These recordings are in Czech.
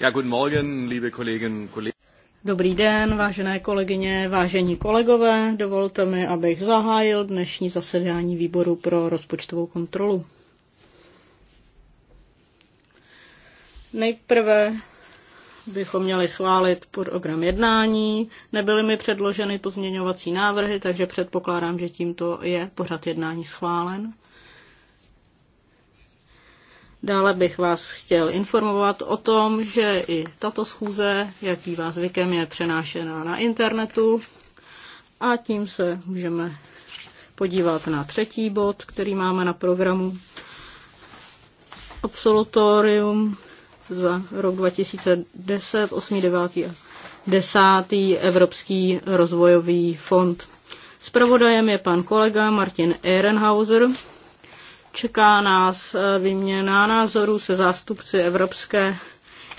Ja, guten Morgen, liebe Kolleginnen Kollegen. Dobrý den, vážené kolegyně, vážení kolegové. Dovolte mi, abych zahájil dnešní zasedání výboru pro rozpočtovou kontrolu. Nejprve bychom měli schválit program jednání. Nebyly mi předloženy pozměňovací návrhy, takže předpokládám, že tímto je pořad jednání schválen. Dále bych vás chtěl informovat o tom, že i tato schůze, jak bývá zvykem, je přenášená na internetu a tím se můžeme podívat na třetí bod, který máme na programu. Absolutorium za rok 2010, 8. 9. 10. Evropský rozvojový fond. Spravodajem je pan kolega Martin Ehrenhauser. Čeká nás e, výměna názorů se zástupci Evropské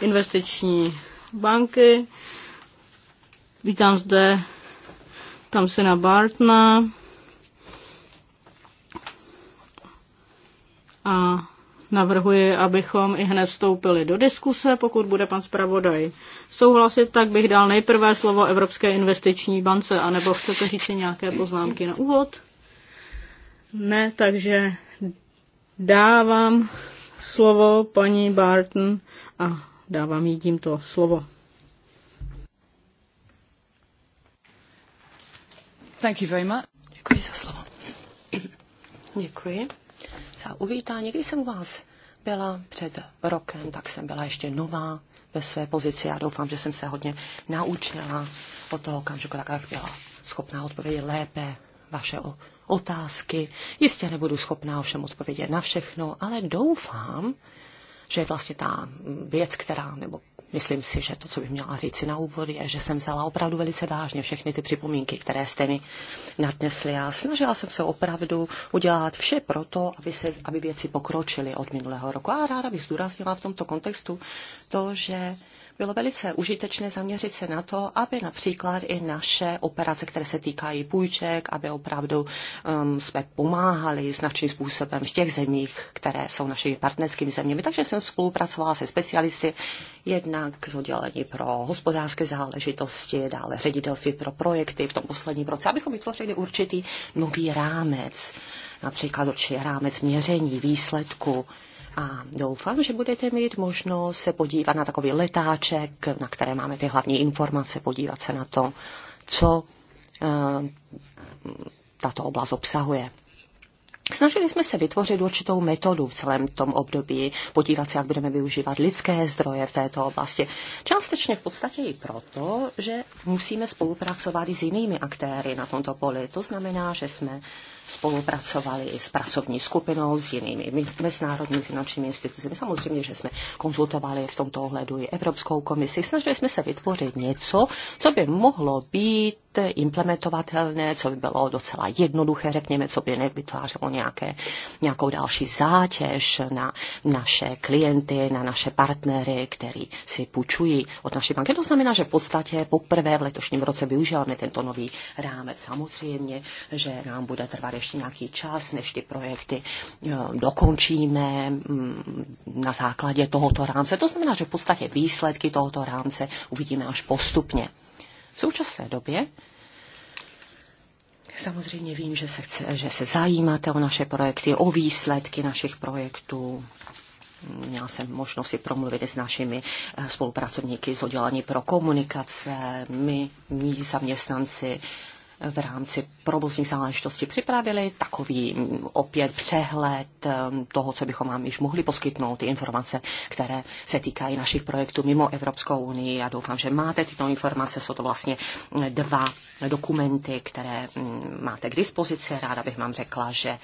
investiční banky. Vítám zde tam se na Bartna. A navrhuji, abychom i hned vstoupili do diskuse. Pokud bude pan zpravodaj souhlasit, tak bych dal nejprve slovo Evropské investiční bance, anebo chcete říct si nějaké poznámky na úvod? Ne, takže dávám slovo paní Barton a dávám jí tímto slovo. Thank you very much. Děkuji za slovo. Děkuji za uvítání. Když jsem u vás byla před rokem, tak jsem byla ještě nová ve své pozici a doufám, že jsem se hodně naučila od toho okamžiku, tak jak byla schopná odpovědět lépe vaše otázky. Jistě nebudu schopná ovšem odpovědět na všechno, ale doufám, že vlastně ta věc, která, nebo myslím si, že to, co bych měla říct si na úvod, je, že jsem vzala opravdu velice vážně všechny ty připomínky, které jste mi nadnesli a snažila jsem se opravdu udělat vše pro to, aby, se, aby věci pokročily od minulého roku. A ráda bych zdůraznila v tomto kontextu to, že bylo velice užitečné zaměřit se na to, aby například i naše operace, které se týkají půjček, aby opravdu um, jsme pomáhali značným způsobem v těch zemích, které jsou našimi partnerskými zeměmi. Takže jsem spolupracovala se specialisty jednak z oddělení pro hospodářské záležitosti, dále ředitelství pro projekty v tom posledním roce, abychom vytvořili určitý nový rámec, například určitý rámec měření výsledku a doufám, že budete mít možnost se podívat na takový letáček, na které máme ty hlavní informace, podívat se na to, co eh, tato oblast obsahuje. Snažili jsme se vytvořit určitou metodu v celém tom období, podívat se, jak budeme využívat lidské zdroje v této oblasti. Částečně v podstatě i proto, že musíme spolupracovat i s jinými aktéry na tomto poli. To znamená, že jsme spolupracovali s pracovní skupinou, s jinými mezinárodními finančními institucemi. Samozřejmě, že jsme konzultovali v tomto ohledu i Evropskou komisi. Snažili jsme se vytvořit něco, co by mohlo být implementovatelné, co by bylo docela jednoduché, řekněme, co by nevytvářelo nějaké, nějakou další zátěž na naše klienty, na naše partnery, který si půjčují od naší banky. To znamená, že v podstatě poprvé v letošním roce využíváme tento nový rámec. Samozřejmě, že nám bude trvat ještě nějaký čas, než ty projekty eh, dokončíme mm, na základě tohoto rámce. To znamená, že v podstatě výsledky tohoto rámce uvidíme až postupně. V současné době samozřejmě vím, že se, chce, že se zajímáte o naše projekty, o výsledky našich projektů. Měla jsem možnost si promluvit s našimi eh, spolupracovníky z oddělení pro komunikace, my, mý zaměstnanci, v rámci provozních záležitostí připravili takový opět přehled um, toho, co bychom vám již mohli poskytnout, ty informace, které se týkají našich projektů mimo Evropskou unii. Já doufám, že máte tyto informace, jsou to vlastně dva dokumenty, které um, máte k dispozici. Ráda bych vám řekla, že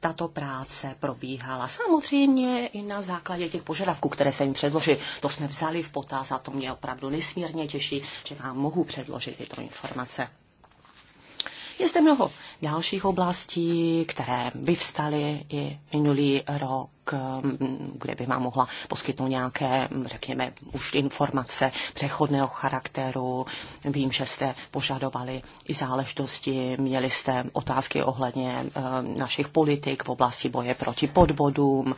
tato práce probíhala samozřejmě i na základě těch požadavků, které jsem jim předložil. To jsme vzali v potaz a to mě opravdu nesmírně těší, že vám mohu předložit tyto informace. Je zde mnoho dalších oblastí, které vyvstaly i minulý rok, mm, kde by vám mohla poskytnout nějaké, mm, řekněme, už informace přechodného charakteru. Vím, že jste požadovali i záležitosti, měli jste otázky ohledně eh, našich politik v oblasti boje proti podvodům,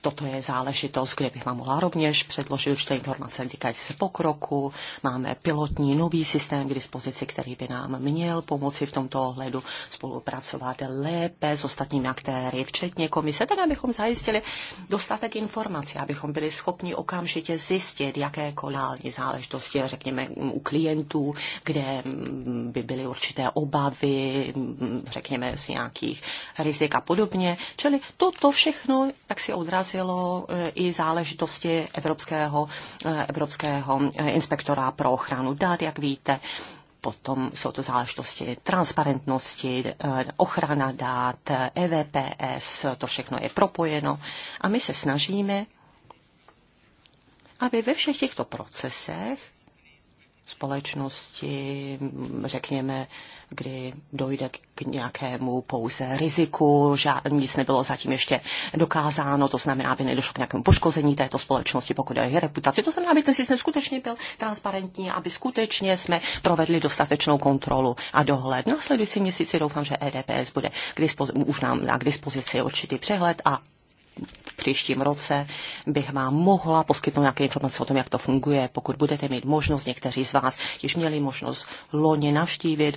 toto je záležitost, kde bych vám mohla rovněž předložit určité informace týkající se pokroku. Máme pilotní nový systém k dispozici, který by nám měl pomoci v tomto ohledu spolupracovat lépe s ostatními aktéry, včetně komise, tak abychom zajistili dostatek informací, abychom byli schopni okamžitě zjistit, jaké konální záležitosti, řekněme, u klientů, kde by byly určité obavy, řekněme, z nějakých rizik a podobně. Čili toto všechno, tak si odrazí azylu eh, i záležitosti Evropského, eh, Evropského eh, inspektora pro ochranu dat, jak víte. Potom jsou to záležitosti transparentnosti, ochrana dát, EVPS, e to všechno je propojeno. A my se snažíme, aby ve všech těchto procesech společnosti, řekněme, kdy dojde k nějakému pouze riziku, že nic nebylo zatím ještě dokázáno, to znamená, aby nedošlo k nějakému poškození této společnosti, pokud je reputaci. To znamená, aby ten systém skutečně byl transparentní, aby skutečně jsme provedli dostatečnou kontrolu a dohled. Následující měsíci doufám, že EDPS bude k dispozici, už nám na k dispozici určitý přehled a příštím roce bych vám mohla poskytnout nějaké informace o tom, jak to funguje. Pokud budete mít možnost, někteří z vás již měli možnost loni navštívit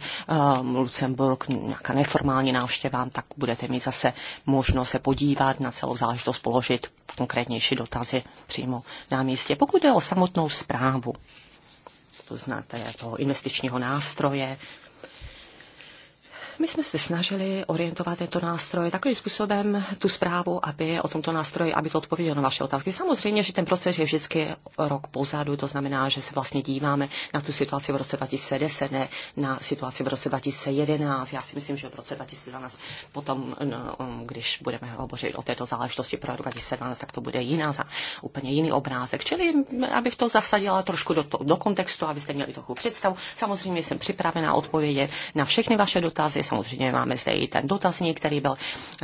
um, Lucemburg, nějaká neformální návštěva, tak budete mít zase možnost se podívat na celou záležitost, položit konkrétnější dotazy přímo na místě. Pokud jde o samotnou zprávu, to znáte, toho investičního nástroje, my jsme se snažili orientovat tento nástroj takovým způsobem, tu zprávu, aby o tomto nástroji, aby to odpovědělo na vaše otázky. Samozřejmě, že ten proces je vždycky rok pozadu, to znamená, že se vlastně díváme na tu situaci v roce 2010, ne na situaci v roce 2011. Já si myslím, že v roce 2012 potom, no, um, když budeme hovořit o této záležitosti pro rok 2017, tak to bude jiná, za úplně jiný obrázek. Čili abych to zasadila trošku do, to, do kontextu, abyste měli trochu představu. Samozřejmě jsem připravena odpovědět na všechny vaše dotazy. Samozřejmě máme zde i ten dotazník, který byl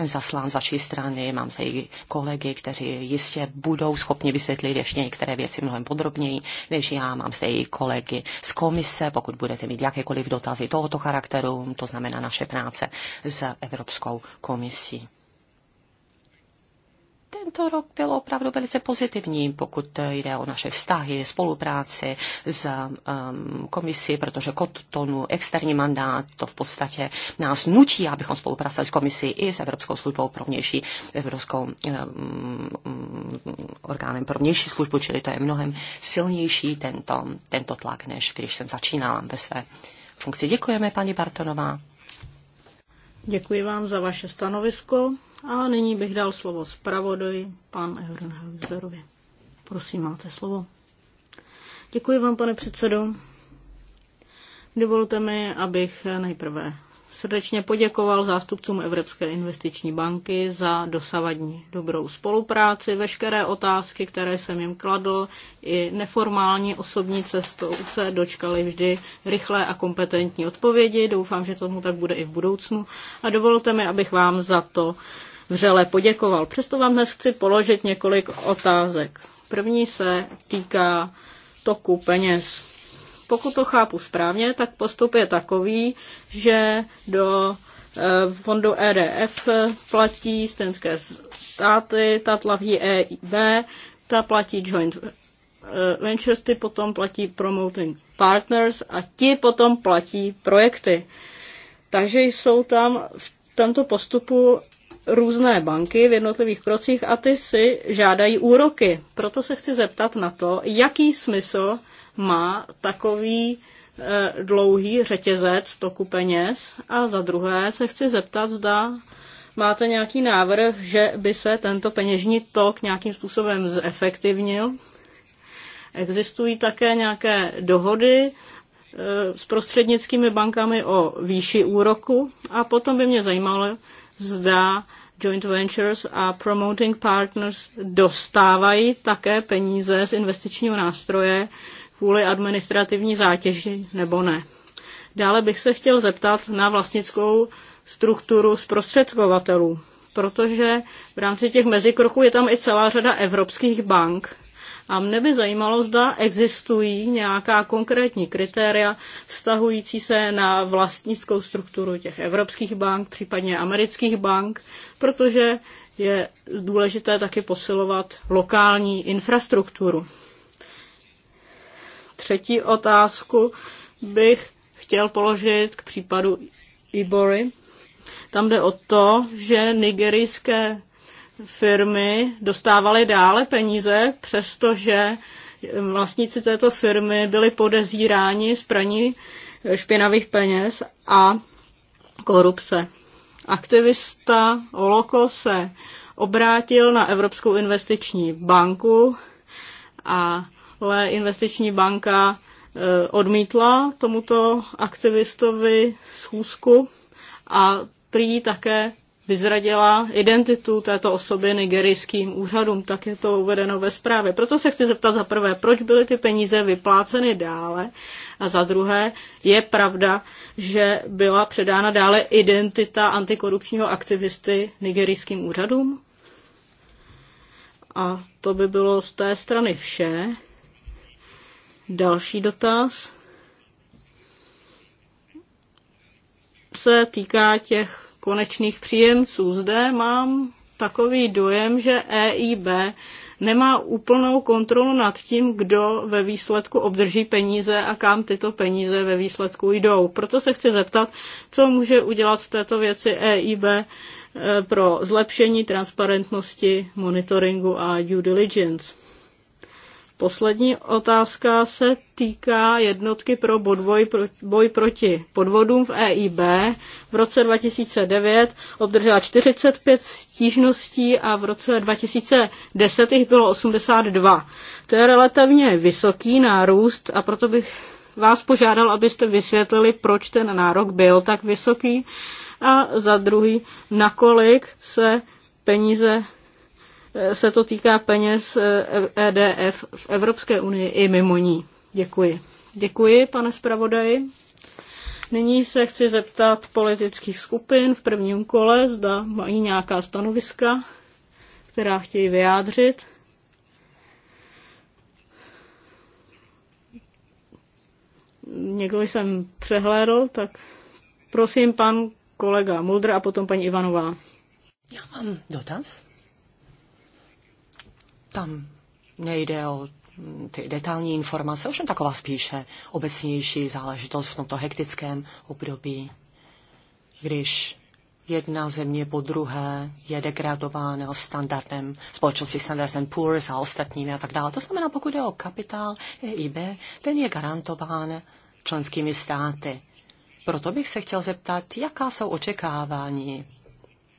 zaslán z vaší strany. Mám zde i kolegy, kteří jistě budou schopni vysvětlit ještě některé věci mnohem podrobněji než já. Mám zde i kolegy z komise, pokud budete mít jakékoliv dotazy tohoto charakteru, to znamená naše práce s Evropskou komisí tento rok byl opravdu velice pozitivní, pokud jde o naše vztahy, spolupráci s um, komisí, protože Kotonu, externí mandát, to v podstatě nás nutí, abychom spolupracovali s komisí i s Evropskou službou pro vnější, Evropskou um, um, orgánem pro vnější službu, čili to je mnohem silnější tento, tento tlak, než když jsem začínala ve své funkci. Děkujeme, paní Bartonová. Děkuji vám za vaše stanovisko. A nyní bych dal slovo zpravodoji, pan Ehrenhauserovi. Prosím, máte slovo. Děkuji vám, pane předsedo. Dovolte mi, abych nejprve srdečně poděkoval zástupcům Evropské investiční banky za dosavadní dobrou spolupráci. Veškeré otázky, které jsem jim kladl, i neformální osobní cestou se dočkali vždy rychlé a kompetentní odpovědi. Doufám, že tomu tak bude i v budoucnu. A dovolte mi, abych vám za to vřele poděkoval. Přesto vám dnes chci položit několik otázek. První se týká toku peněz. Pokud to chápu správně, tak postup je takový, že do eh, fondu EDF platí stenské státy, ta tlaví EIB, ta platí joint eh, ventures, ty potom platí promoting partners a ti potom platí projekty. Takže jsou tam v tomto postupu různé banky v jednotlivých krocích a ty si žádají úroky. Proto se chci zeptat na to, jaký smysl má takový eh, dlouhý řetězec toku peněz a za druhé se chci zeptat, zda máte nějaký návrh, že by se tento peněžní tok nějakým způsobem zefektivnil. Existují také nějaké dohody eh, s prostřednickými bankami o výši úroku a potom by mě zajímalo, zda joint ventures a promoting partners dostávají také peníze z investičního nástroje kvůli administrativní zátěži nebo ne. Dále bych se chtěl zeptat na vlastnickou strukturu zprostředkovatelů, protože v rámci těch mezikroků je tam i celá řada evropských bank, a mne by zajímalo, zda existují nějaká konkrétní kritéria vztahující se na vlastnickou strukturu těch evropských bank, případně amerických bank, protože je důležité taky posilovat lokální infrastrukturu. Třetí otázku bych chtěl položit k případu Ibory. Tam jde o to, že nigerijské firmy dostávaly dále peníze, přestože vlastníci této firmy byli podezíráni z praní špinavých peněz a korupce. Aktivista Oloko se obrátil na Evropskou investiční banku, ale investiční banka eh, odmítla tomuto aktivistovi schůzku a prý také vyzradila identitu této osoby nigerijským úřadům, tak je to uvedeno ve zprávě. Proto se chci zeptat za prvé, proč byly ty peníze vypláceny dále a za druhé, je pravda, že byla předána dále identita antikorupčního aktivisty nigerijským úřadům? A to by bylo z té strany vše. Další dotaz se týká těch konečných příjemců. Zde mám takový dojem, že EIB nemá úplnou kontrolu nad tím, kdo ve výsledku obdrží peníze a kam tyto peníze ve výsledku jdou. Proto se chci zeptat, co může udělat v této věci EIB eh, pro zlepšení transparentnosti, monitoringu a due diligence. Poslední otázka se týká jednotky pro bodvoj, pro, boj proti podvodům v EIB. V roce 2009 obdržela 45 stížností a v roce 2010 jich bylo 82. To je relativně vysoký nárůst a proto bych vás požádal, abyste vysvětlili, proč ten nárok byl tak vysoký a za druhý, nakolik se peníze se to týká peněz EDF eh, e v Evropské unii i mimo ní. Děkuji. Děkuji, pane zpravodaji. Nyní se chci zeptat politických skupin v prvním kole, zda mají nějaká stanoviska, která chtějí vyjádřit. Někdo jsem přehlédl, tak prosím pan kolega Muldr a potom paní Ivanová. Já mám dotaz. Tam nejde o ty detailní informace, ovšem taková spíše obecnější záležitost v tomto hektickém období, když jedna země po druhé je degradována standardem společnosti Standard Poor's a ostatními a tak dále. To znamená, pokud je o kapitál EIB, ten je garantován členskými státy. Proto bych se chtěl zeptat, jaká jsou očekávání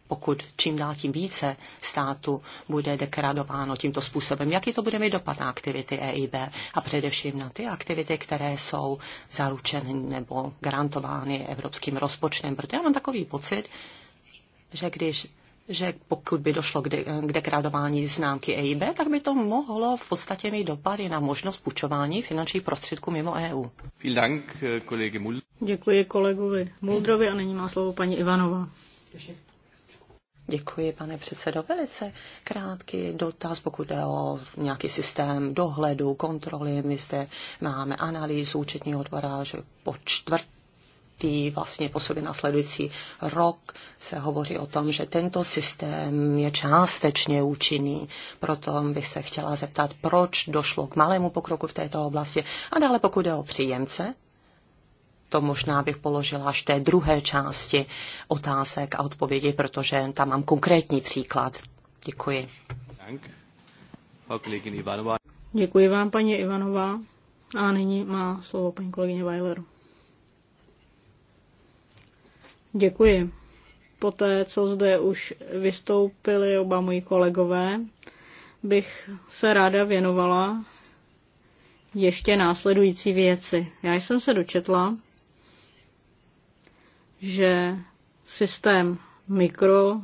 pokud čím dál tím více státu bude dekradováno tímto způsobem. Jaký to bude mít dopad na aktivity EIB a především na ty aktivity, které jsou zaručeny nebo garantovány evropským rozpočtem? Protože já mám takový pocit, že když že pokud by došlo k, de- k dekradování známky EIB, tak by to mohlo v podstatě mít dopady na možnost půjčování finančních prostředků mimo EU. Děkuji kolegovi Muldrovi a nyní má slovo paní Ivanová. Děkuji. Děkuji, pane předsedo. Velice krátký dotaz, pokud jde o nějaký systém dohledu, kontroly. My zde máme analýzu účetního dvora, že po čtvrt tý vlastně po sobě následující rok se hovoří o tom, že tento systém je částečně účinný. Proto bych se chtěla zeptat, proč došlo k malému pokroku v této oblasti. A dále pokud jde o příjemce, to možná bych položila až té druhé části otázek a odpovědi, protože tam mám konkrétní příklad. Děkuji. Děkuji vám, paní Ivanová. A nyní má slovo paní kolegyně Weiler. Děkuji. Poté, co zde už vystoupili oba moji kolegové, bych se ráda věnovala ještě následující věci. Já jsem se dočetla, že systém mikro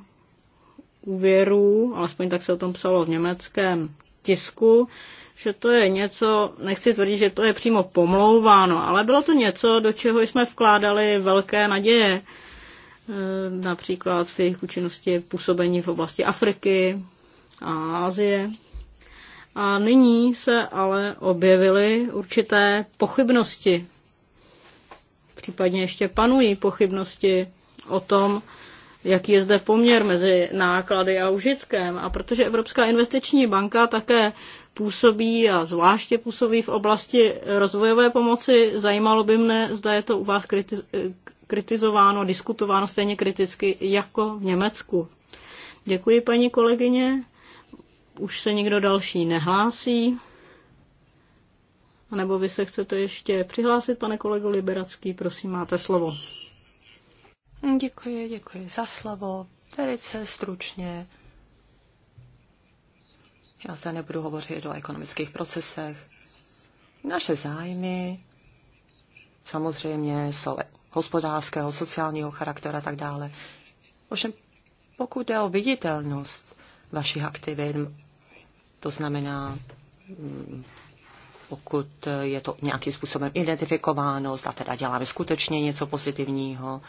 úvěrů, alespoň tak se o tom psalo v německém tisku, že to je něco, nechci tvrdit, že to je přímo pomlouváno, ale bylo to něco, do čeho jsme vkládali velké naděje. E, například v jejich účinnosti působení v oblasti Afriky a Asie. A nyní se ale objevily určité pochybnosti případně ještě panují pochybnosti o tom, jaký je zde poměr mezi náklady a užitkem. A protože Evropská investiční banka také působí a zvláště působí v oblasti rozvojové pomoci, zajímalo by mne, zda je to u vás kritizováno, diskutováno stejně kriticky jako v Německu. Děkuji, paní kolegyně. Už se nikdo další nehlásí. A nebo vy se chcete ještě přihlásit, pane kolego Liberacký, prosím, máte slovo. Děkuji, děkuji za slovo. Velice stručně. Já zde nebudu hovořit o ekonomických procesech. Naše zájmy samozřejmě jsou hospodářského, sociálního charakteru a tak dále. Ovšem, pokud jde o viditelnost vašich aktivit, to znamená mm, pokud je to nějakým způsobem identifikováno, zda teda děláme skutečně něco pozitivního,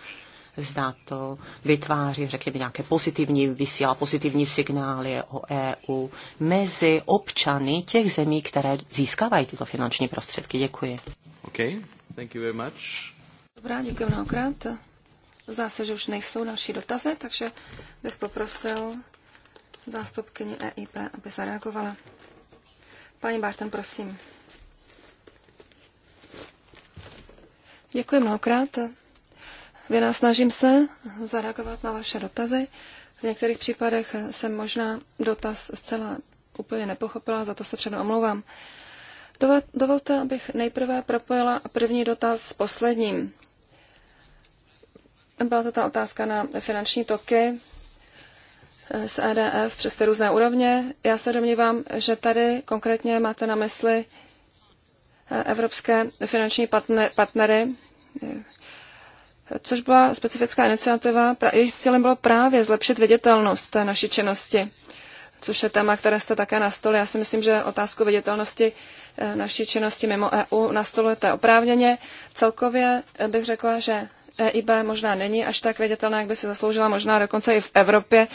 zda to vytváří, řekněme, nějaké pozitivní, vysílá pozitivní signály o EU mezi občany těch zemí, které získávají tyto finanční prostředky. Děkuji. OK, Thank you very much. Dobrá, děkuji mnohokrát. Zdá se, že už nejsou další dotazy, takže bych poprosil zástupkyni EIP, aby zareagovala. Paní Barton, prosím. Děkuji mnohokrát. Věna, snažím se zareagovat na vaše dotazy. V některých případech jsem možná dotaz zcela úplně nepochopila, za to se předem omlouvám. Dovolte, abych nejprve propojila první dotaz s posledním. Byla to ta otázka na finanční toky z EDF přes ty různé úrovně. Já se domnívám, že tady konkrétně máte na mysli evropské finanční partner, partnery, což byla specifická iniciativa. Jejich cílem bylo právě zlepšit viditelnost té naší činnosti, což je téma, které jste také nastolili. Já si myslím, že otázku viditelnosti eh, naší činnosti mimo EU nastolujete oprávněně. Celkově eh, bych řekla, že EIB možná není až tak viditelná, jak by si zasloužila, možná dokonce i v Evropě.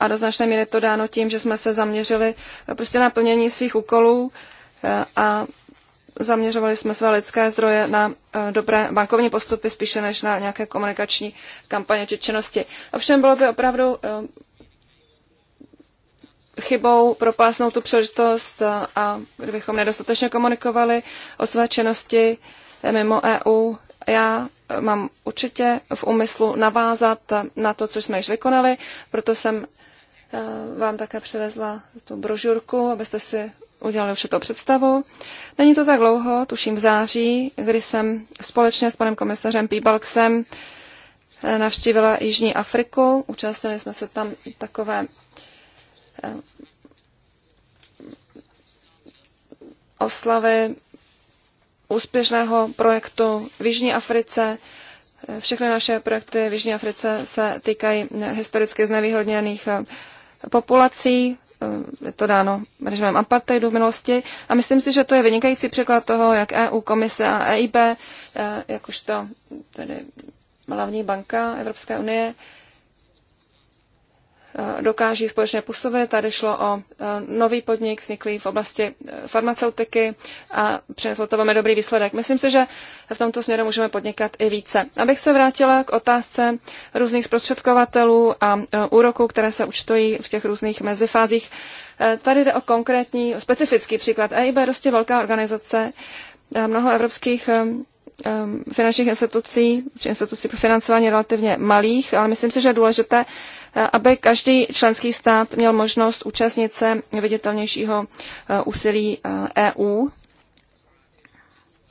A do značné míry to dáno tím, že jsme se zaměřili eh, prostě na plnění svých úkolů a zaměřovali jsme své lidské zdroje na eh, dobré bankovní postupy spíše než na nějaké komunikační kampaně či činnosti. Ovšem bylo by opravdu eh, chybou propásnout tu příležitost eh, a kdybychom nedostatečně komunikovali o své činnosti mimo EU, já mám určitě v úmyslu navázat na to, co jsme již vykonali, proto jsem vám také přivezla tu brožurku, abyste si udělali to představu. Není to tak dlouho, tuším v září, kdy jsem společně s panem komisařem Píbalksem eh, navštívila Jižní Afriku. Účastnili jsme se tam takové eh, oslavy úspěšného projektu v Jižní Africe. Eh, všechny naše projekty v Jižní Africe se týkají historicky znevýhodněných populací, Eh, je to dáno režimem apartheidu v minulosti. A myslím si, že to je vynikající příklad toho, jak EU komise a EIB, eh, jakožto tedy hlavní banka Evropské unie, Eh, dokáží společně působit. Tady šlo o eh, nový podnik vzniklý v oblasti eh, farmaceutiky a přineslo to velmi dobrý výsledek. Myslím si, že v tomto směru můžeme podnikat i více. Abych se vrátila k otázce různých zprostředkovatelů a úroků, které se účtují v těch různých mezifázích. Tady jde o konkrétní, specifický příklad. EIB je dosti velká organizace, mnoho evropských Ehm, finančních institucí, či institucí pro financování relativně malých, ale myslím si, že je důležité, eh, aby každý členský stát měl možnost účastnit se viditelnějšího eh, úsilí EU eh, e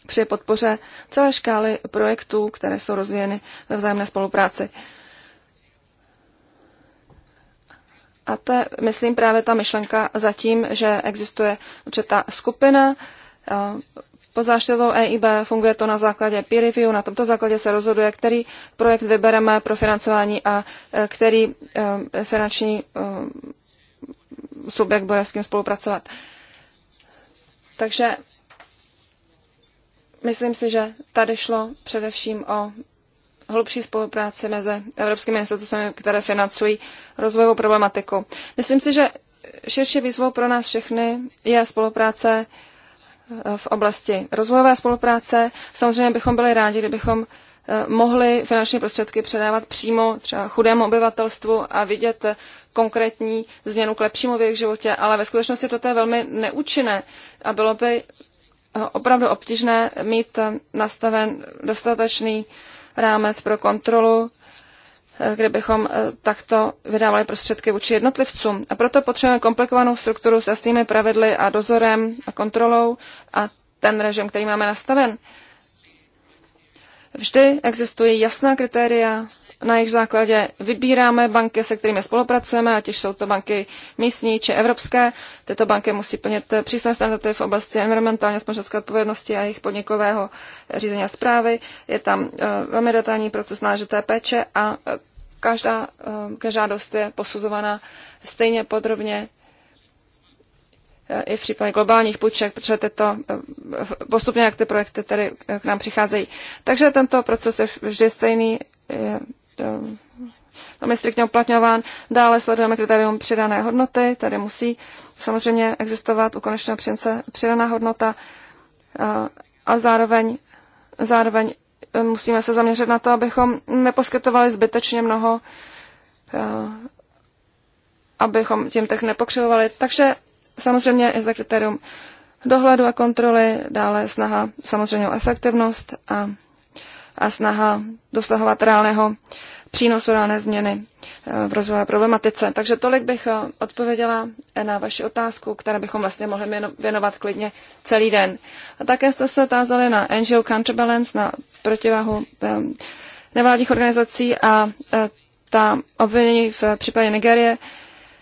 při podpoře celé škály projektů, které jsou rozvíjeny ve vzájemné spolupráci. A to je, myslím, právě ta myšlenka zatím, že existuje určitá skupina pod záštitou EIB funguje to na základě peer review, na tomto základě se rozhoduje, který projekt vybereme pro financování a e, který e, finanční e, subjekt bude s kým spolupracovat. Takže myslím si, že tady šlo především o hlubší spolupráci mezi evropskými institucemi, které financují rozvojovou problematiku. Myslím si, že širší výzvou pro nás všechny je spolupráce v oblasti rozvojové spolupráce. Samozřejmě bychom byli rádi, kdybychom eh, mohli finanční prostředky předávat přímo třeba chudému obyvatelstvu a vidět konkrétní změnu k lepšímu v jejich životě, ale ve skutečnosti toto je velmi neúčinné a bylo by eh, opravdu obtížné mít eh, nastaven dostatečný rámec pro kontrolu kdybychom eh, takto vydávali prostředky vůči jednotlivcům. A proto potřebujeme komplikovanou strukturu s jasnými pravidly a dozorem a kontrolou a ten režim, který máme nastaven. Vždy existují jasná kritéria na jejich základě vybíráme banky, se kterými spolupracujeme, ať už jsou to banky místní či evropské. Tyto banky musí plnit přísné standardy v oblasti environmentálně společenské odpovědnosti a jejich podnikového řízení a zprávy. Je tam eh, velmi detailní proces náležité péče a eh, každá, eh, každá žádost je posuzovaná stejně podrobně i v případě globálních půjček, protože tyto, postupně jak ty projekty tady k nám přicházejí. Takže tento proces je vždy stejný, Eh, tam je striktně uplatňován. Dále sledujeme kritérium přidané hodnoty, tady musí samozřejmě existovat u konečného příjemce přidaná hodnota eh, a zároveň, zároveň eh, musíme se zaměřit na to, abychom neposkytovali zbytečně mnoho, abychom tím tak nepokřivovali. Takže samozřejmě i za kritérium dohledu a kontroly, dále snaha samozřejmě o efektivnost a a snaha dosahovat reálného přínosu reálné změny eh, v rozvojové problematice. Takže tolik bych eh, odpověděla na vaši otázku, které bychom vlastně mohli věnovat klidně celý den. A také jste se tázali na NGO Counterbalance, na protivahu eh, nevládních organizací a ta obvinění v případě Nigerie.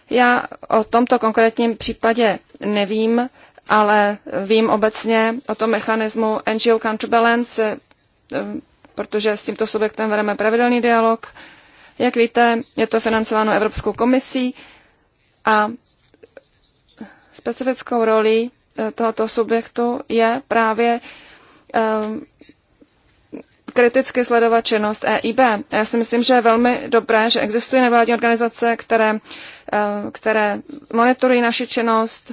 Já o tomto konkrétním případě nevím, ale vím obecně o tom mechanismu NGO Counterbalance protože s tímto subjektem vedeme pravidelný dialog. Jak víte, je to financováno Evropskou komisí a specifickou roli eh, tohoto subjektu je právě ehm, kriticky sledovat činnost EIB. já si myslím, že je velmi dobré, že existují nevládní organizace, které, eh, které monitorují naši činnost,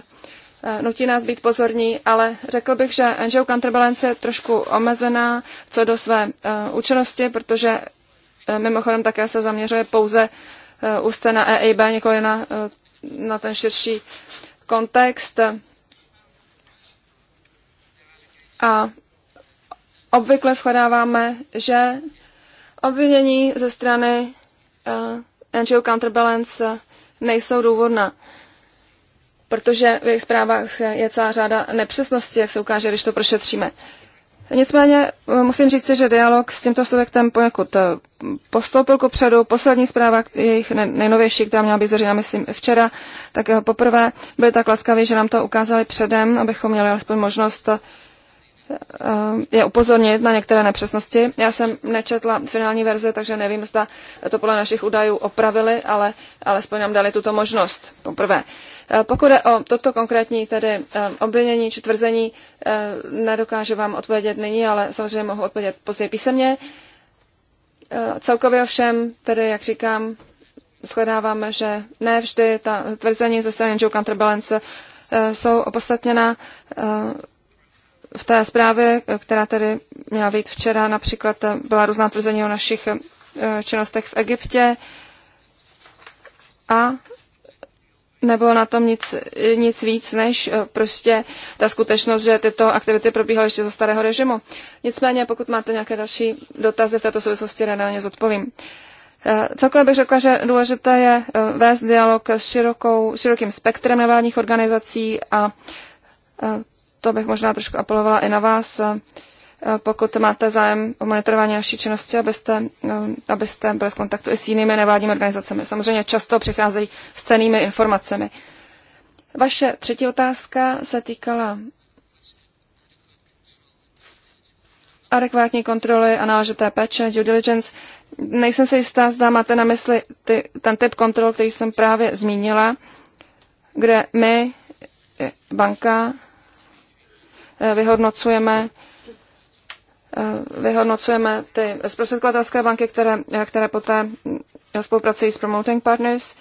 Eh, nutí nás být pozorní, ale řekl bych, že NGO Counterbalance je trošku omezená co do své eh, účinnosti, protože eh, mimochodem také se zaměřuje pouze úzce na EIB, nikoli na, na ten širší kontext. A obvykle shledáváme, že obvinění ze strany NGO Counterbalance nejsou důvodná protože v jejich zprávách je celá řada nepřesností, jak se ukáže, když to prošetříme. Nicméně eh, musím říct, že dialog s tímto subjektem poněkud eh, postoupil ku předu. Poslední zpráva, jejich nejnovější, která měla být zveřejněna, myslím, včera, tak poprvé byli tak laskaví, že nám to ukázali předem, abychom měli alespoň možnost eh, Eh, je upozornit na některé nepřesnosti. Já jsem nečetla finální verzi, takže nevím, zda to podle našich údajů opravili, ale alespoň nám dali tuto možnost poprvé. Eh, pokud je o toto konkrétní tedy eh, obvinění či tvrzení, nedokážu vám odpovědět nyní, ale samozřejmě mohu odpovědět později písemně. Celkově ovšem, tedy jak říkám, shledáváme, že ne vždy ta tvrzení ze strany Joe Counterbalance jsou opodstatněna v té zprávě, která tady měla být včera, například byla různá tvrzení o našich eh, činnostech v Egyptě a nebylo na tom nic, nic víc, než eh, prostě ta skutečnost, že tyto aktivity probíhaly ještě za starého režimu. Nicméně, pokud máte nějaké další dotazy v této souvislosti, ráda na ně zodpovím. Eh, celkově bych řekla, že důležité je vést dialog s širokou, širokým spektrem nevládních organizací a to bych možná trošku apelovala i na vás, eh, pokud máte zájem o monitorování naší činnosti, abyste, eh, abyste byli v kontaktu i s jinými nevládními organizacemi. Samozřejmě často přicházejí s cenými informacemi. Vaše třetí otázka se týkala adekvátní kontroly a náležité péče, due diligence. Nejsem si jistá, zda máte na mysli ty, ten typ kontrol, který jsem právě zmínila, kde my, banka, Eh, vyhodnocujeme eh, vyhodnocujeme ty zprostředkovatelské banky, které, eh, které poté hm, spolupracují s Promoting Partners,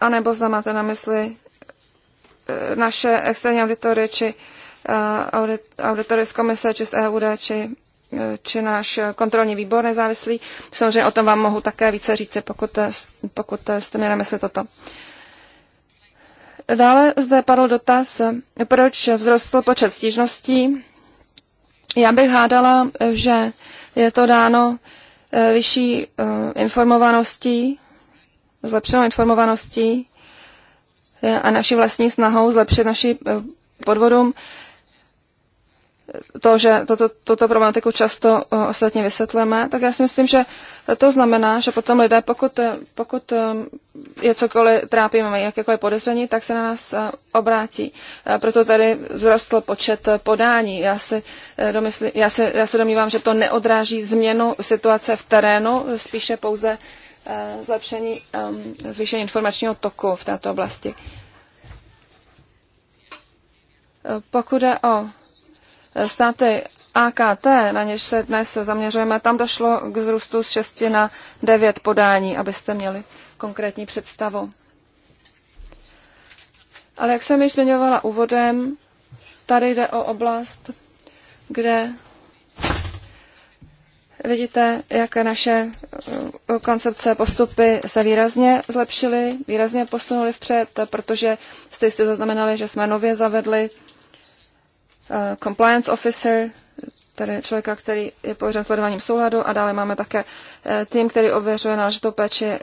anebo zda máte na mysli naše externí auditory, či audit, auditory z komise, či z EUD, či, či náš kontrolní výbor nezávislý. Samozřejmě o tom vám mohu také více říct, pokud, pokud jste mě na mysli toto. Dále zde padl dotaz, proč vzrostl počet stížností. Já bych hádala, že je to dáno eh, vyšší eh, informovaností, zlepšenou informovaností eh, a naší vlastní snahou zlepšit naši podvodům to, že toto, tuto problematiku často eh, ostatně vysvětlujeme, tak já si myslím, že to znamená, že potom lidé, pokud, eh, pokud eh, je cokoliv trápí, máme jakékoliv podezření, tak se na nás obrátí. Proto tady vzrostl počet podání. Já si, domyslí, já, si, já si domnívám, že to neodráží změnu situace v terénu, spíše pouze zlepšení, ehm, zvýšení informačního toku v této oblasti. Pokud je o Státy AKT, na něž se dnes zaměřujeme, tam došlo k zrůstu z 6 na 9 podání, abyste měli konkrétní představu. Ale jak jsem již zmiňovala úvodem, tady jde o oblast, kde vidíte, jak naše eh, koncepce postupy se výrazně zlepšily, výrazně posunuly vpřed, protože jste jistě zaznamenali, že jsme nově zavedli Eh, compliance officer, tedy člověka, který je pověřen sledováním souhladu a dále máme také eh, tým, který ověřuje náležitou péči eh,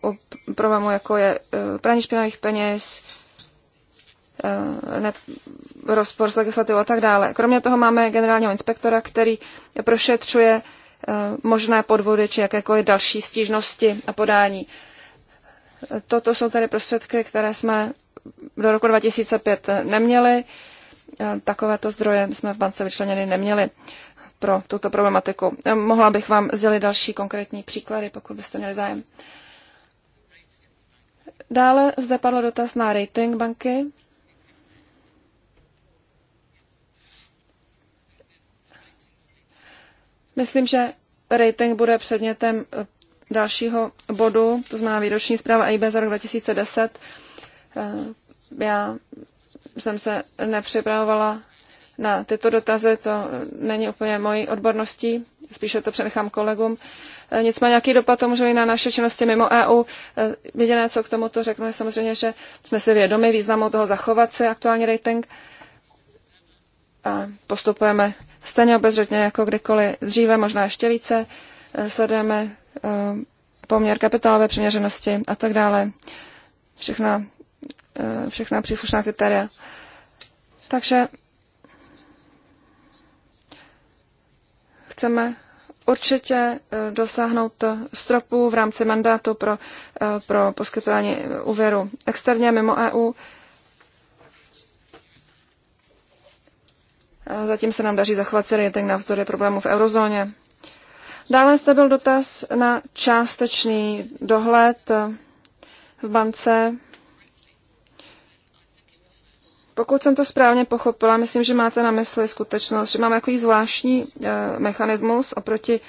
o problému, jako je praní špinavých peněz, ne, rozpor s legislativou a tak dále. Kromě toho máme generálního inspektora, který prošetřuje možné podvody či jakékoliv další stížnosti a podání. Toto jsou tedy prostředky, které jsme do roku 2005 neměli. Eh, takovéto zdroje jsme v bance vyčleněny neměli pro tuto problematiku. Eh, mohla bych vám sdělit další konkrétní příklady, pokud byste měli zájem. Dále zde padl dotaz na rating banky. Myslím, že rating bude předmětem eh, dalšího bodu, to znamená výroční zpráva EIB za rok 2010. Já jsem se nepřipravovala na tyto dotazy, to není úplně mojí odborností, spíše to přenechám kolegům. E, nicméně, jaký dopad to může mít na naše činnosti mimo EU? E, jediné, co k tomuto řeknu, je samozřejmě, že jsme si vědomi významu toho zachovat si aktuální rating a postupujeme stejně obezřetně jako kdykoliv dříve, možná ještě více. E, sledujeme poměr kapitálové přiměřenosti a tak dále. Všechna Eh, všechna příslušná kritéria. Takže chceme určitě eh, dosáhnout stropu v rámci mandátu pro, eh, pro poskytování úvěru externě mimo EU. Zatím se nám daří zachovat si rating navzdory problémů v eurozóně. Dále jste byl dotaz na částečný dohled v bance pokud jsem to správně pochopila, myslím, že máte na mysli skutečnost, že máme takový zvláštní e, mechanismus oproti,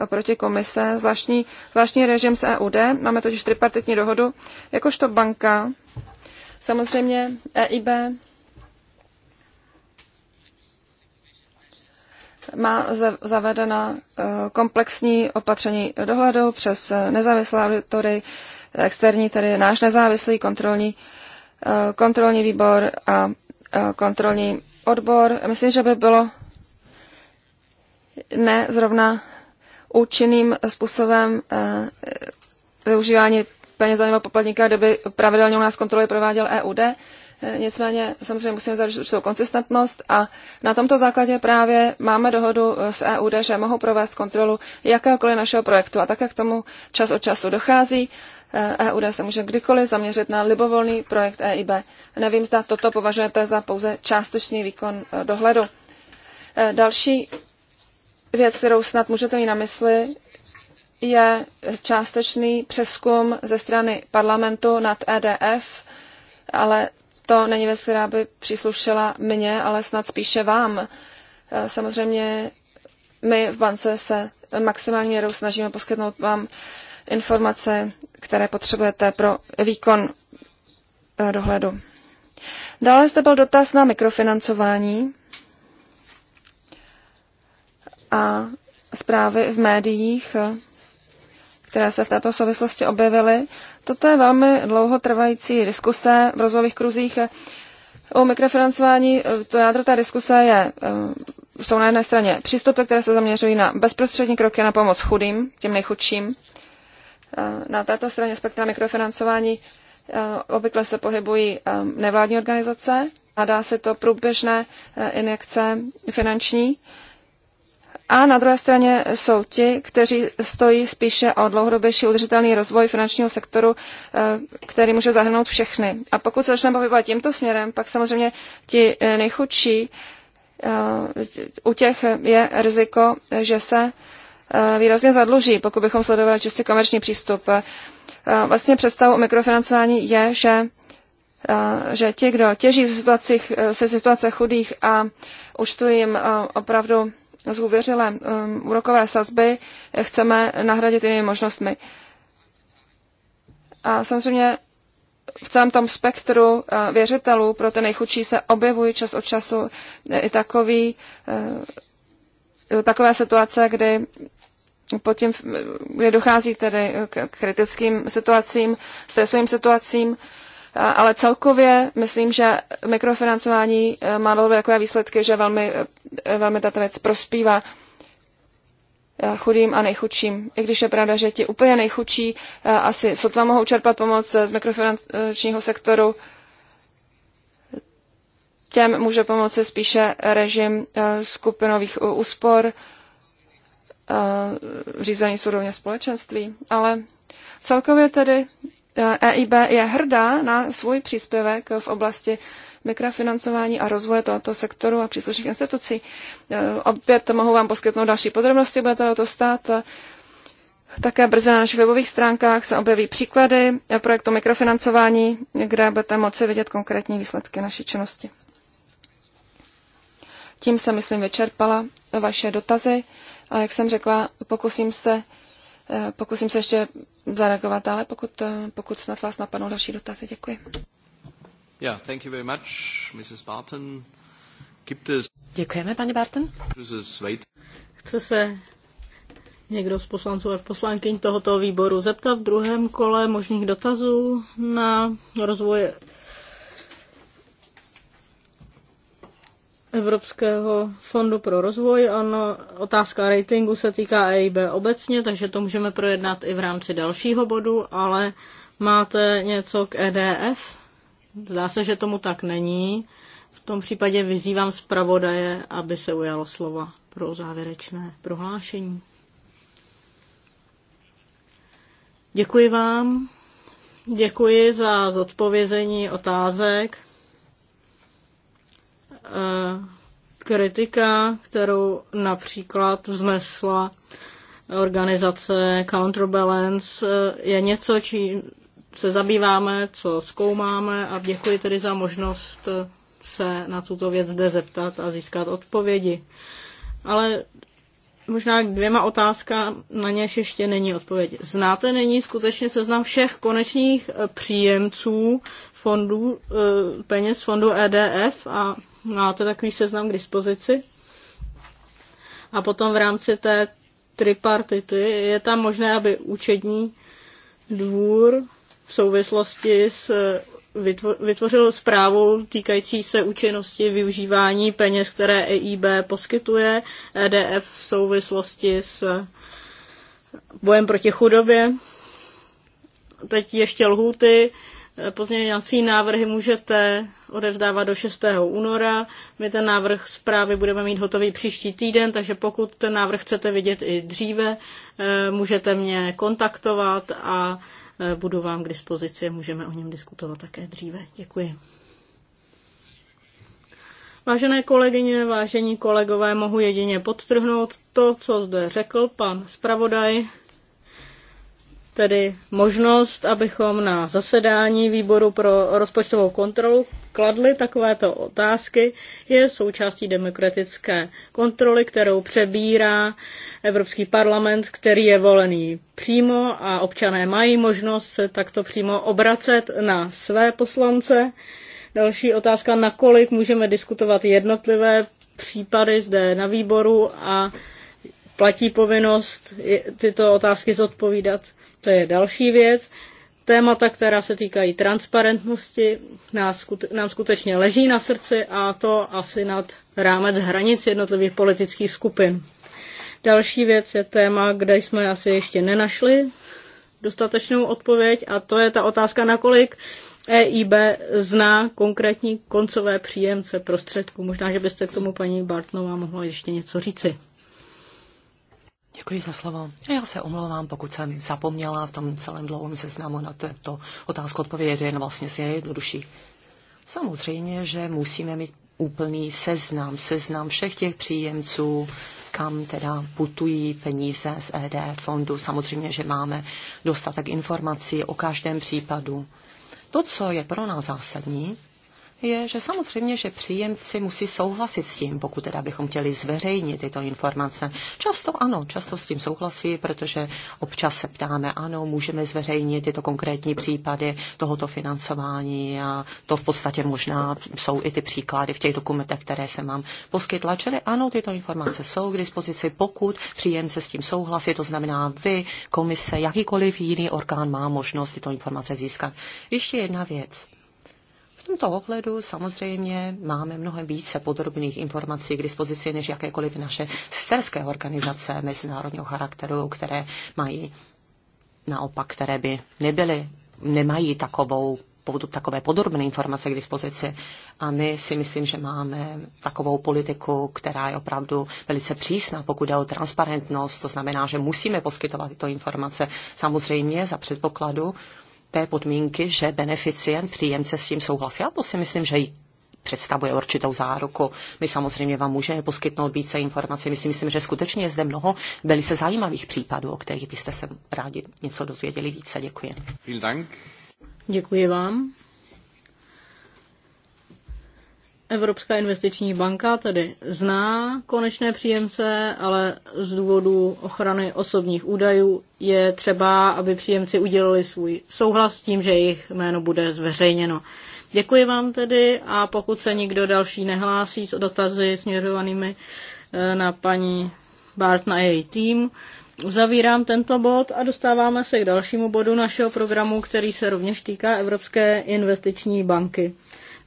oproti komise, zvláštní, zvláštní režim s EUD, máme totiž tripartitní dohodu, jakožto banka, samozřejmě EIB má zavedena eh, komplexní opatření dohledu přes nezávislé auditory, externí, tedy náš nezávislý kontrolní Eh, kontrolní výbor a eh, kontrolní odbor. Myslím, že by bylo ne zrovna účinným způsobem eh, využívání peněz daňového poplatníka, kdyby pravidelně u nás kontroly prováděl EUD. Nicméně samozřejmě musíme zaručit určitou konsistentnost a na tomto základě právě máme dohodu s EUD, že mohou provést kontrolu jakéhokoliv našeho projektu a také k tomu čas od času dochází EUD eh, e se může kdykoliv zaměřit na libovolný projekt EIB. Nevím, zda toto považujete za pouze částečný výkon eh, dohledu. Eh, další věc, kterou snad můžete mít na mysli, je částečný přeskum ze strany parlamentu nad EDF, ale to není věc, která by příslušela mně, ale snad spíše vám. Samozřejmě my v bance se maximálně snažíme poskytnout vám informace, které potřebujete pro výkon eh, dohledu. Dále zde byl dotaz na mikrofinancování a zprávy v médiích, eh, které se v této souvislosti objevily. Toto je velmi dlouho trvající diskuse v rozvojových kruzích. O eh, mikrofinancování to jádro té diskuse je, jsou na jedné straně přístupy, které se zaměřují na bezprostřední kroky na pomoc chudým, těm nejchudším. Eh, na této straně spektra mikrofinancování eh, obvykle se pohybují eh, nevládní organizace a dá se to průběžné injekce finanční. A na druhé straně jsou ti, kteří stojí spíše o dlouhodobější udržitelný rozvoj finančního sektoru, který může zahrnout všechny. A pokud se začneme pohybovat tímto směrem, pak samozřejmě ti nejchudší, u těch je riziko, že se Eh, výrazně zadluží, pokud bychom sledovali čistě komerční přístup. Eh, vlastně představu mikrofinancování je, že eh, že ti, kdo těží ze situace, se situace chudých a účtují jim opravdu zůvěřilé úrokové sazby, chceme nahradit jinými možnostmi. A samozřejmě v celém tom spektru věřitelů pro ty nejchudší se objevují čas od času i takový, takové situace, kdy pod tím, eh, kde dochází tedy eh, k kritickým situacím, stresovým situacím, ale celkově myslím, že mikrofinancování eh, má dlouhodobě takové výsledky, že velmi, velmi tato věc prospívá chudým a nejchudším. I když je pravda, že ti úplně nejchudší asi sotva mohou čerpat pomoc z mikrofinančního sektoru, těm může pomoci spíše režim skupinových úspor, Eh, řízení surovně společenství. Ale celkově tedy EIB eh, e je hrdá na svůj příspěvek v oblasti mikrofinancování a rozvoje tohoto sektoru a příslušných institucí. Eh, opět mohu vám poskytnout další podrobnosti, budete o to stát. Také brzy na našich webových stránkách se objeví příklady projektu mikrofinancování, kde budete moci vidět konkrétní výsledky naší činnosti. Tím se, myslím, vyčerpala vaše dotazy ale jak jsem řekla, pokusím se, eh, pokusím se ještě zareagovat, ale pokud, eh, pokud snad vás napadnou další dotazy, děkuji. Yeah, thank you very much, Mrs. Barton. Gibt es... Děkujeme, paní Barton. Chce se někdo z poslanců a poslankyň tohoto výboru zeptat v druhém kole možných dotazů na rozvoj Evropského fondu pro rozvoj. Ano, otázka ratingu se týká EIB obecně, takže to můžeme projednat i v rámci dalšího bodu, ale máte něco k EDF? Zdá se, že tomu tak není. V tom případě vyzývám zpravodaje, aby se ujalo slova pro závěrečné prohlášení. Děkuji vám. Děkuji za zodpovězení otázek. Eh, kritika, kterou například vznesla organizace Counterbalance, eh, je něco, čím se zabýváme, co zkoumáme a děkuji tedy za možnost eh, se na tuto věc zde zeptat a získat odpovědi. Ale možná dvěma otázka, na něž ještě není odpověď. Znáte není skutečně seznam všech konečných příjemců fondů, peněz fondu EDF a Máte takový seznam k dispozici? A potom v rámci té tripartity je tam možné, aby účetní dvůr v souvislosti s vytvořil zprávu týkající se účinnosti využívání peněz, které EIB poskytuje, EDF v souvislosti s bojem proti chudobě. Teď ještě lhůty Pozměňovací návrhy můžete odevzdávat do 6. února. My ten návrh zprávy budeme mít hotový příští týden, takže pokud ten návrh chcete vidět i dříve, eh, můžete mě kontaktovat a eh, budu vám k dispozici. Můžeme o něm diskutovat také dříve. Děkuji. Vážené kolegyně, vážení kolegové, mohu jedině podtrhnout to, co zde řekl pan zpravodaj tedy možnost, abychom na zasedání výboru pro rozpočtovou kontrolu kladli takovéto otázky, je součástí demokratické kontroly, kterou přebírá Evropský parlament, který je volený přímo a občané mají možnost se takto přímo obracet na své poslance. Další otázka, nakolik můžeme diskutovat jednotlivé případy zde na výboru a platí povinnost tyto otázky zodpovídat to je další věc. Témata, která se týkají transparentnosti, nám skutečně leží na srdci a to asi nad rámec hranic jednotlivých politických skupin. Další věc je téma, kde jsme asi ještě nenašli dostatečnou odpověď a to je ta otázka, nakolik EIB zná konkrétní koncové příjemce prostředků. Možná, že byste k tomu paní Bartnová mohla ještě něco říci. Děkuji za slovo. Já se omlouvám, pokud jsem zapomněla v tom celém dlouhém seznamu na tuto otázku odpovědět, jen vlastně si nejjednodušší. Samozřejmě, že musíme mít úplný seznam, seznam všech těch příjemců, kam teda putují peníze z ED fondu. Samozřejmě, že máme dostatek informací o každém případu. To, co je pro nás zásadní, je, že samozřejmě, že příjemci musí souhlasit s tím, pokud teda bychom chtěli zveřejnit tyto informace. Často ano, často s tím souhlasí, protože občas se ptáme, ano, můžeme zveřejnit tyto konkrétní případy tohoto financování a to v podstatě možná jsou i ty příklady v těch dokumentech, které se mám poskytla. Čili ano, tyto informace jsou k dispozici, pokud příjemce s tím souhlasí, to znamená vy, komise, jakýkoliv jiný orgán má možnost tyto informace získat. Ještě jedna věc tomto ohledu samozřejmě máme mnohem více podrobných informací k dispozici než jakékoliv naše sesterské organizace mezinárodního charakteru, které mají naopak, které by nebyly, nemají takovou takové podrobné informace k dispozici. A my si myslím, že máme takovou politiku, která je opravdu velice přísná, pokud jde o transparentnost. To znamená, že musíme poskytovat tyto informace samozřejmě za předpokladu, té podmínky, že beneficient, příjemce s tím souhlasí. Já to si myslím, že představuje určitou záruku. My samozřejmě vám můžeme poskytnout více informací. My si myslím, že skutečně je zde mnoho velice zajímavých případů, o kterých byste se rádi něco dozvěděli více. Děkuji. Vielen Dank. Děkuji vám. Evropská investiční banka tedy zná konečné příjemce, ale z důvodu ochrany osobních údajů je třeba, aby příjemci udělali svůj souhlas s tím, že jejich jméno bude zveřejněno. Děkuji vám tedy a pokud se nikdo další nehlásí s dotazy směřovanými eh, na paní Bart na její tým, uzavírám tento bod a dostáváme se k dalšímu bodu našeho programu, který se rovněž týká Evropské investiční banky.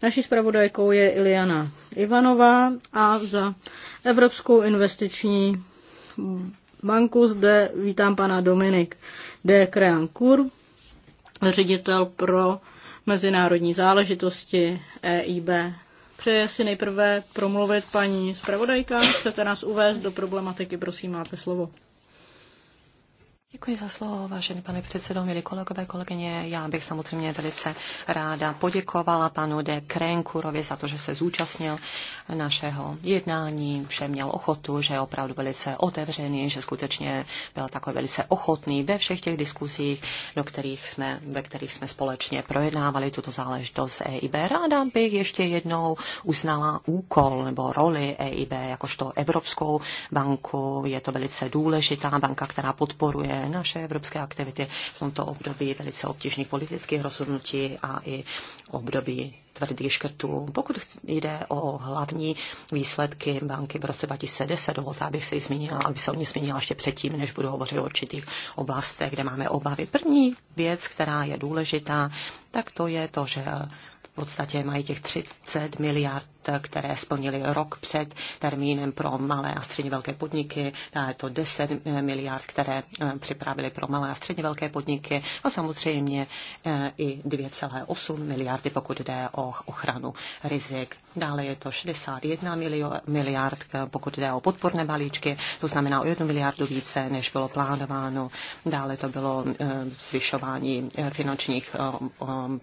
Naší zpravodajkou je Iliana Ivanová a za Evropskou investiční banku zde vítám pana Dominik D. Kreankur, ředitel pro mezinárodní záležitosti EIB. Přeje si nejprve promluvit paní zpravodajka. Chcete nás uvést do problematiky, prosím, máte slovo. Děkuji za slovo, vážený pane předsedo, milí kolegové, kolegyně. Já bych samozřejmě velice ráda poděkovala panu de Krenkurovi za to, že se zúčastnil našeho jednání, že měl ochotu, že je opravdu velice otevřený, že skutečně byl takový velice ochotný ve všech těch diskuzích, do kterých jsme, ve kterých jsme společně projednávali tuto záležitost EIB. Ráda bych ještě jednou uznala úkol nebo roli EIB jakožto Evropskou banku. Je to velice důležitá banka, která podporuje naše evropské aktivity v tomto období velice obtížných politických rozhodnutí a i období tvrdých škrtů. Pokud jde o hlavní výsledky banky v roce 2010, dovolte, abych se zmínila, aby se o ní zmínila ještě předtím, než budu hovořit o určitých oblastech, kde máme obavy. První věc, která je důležitá, tak to je to, že v podstatě mají těch 30 miliard které splnili rok před termínem pro malé a středně velké podniky. Dále je to 10 miliard, které eh, připravili pro malé a středně velké podniky a samozřejmě eh, i 2,8 miliardy, pokud jde o ochranu rizik. Dále je to 61 miliard, eh, pokud jde o podporné balíčky, to znamená o 1 miliardu více, než bylo plánováno. Dále to bylo zvyšování finančních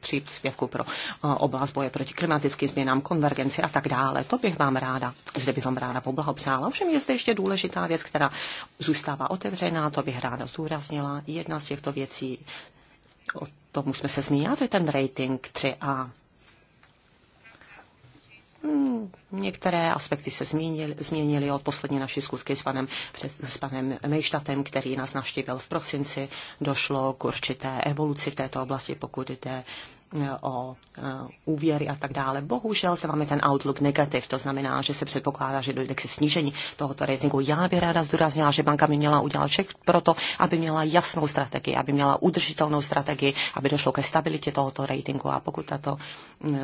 příspěvků pro oblast boje proti klimatickým změnám, konvergenci a tak dále. To bych vám ráda, zde bych vám ráda poblahopřála. Ovšem je zde ještě důležitá věc, která zůstává otevřená, to bych ráda zdůraznila. Jedna z těchto věcí, o tom jsme se zmínili, to je ten rating 3A. Hmm, některé aspekty se změnily, změnily od poslední naší zkusky s panem, s panem Mejštatem, který nás navštívil v prosinci. Došlo k určité evoluci v této oblasti, pokud jde o úvěry a tak dále. Bohužel se máme ten outlook negativ, to znamená, že se předpokládá, že dojde k snížení tohoto ratingu. Já bych ráda zdůraznila, že banka by měla udělat všech to, aby měla jasnou strategii, aby měla udržitelnou strategii, aby došlo ke stabilitě tohoto ratingu a pokud tato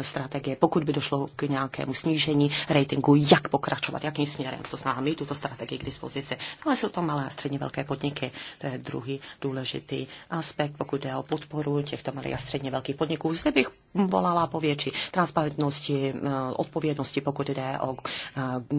strategie, pokud by došlo k nějakému snížení ratingu, jak pokračovat, jakým směrem, to znamená mít tuto strategii k dispozici. No, ale jsou to malé a středně velké podniky, to je druhý důležitý aspekt, pokud jde o podporu těchto malých a středně velkých podniků pouze bych volala po větší transparentnosti, eh, odpovědnosti, pokud jde o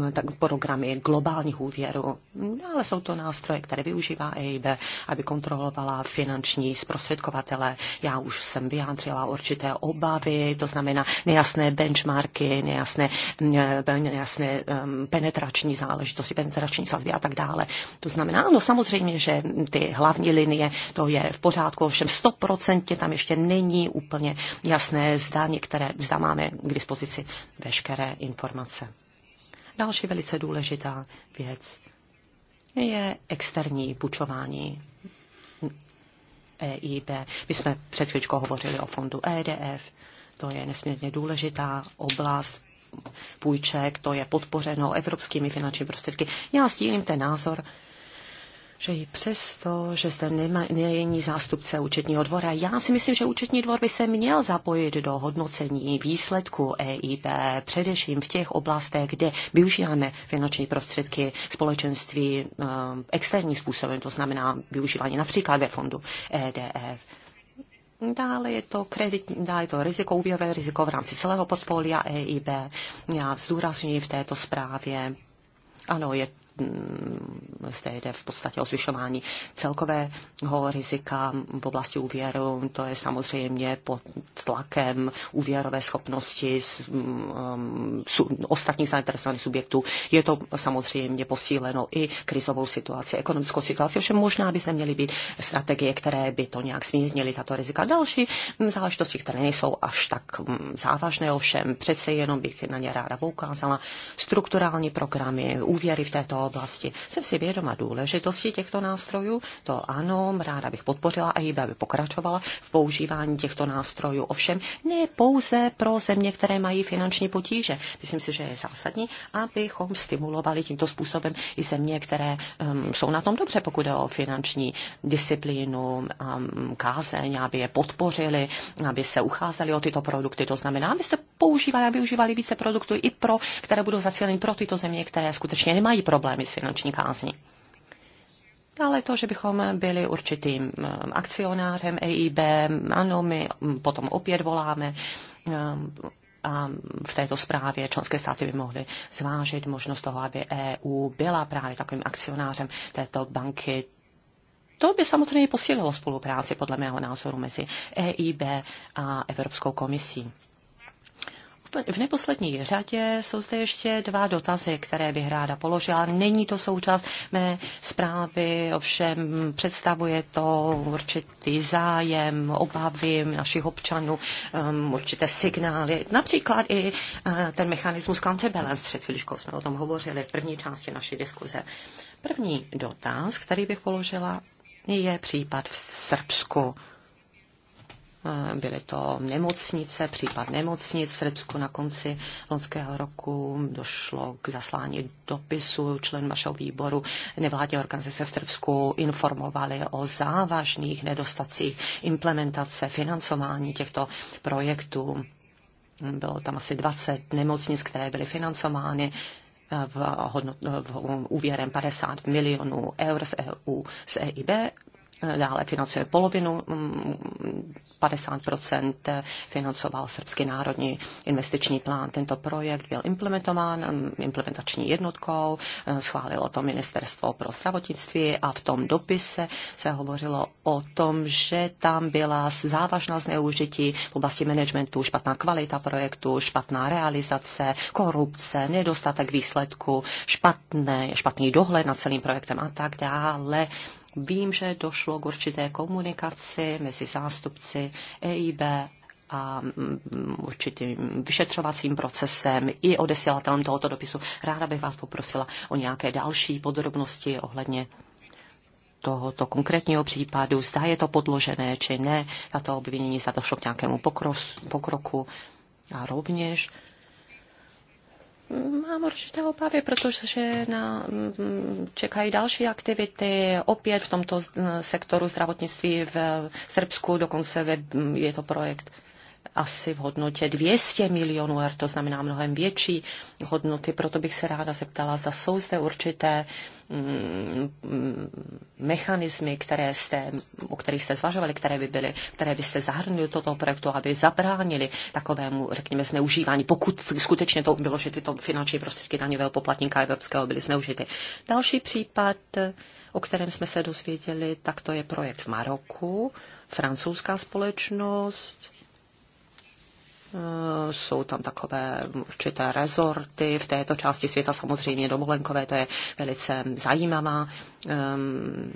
eh, tak, programy globálních úvěrů. No, ale jsou to nástroje, které využívá EIB, aby kontrolovala finanční zprostředkovatele. Já už jsem vyjádřila určité obavy, to znamená nejasné benchmarky, nejasné, eh, nejasné penetrační záležitosti, penetrační sazby a tak dále. To znamená, ano, samozřejmě, že ty hlavní linie, to je v pořádku, ovšem 100% tam ještě není úplně jasné zda, některé, zda máme k dispozici veškeré informace. Další velice důležitá věc je externí půjčování EIB. My jsme před chvíličkou hovořili o fondu EDF, to je nesmírně důležitá oblast půjček, to je podpořeno evropskými finančními prostředky. Já sdílím ten názor, že i přesto, že zde není zástupce účetního dvora, já si myslím, že účetní dvor by se měl zapojit do hodnocení výsledku EIB, především v těch oblastech, kde využíváme finanční prostředky společenství eh, externím způsobem, to znamená využívání například ve fondu EDF. Dále je to kredit, dále je to riziko, úvěrové riziko v rámci celého portfolia EIB. Já zdůrazňuji v této zprávě ano, je Mm, zde jde v podstatě o zvyšování celkového rizika v oblasti úvěru. To je samozřejmě pod tlakem úvěrové schopnosti z, um, mm, su, ostatních zainteresovaných subjektů. Je to samozřejmě posíleno i krizovou situaci, ekonomickou situaci. Ovšem možná by se měly být strategie, které by to nějak zmírnily, tato rizika. Další mm, záležitosti, které nejsou až tak závažné, ovšem přece jenom bych na ně ráda poukázala. Strukturální programy, úvěry v této oblasti. Jsem si vědoma důležitosti těchto nástrojů, to ano, ráda bych podpořila a jíba by pokračovala v používání těchto nástrojů. Ovšem ne pouze pro země, které mají finanční potíže. Myslím si, že je zásadní, abychom stimulovali tímto způsobem i země, které um, jsou na tom dobře, pokud jde o finanční disciplínu, um, kázeň, aby je podpořili, aby se ucházeli o tyto produkty. To znamená, abyste používali a využívali více produktů i pro, které budou zacíleny pro tyto země, které skutečně nemají problém problémy s finanční kázní. Ale to, že bychom byli určitým eh, akcionářem EIB, ano, my potom opět voláme eh, a v této zprávě členské státy by mohly zvážit možnost toho, aby EU byla právě takovým akcionářem této banky. To by samozřejmě posílilo spolupráci, podle mého názoru, mezi EIB a Evropskou komisí v neposlední řadě jsou zde ještě dva dotazy, které bych ráda položila. Není to součást mé zprávy, ovšem představuje to určitý zájem, obavy našich občanů, um, určité signály. Například i uh, ten mechanismus counterbalance, před chvíličkou jsme o tom hovořili v první části naší diskuze. První dotaz, který bych položila, je případ v Srbsku Eh, byly to nemocnice, případ nemocnic v Srbsku na konci loňského roku. Došlo k zaslání dopisu člen vašeho výboru. Nevládní organizace v Srbsku informovaly o závažných nedostacích implementace, financování těchto projektů. Bylo tam asi 20 nemocnic, které byly financovány eh, v, hodno, v úvěrem 50 milionů eur z EU, z EIB dále financuje polovinu, 50 mm, financoval Srbský národní investiční plán. Tento projekt byl implementován mm, implementační jednotkou, eh, schválilo to Ministerstvo pro zdravotnictví a v tom dopise se hovořilo o tom, že tam byla závažná zneužití v oblasti managementu, špatná kvalita projektu, špatná realizace, korupce, nedostatek výsledku, špatné, špatný dohled nad celým projektem a tak dále. Vím, že došlo k určité komunikaci mezi zástupci EIB a mm, mm, určitým vyšetřovacím procesem i odesílatelem tohoto dopisu. Ráda bych vás poprosila o nějaké další podrobnosti ohledně tohoto konkrétního případu, zda je to podložené či ne, to obvinění, zda došlo k nějakému pokros, pokroku. A rovněž mám určité obavy, protože na, mm, čekají další aktivity. Opět v tomto mm, sektoru zdravotnictví v Srbsku, dokonce ve, mm, je to projekt asi v hodnotě 200 milionů her, to znamená mnohem větší hodnoty. Proto bych se ráda zeptala, zda jsou zde určité mm, mechanismy, které jste, o kterých jste zvažovali, které by byly, které byste zahrnuli do toho projektu, aby zabránili takovému, řekněme, zneužívání, pokud skutečně to bylo, že tyto finanční prostředky daňového poplatníka evropského byly zneužity. Další případ, o kterém jsme se dozvěděli, tak to je projekt v Maroku, francouzská společnost, Eh, jsou tam takové určité rezorty v této části světa, samozřejmě dovolenkové, to je velice zajímavá um,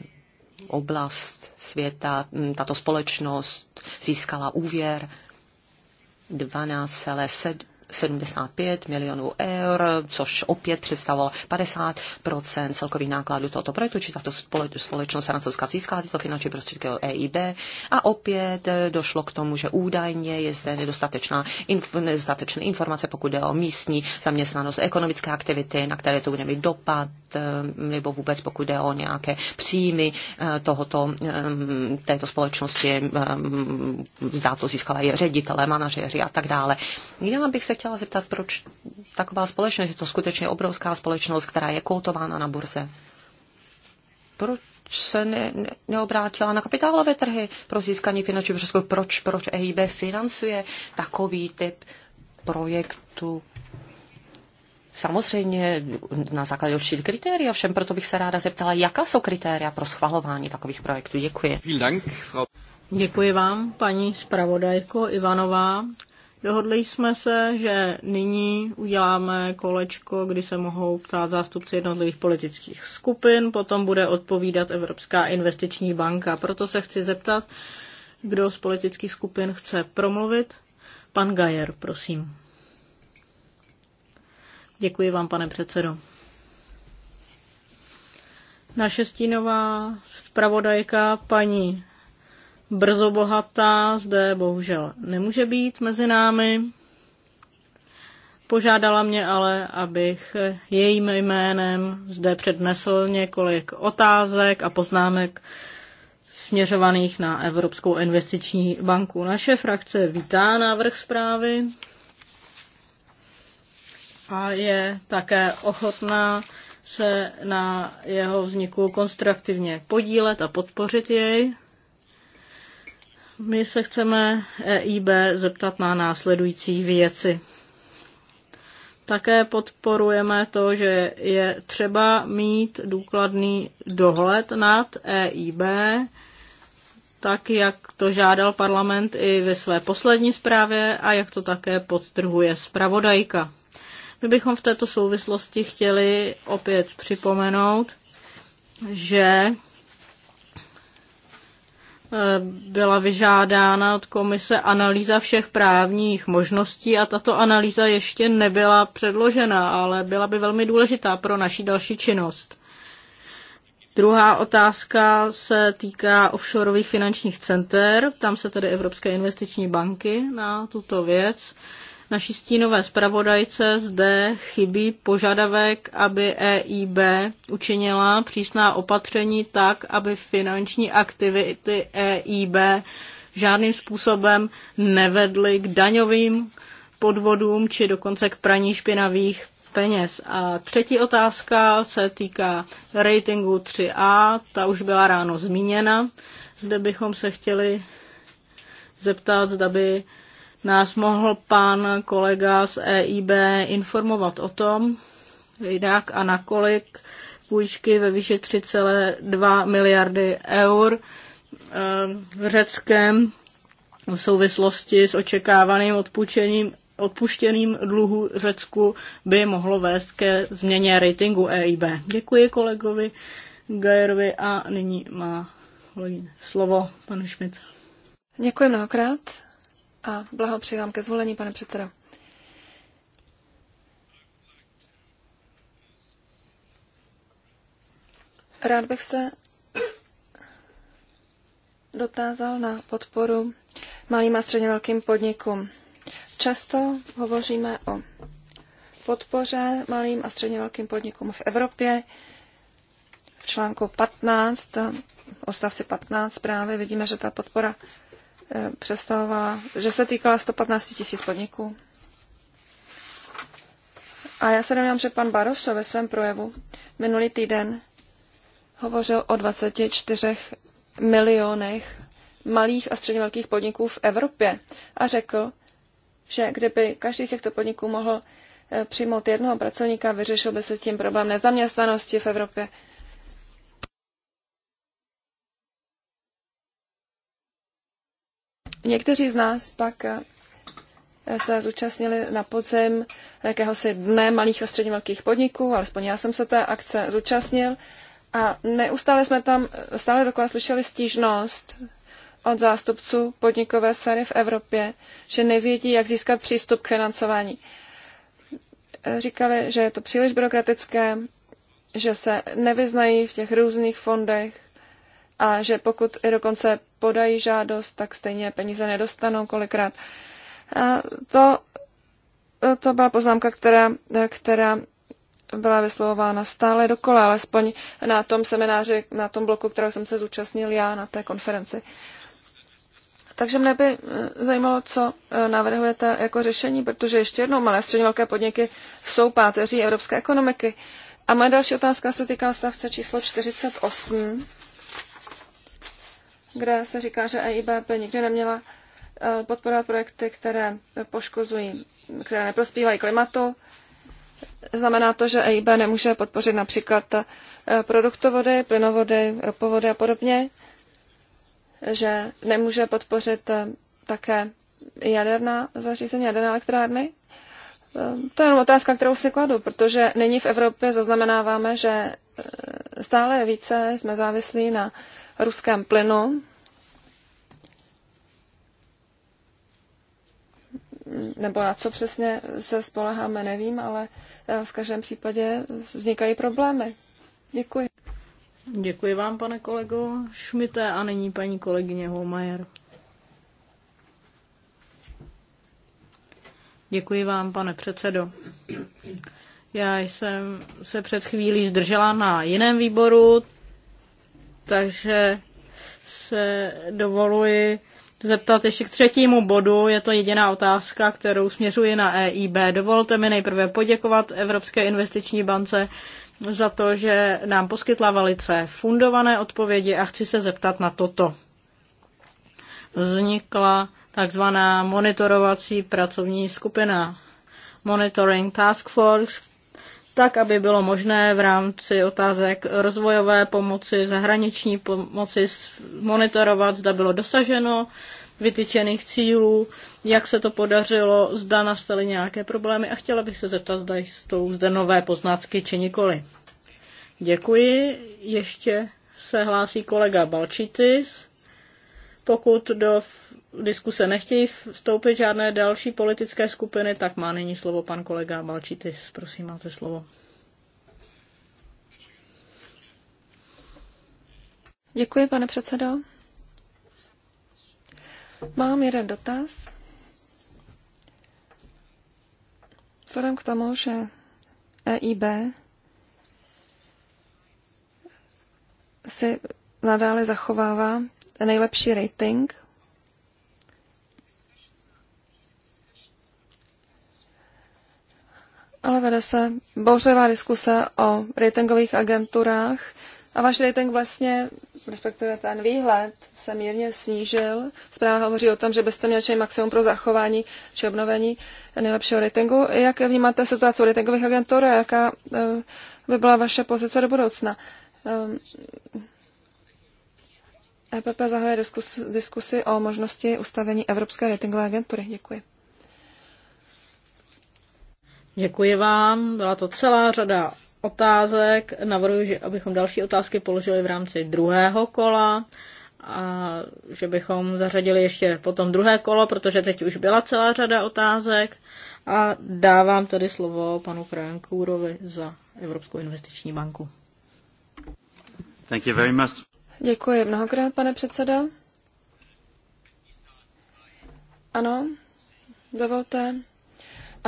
oblast světa. Mm, tato společnost získala úvěr 12,7 75 milionů eur, což opět představovalo 50 celkových nákladů tohoto projektu, či tato společnost francouzská získala tyto finanční prostředky od EIB a opět eh, došlo k tomu, že údajně je zde nedostatečná, inf, nedostatečné informace, pokud jde o místní zaměstnanost, ekonomické aktivity, na které to bude mít dopad, Eh, nebo vůbec pokud jde o nějaké příjmy eh, tohoto, eh, této společnosti, mm, zdá to získala i ředitele, manažeři a tak dále. Já bych se chtěla zeptat, proč taková společnost, je to skutečně obrovská společnost, která je koutována na burze. Proč se ne, ne, neobrátila na kapitálové trhy pro získání finančního prostředků? Proč, proč EIB financuje takový typ projektu, samozřejmě na základě určitých kritérií, ovšem proto bych se ráda zeptala, jaká jsou kritéria pro schvalování takových projektů. Děkuji. Děkuji vám, paní zpravodajko Ivanová. Dohodli jsme se, že nyní uděláme kolečko, kdy se mohou ptát zástupci jednotlivých politických skupin, potom bude odpovídat Evropská investiční banka. Proto se chci zeptat, kdo z politických skupin chce promluvit. Pan Gajer, prosím. Děkuji vám, pane předsedo. Naše stínová zpravodajka paní Brzo Bohatá zde bohužel nemůže být mezi námi. Požádala mě ale, abych jejím jménem zde přednesl několik otázek a poznámek směřovaných na Evropskou investiční banku. Naše frakce vítá návrh zprávy a je také ochotná se na jeho vzniku konstruktivně podílet a podpořit jej. My se chceme EIB zeptat na následující věci. Také podporujeme to, že je třeba mít důkladný dohled nad EIB, tak jak to žádal parlament i ve své poslední zprávě a jak to také podtrhuje zpravodajka. My bychom v této souvislosti chtěli opět připomenout, že eh, byla vyžádána od komise analýza všech právních možností a tato analýza ještě nebyla předložena, ale byla by velmi důležitá pro naši další činnost. Druhá otázka se týká offshoreových finančních center. Tam se tedy Evropské investiční banky na tuto věc naší stínové zpravodajce zde chybí požadavek, aby EIB učinila přísná opatření tak, aby finanční aktivity EIB žádným způsobem nevedly k daňovým podvodům či dokonce k praní špinavých peněz. A třetí otázka se týká ratingu 3A, ta už byla ráno zmíněna. Zde bychom se chtěli zeptat, zda by nás mohl pan kolega z EIB informovat o tom, jak a nakolik půjčky ve výši 3,2 miliardy eur ehm, v Řeckém v souvislosti s očekávaným odpuštěním, odpuštěným dluhu Řecku by mohlo vést ke změně ratingu EIB. Děkuji kolegovi Gajerovi a nyní má slovo pan Schmidt. Děkuji mnohokrát a blahopřeji vám ke zvolení, pane předsedo. Rád bych se dotázal na podporu malým a středně velkým podnikům. Často hovoříme o podpoře malým a středně velkým podnikům v Evropě. V článku 15, odstavci 15 právě vidíme, že ta podpora Eh, představovala, že se týkala 115 tisíc podniků. A já se domnívám, že pan Barroso ve svém projevu minulý týden hovořil o 24 milionech malých a středně velkých podniků v Evropě a řekl, že kdyby každý z těchto podniků mohl eh, přijmout jednoho pracovníka, vyřešil by se tím problém nezaměstnanosti v Evropě. Někteří z nás pak eh, se zúčastnili na podzim jakéhosi dne malých a středně velkých podniků, alespoň já jsem se té akce zúčastnil a neustále jsme tam stále dokola slyšeli stížnost od zástupců podnikové sféry v Evropě, že nevědí, jak získat přístup k financování. Eh, říkali, že je to příliš byrokratické, že se nevyznají v těch různých fondech a že pokud i dokonce podají žádost, tak stejně peníze nedostanou kolikrát. A to, to byla poznámka, která, která byla vyslovována stále dokola, alespoň na tom semináři, na tom bloku, kterého jsem se zúčastnil já na té konferenci. Takže mne by eh, zajímalo, co eh, navrhujete jako řešení, protože ještě jednou malé středně velké podniky jsou páteří evropské ekonomiky. A moje další otázka se týká stavce číslo 48 kde se říká, že EIB by nikdy neměla eh, podporovat projekty, které poškozují, které neprospívají klimatu. Znamená to, že EIB nemůže podpořit například eh, produktovody, plynovody, ropovody a podobně, že nemůže podpořit eh, také jaderná zařízení, jaderné elektrárny. To je jenom otázka, kterou si kladu, protože nyní v Evropě zaznamenáváme, že stále více jsme závislí na ruském plynu. Nebo na co přesně se spoleháme, nevím, ale eh, v každém případě vznikají problémy. Děkuji. Děkuji vám, pane kolego Šmité, a nyní paní kolegyně Holmajer. Děkuji vám, pane předsedo. Já jsem se před chvílí zdržela na jiném výboru, takže se dovoluji zeptat ještě k třetímu bodu. Je to jediná otázka, kterou směřuji na EIB. Dovolte mi nejprve poděkovat Evropské investiční bance za to, že nám poskytla velice fundované odpovědi a chci se zeptat na toto. Vznikla takzvaná monitorovací pracovní skupina Monitoring Task Force, tak, aby bylo možné v rámci otázek rozvojové pomoci, zahraniční pomoci monitorovat, zda bylo dosaženo vytyčených cílů, jak se to podařilo, zda nastaly nějaké problémy a chtěla bych se zeptat, zda jsou zde nové poznatky či nikoli. Děkuji. Ještě se hlásí kolega Balčitis. Pokud do diskuse nechtějí vstoupit žádné další politické skupiny, tak má nyní slovo pan kolega Balčitis. Prosím, máte slovo. Děkuji, pane předsedo. Mám jeden dotaz. Vzhledem k tomu, že EIB si nadále zachovává nejlepší rating ale vede se bouřlivá diskuse o ratingových agenturách a váš rating vlastně, respektive ten výhled, se mírně snížil. Zpráva hovoří o tom, že byste měli činit maximum pro zachování či obnovení nejlepšího ratingu. Jak vnímáte situaci ratingových agentur a jaká eh, by byla vaše pozice do budoucna? EPP eh, e zahajuje diskusi o možnosti ustavení Evropské ratingové agentury. Děkuji. Děkuji vám. Byla to celá řada otázek. Navrhuji, že abychom další otázky položili v rámci druhého kola a že bychom zařadili ještě potom druhé kolo, protože teď už byla celá řada otázek a dávám tedy slovo panu Krajankůrovi za Evropskou investiční banku. Thank you very much. Děkuji mnohokrát, pane předsedo. Ano, dovolte,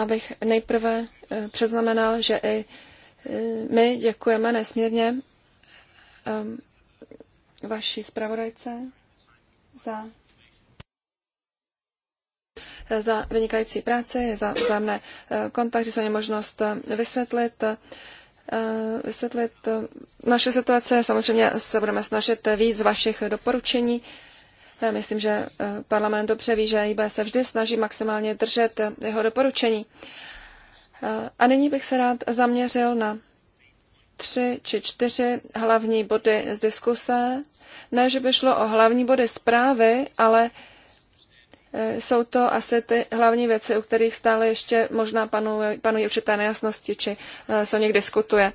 abych nejprve eh, přeznamenal, že i eh, my děkujeme nesmírně ehm, vaší zpravodajce za, eh, za vynikající práci, za vzájemné kontakt, že se mě možnost vysvětlit vysvětlit naše situace. Samozřejmě se budeme snažit víc z vašich doporučení Myslím, že eh, parlament dobře ví, že IB se vždy snaží maximálně držet eh, jeho doporučení. Eh, a nyní bych se rád zaměřil na tři či čtyři hlavní body z diskuse. Ne, že by šlo o hlavní body zprávy, ale jsou to asi ty hlavní věci, u kterých stále ještě možná panují, panují určité nejasnosti, či se o nich diskutuje.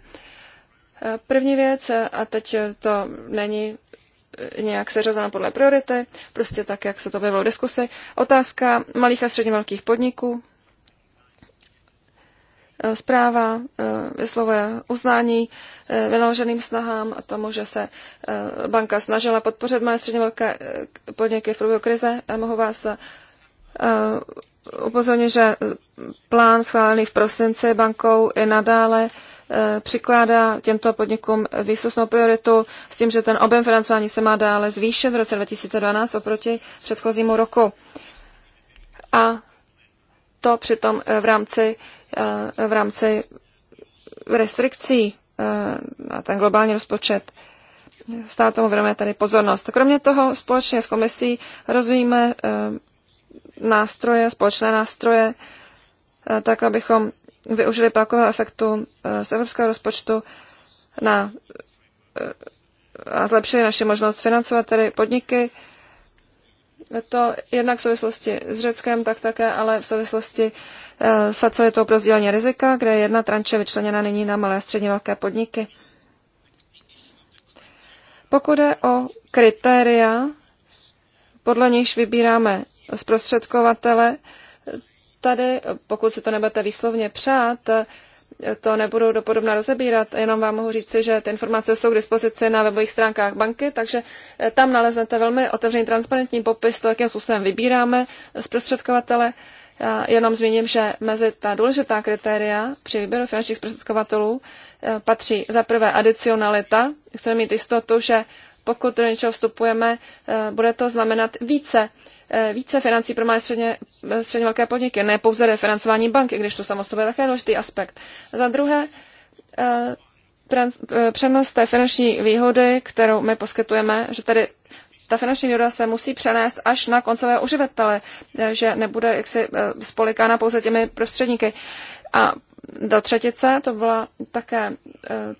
První věc, a teď to není nějak seřazena podle priority, prostě tak, jak se to objevilo v diskusi. Otázka malých a středně velkých podniků. Eh, zpráva eh, vyslovuje uznání eh, vynaloženým snahám a tomu, že se banka snažila podpořit malé středně velké podniky v průběhu krize. Já mohu vás upozornit, že plán schválený v prosinci bankou i nadále Eh, přikládá těmto podnikům výsostnou prioritu s tím, že ten objem financování se má dále zvýšit v roce 2012 oproti předchozímu roku. A to přitom eh, v rámci, eh, v rámci restrikcí na ten globální rozpočet státu tomu věnujeme tady pozornost. Kromě toho společně s komisí rozvíjíme nástroje, společné nástroje, tak abychom využili plakového efektu eh, z evropského rozpočtu na, eh, a zlepšili naše možnost financovat tedy podniky. To jednak v souvislosti s Řeckem, tak také, ale v souvislosti eh, s facilitou pro sdílení rizika, kde je jedna tranče vyčleněna nyní na malé a středně velké podniky. Pokud je o kritéria, podle nichž vybíráme zprostředkovatele, tady, pokud si to nebudete výslovně přát, to nebudu dopodobna rozebírat, jenom vám mohu říci, že ty informace jsou k dispozici na webových stránkách banky, takže eh, tam naleznete velmi otevřený transparentní popis to, jakým způsobem vybíráme zprostředkovatele. Já jenom zmíním, že mezi ta důležitá kritéria při výběru finančních zprostředkovatelů eh, patří za prvé adicionalita. Chceme mít jistotu, že pokud do něčeho vstupujeme, eh, bude to znamenat více Eh, více financí pro malé středně, eh, středně velké podniky, ne pouze refinancování banky, když to samo sobě také důležitý aspekt. Za druhé, eh, přenos té finanční výhody, kterou my poskytujeme, že tady ta finanční výhoda se musí přenést až na koncové uživatele, že nebude jaksi spolikána pouze těmi prostředníky. A do třetice, to byla také,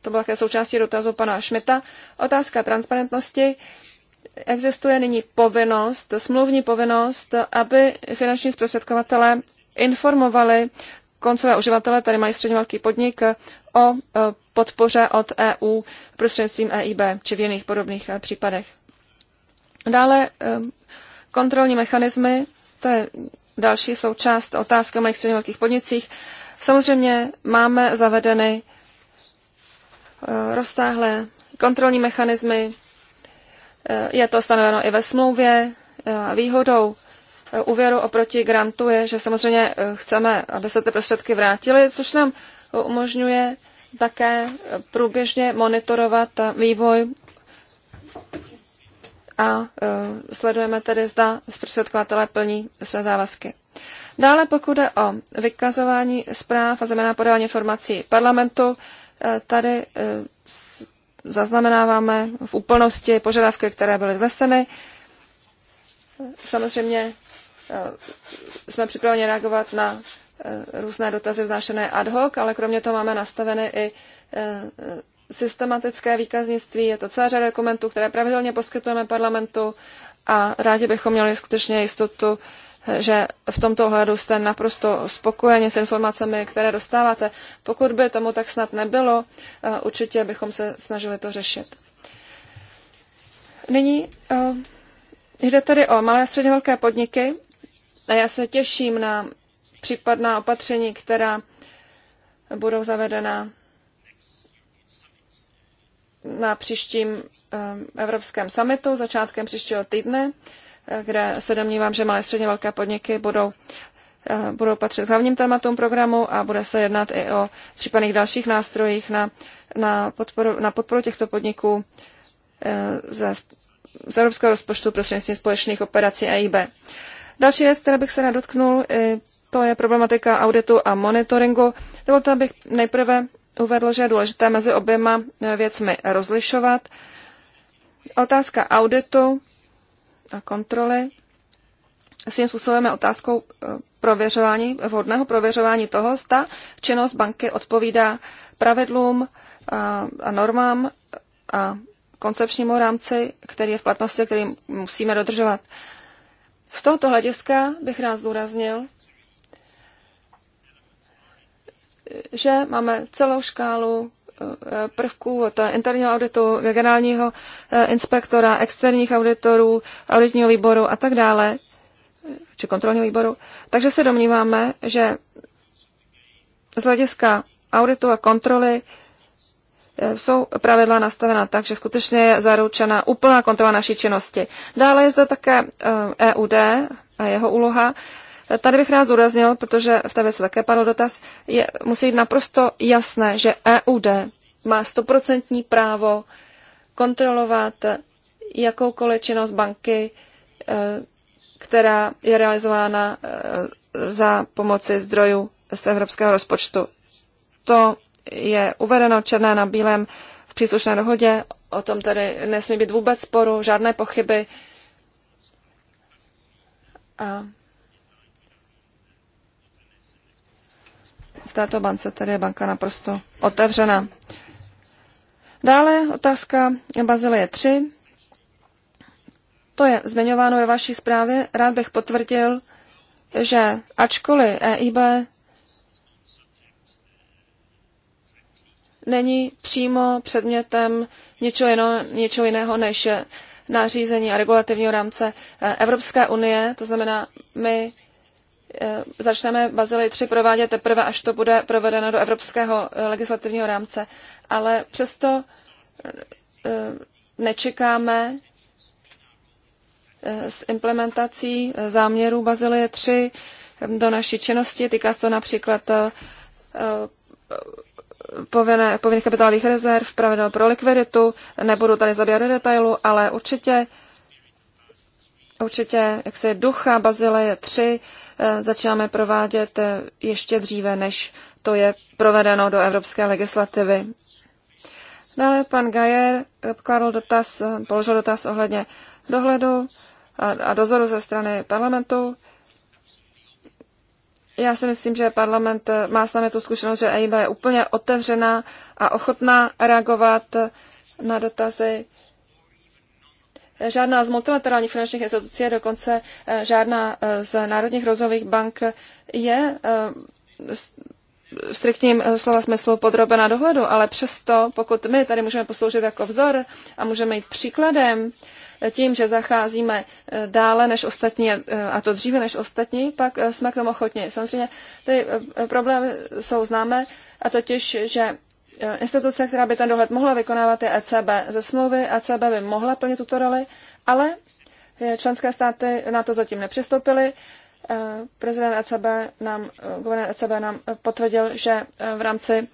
to byla také součástí dotazu pana Šmita, otázka transparentnosti existuje nyní povinnost, smluvní povinnost, aby finanční zprostředkovatele informovali koncové uživatele, tady mají středně velký podnik, o podpoře od EU prostřednictvím EIB či v jiných podobných e, případech. Dále e, kontrolní mechanismy, to je další součást otázky o malých středně velkých podnicích. Samozřejmě máme zavedeny e, rozsáhlé kontrolní mechanismy, Eh, je to stanoveno i ve smlouvě. Eh, výhodou eh, úvěru oproti grantu je, že samozřejmě chceme, aby se ty prostředky vrátily, což nám umožňuje také průběžně monitorovat vývoj a sledujeme tedy, zda zprostředkovatele plní své závazky. Dále pokud jde o vykazování zpráv a znamená podávání informací parlamentu, tady zaznamenáváme v úplnosti požadavky, které byly vzneseny. Samozřejmě eh, jsme připraveni reagovat na eh, různé dotazy vznášené ad hoc, ale kromě toho máme nastaveny i eh, systematické výkaznictví. Je to celá řada dokumentů, které pravidelně poskytujeme parlamentu a rádi bychom měli skutečně jistotu, že v tomto ohledu jste naprosto spokojeni s informacemi, které dostáváte. Pokud by tomu tak snad nebylo, eh, určitě bychom se snažili to řešit. Nyní eh, jde tady o malé a středně velké podniky a já se těším na případná opatření, která budou zavedena na příštím eh, Evropském summitu začátkem příštího týdne kde se domnívám, že malé středně velké podniky budou eh, budou patřit k hlavním tématům programu a bude se jednat i o případných dalších nástrojích na, na, podporu, na podporu těchto podniků eh, ze, z evropského rozpočtu prostřednictvím společných operací EIB. Další věc, které bych se nadotknul, eh, to je problematika auditu a monitoringu. Dovolte, abych nejprve uvedl, že je důležité mezi oběma věcmi rozlišovat. Otázka auditu a kontroly. Svým způsobem je otázkou eh, prověřování, vhodného prověřování toho, zda činnost banky odpovídá pravidlům a, eh, a normám eh, a koncepčnímu rámci, který je v platnosti, který musíme dodržovat. Z tohoto hlediska bych rád zdůraznil, že máme celou škálu prvků, od interního auditu, generálního eh, inspektora, externích auditorů, auditního výboru a tak dále, či kontrolního výboru. Takže se domníváme, že z hlediska auditu a kontroly eh, jsou pravidla nastavena tak, že skutečně je zaručena úplná kontrola naší činnosti. Dále je zde také EUD eh, e a jeho úloha. Tady bych rád zdůraznil, protože v té věci také padl dotaz, je, musí být naprosto jasné, že EUD má stoprocentní právo kontrolovat jakoukoliv činnost banky, eh, která je realizována eh, za pomoci zdrojů z evropského rozpočtu. To je uvedeno černé na bílém v příslušné dohodě, o tom tedy nesmí být vůbec sporu, žádné pochyby. A v této bance tedy je banka naprosto otevřena. Dále otázka Bazilie 3. To je zmiňováno ve vaší zprávě. Rád bych potvrdil, že ačkoliv EIB není přímo předmětem něčeho, jiného, něčeho jiného než nařízení a regulativního rámce eh, Evropské unie, to znamená, my Eh, začneme Bazily 3 provádět teprve, až to bude provedeno do evropského eh, legislativního rámce. Ale přesto eh, nečekáme s implementací záměrů Bazilie 3 do naší činnosti. Týká se to například povinné, povinných kapitálových rezerv, pravidel pro likviditu. Nebudu tady zabírat do detailu, ale určitě, určitě jak se ducha Bazilie 3 Eh, začínáme provádět eh, ještě dříve, než to je provedeno do evropské legislativy. Dále pan Gajer eh, kladl dotaz, položil dotaz ohledně dohledu a dozoru ze strany parlamentu. Já si myslím, že parlament má s námi tu zkušenost, že EIB je úplně otevřená a ochotná reagovat na dotazy žádná z multilaterálních finančních institucí, dokonce eh, žádná eh, z národních rozvojových bank je v eh, striktním slova smyslu podrobená dohledu, ale přesto, pokud my tady můžeme posloužit jako vzor a můžeme jít příkladem tím, že zacházíme dále než ostatní a to dříve než ostatní, pak jsme k tomu ochotní. Samozřejmě ty problémy jsou známé a totiž, že Eh, instituce, která by ten dohled mohla vykonávat, je ECB. Ze smlouvy ECB by mohla plnit tuto roli, ale eh, členské státy na to zatím nepřistoupily. Eh, prezident ECB nám, guvernér ECB nám potvrdil, že v rámci,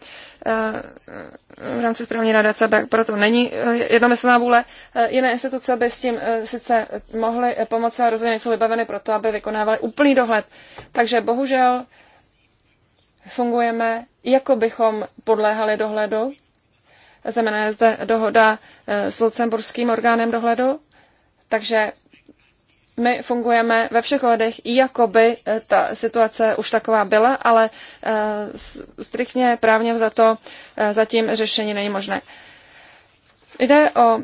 v rámci správní rady ECB proto není jednomyslná vůle. Jiné instituce by s tím sice mohly pomoci a rozhodně nejsou vybaveny proto, aby vykonávaly úplný dohled. Takže bohužel fungujeme, jako bychom podléhali dohledu. Znamená je zde dohoda eh, s lucemburským orgánem dohledu, takže my fungujeme ve všech ohledech, jako by eh, ta situace už taková byla, ale eh, striktně právně za to zatím řešení není možné. Jde o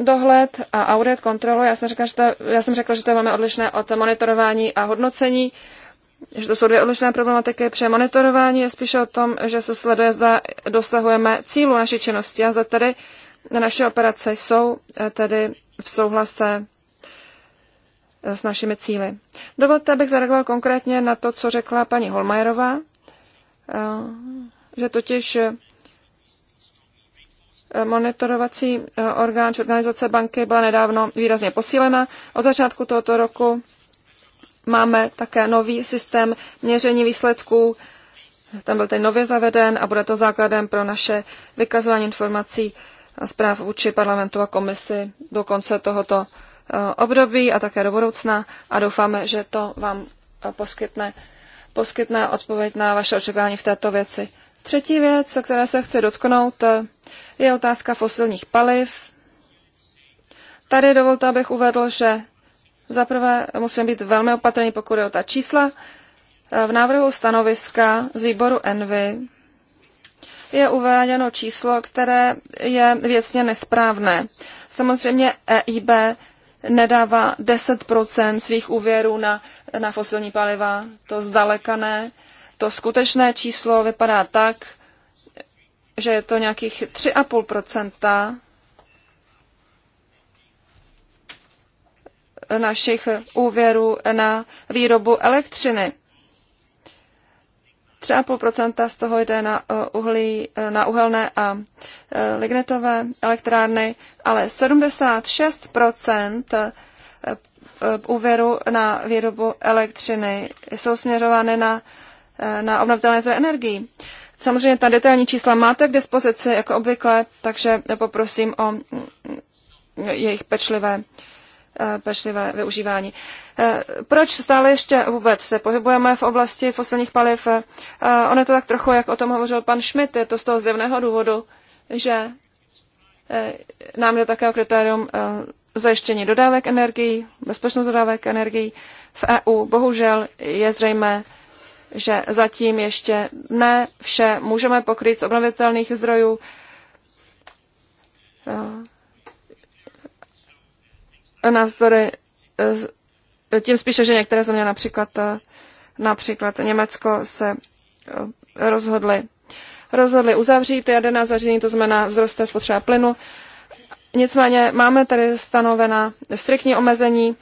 dohled a audit kontrolu. Já jsem, řekla, že to, já jsem řekla, že to máme odlišné od monitorování a hodnocení že to jsou dvě odlišné problematiky. Při monitorování je spíše o tom, že se sleduje, zda dosahujeme cílu naší činnosti a zda tedy naše operace jsou eh, tedy v souhlase eh, s našimi cíly. Dovolte, abych zareagoval konkrétně na to, co řekla paní Holmajerová, eh, že totiž monitorovací orgán či organizace banky byla nedávno výrazně posílena. Od začátku tohoto roku Máme také nový systém měření výsledků, tam byl ten nově zaveden a bude to základem pro naše vykazování informací a zpráv vůči parlamentu a komisi do konce tohoto eh, období a také do budoucna a doufáme, že to vám eh, poskytne, poskytne odpověď na vaše očekávání v této věci. Třetí věc, o které se chci dotknout, eh, je otázka fosilních paliv. Tady dovolte, abych uvedl, že Zaprvé musím být velmi opatrný, pokud je o ta čísla. E, v návrhu stanoviska z výboru Envy je uváděno číslo, které je věcně nesprávné. Samozřejmě EIB nedává 10% svých úvěrů na, na fosilní paliva, to zdaleka ne. To skutečné číslo vypadá tak, že je to nějakých našich úvěrů na výrobu elektřiny. 3,5% z toho jde na, eh, uhlí, eh, na uhelné a eh, lignitové elektrárny, ale 76% úvěru na výrobu elektřiny jsou směřovány na, na obnovitelné zdroje energií. Samozřejmě ta detailní čísla máte k dispozici, jako obvykle, takže poprosím o mm, mm, jejich pečlivé Eh, pečlivé využívání. Eh, proč stále ještě vůbec se pohybujeme v oblasti fosilních paliv? Eh, ono je to tak trochu, jak o tom hovořil pan Schmidt, je to z toho zjevného důvodu, že nám jde také o kritérium zajištění dodávek energií, bezpečnost dodávek energií v EU. Bohužel je zřejmé, že zatím ještě ne vše můžeme pokrýt z obnovitelných zdrojů navzdory eh, eh, tím spíše, že některé země, například, eh, například Německo, se rozhodly rozhodli uzavřít jaderná zařízení, to znamená vzroste spotřeba plynu. Nicméně máme tady stanovena striktní omezení,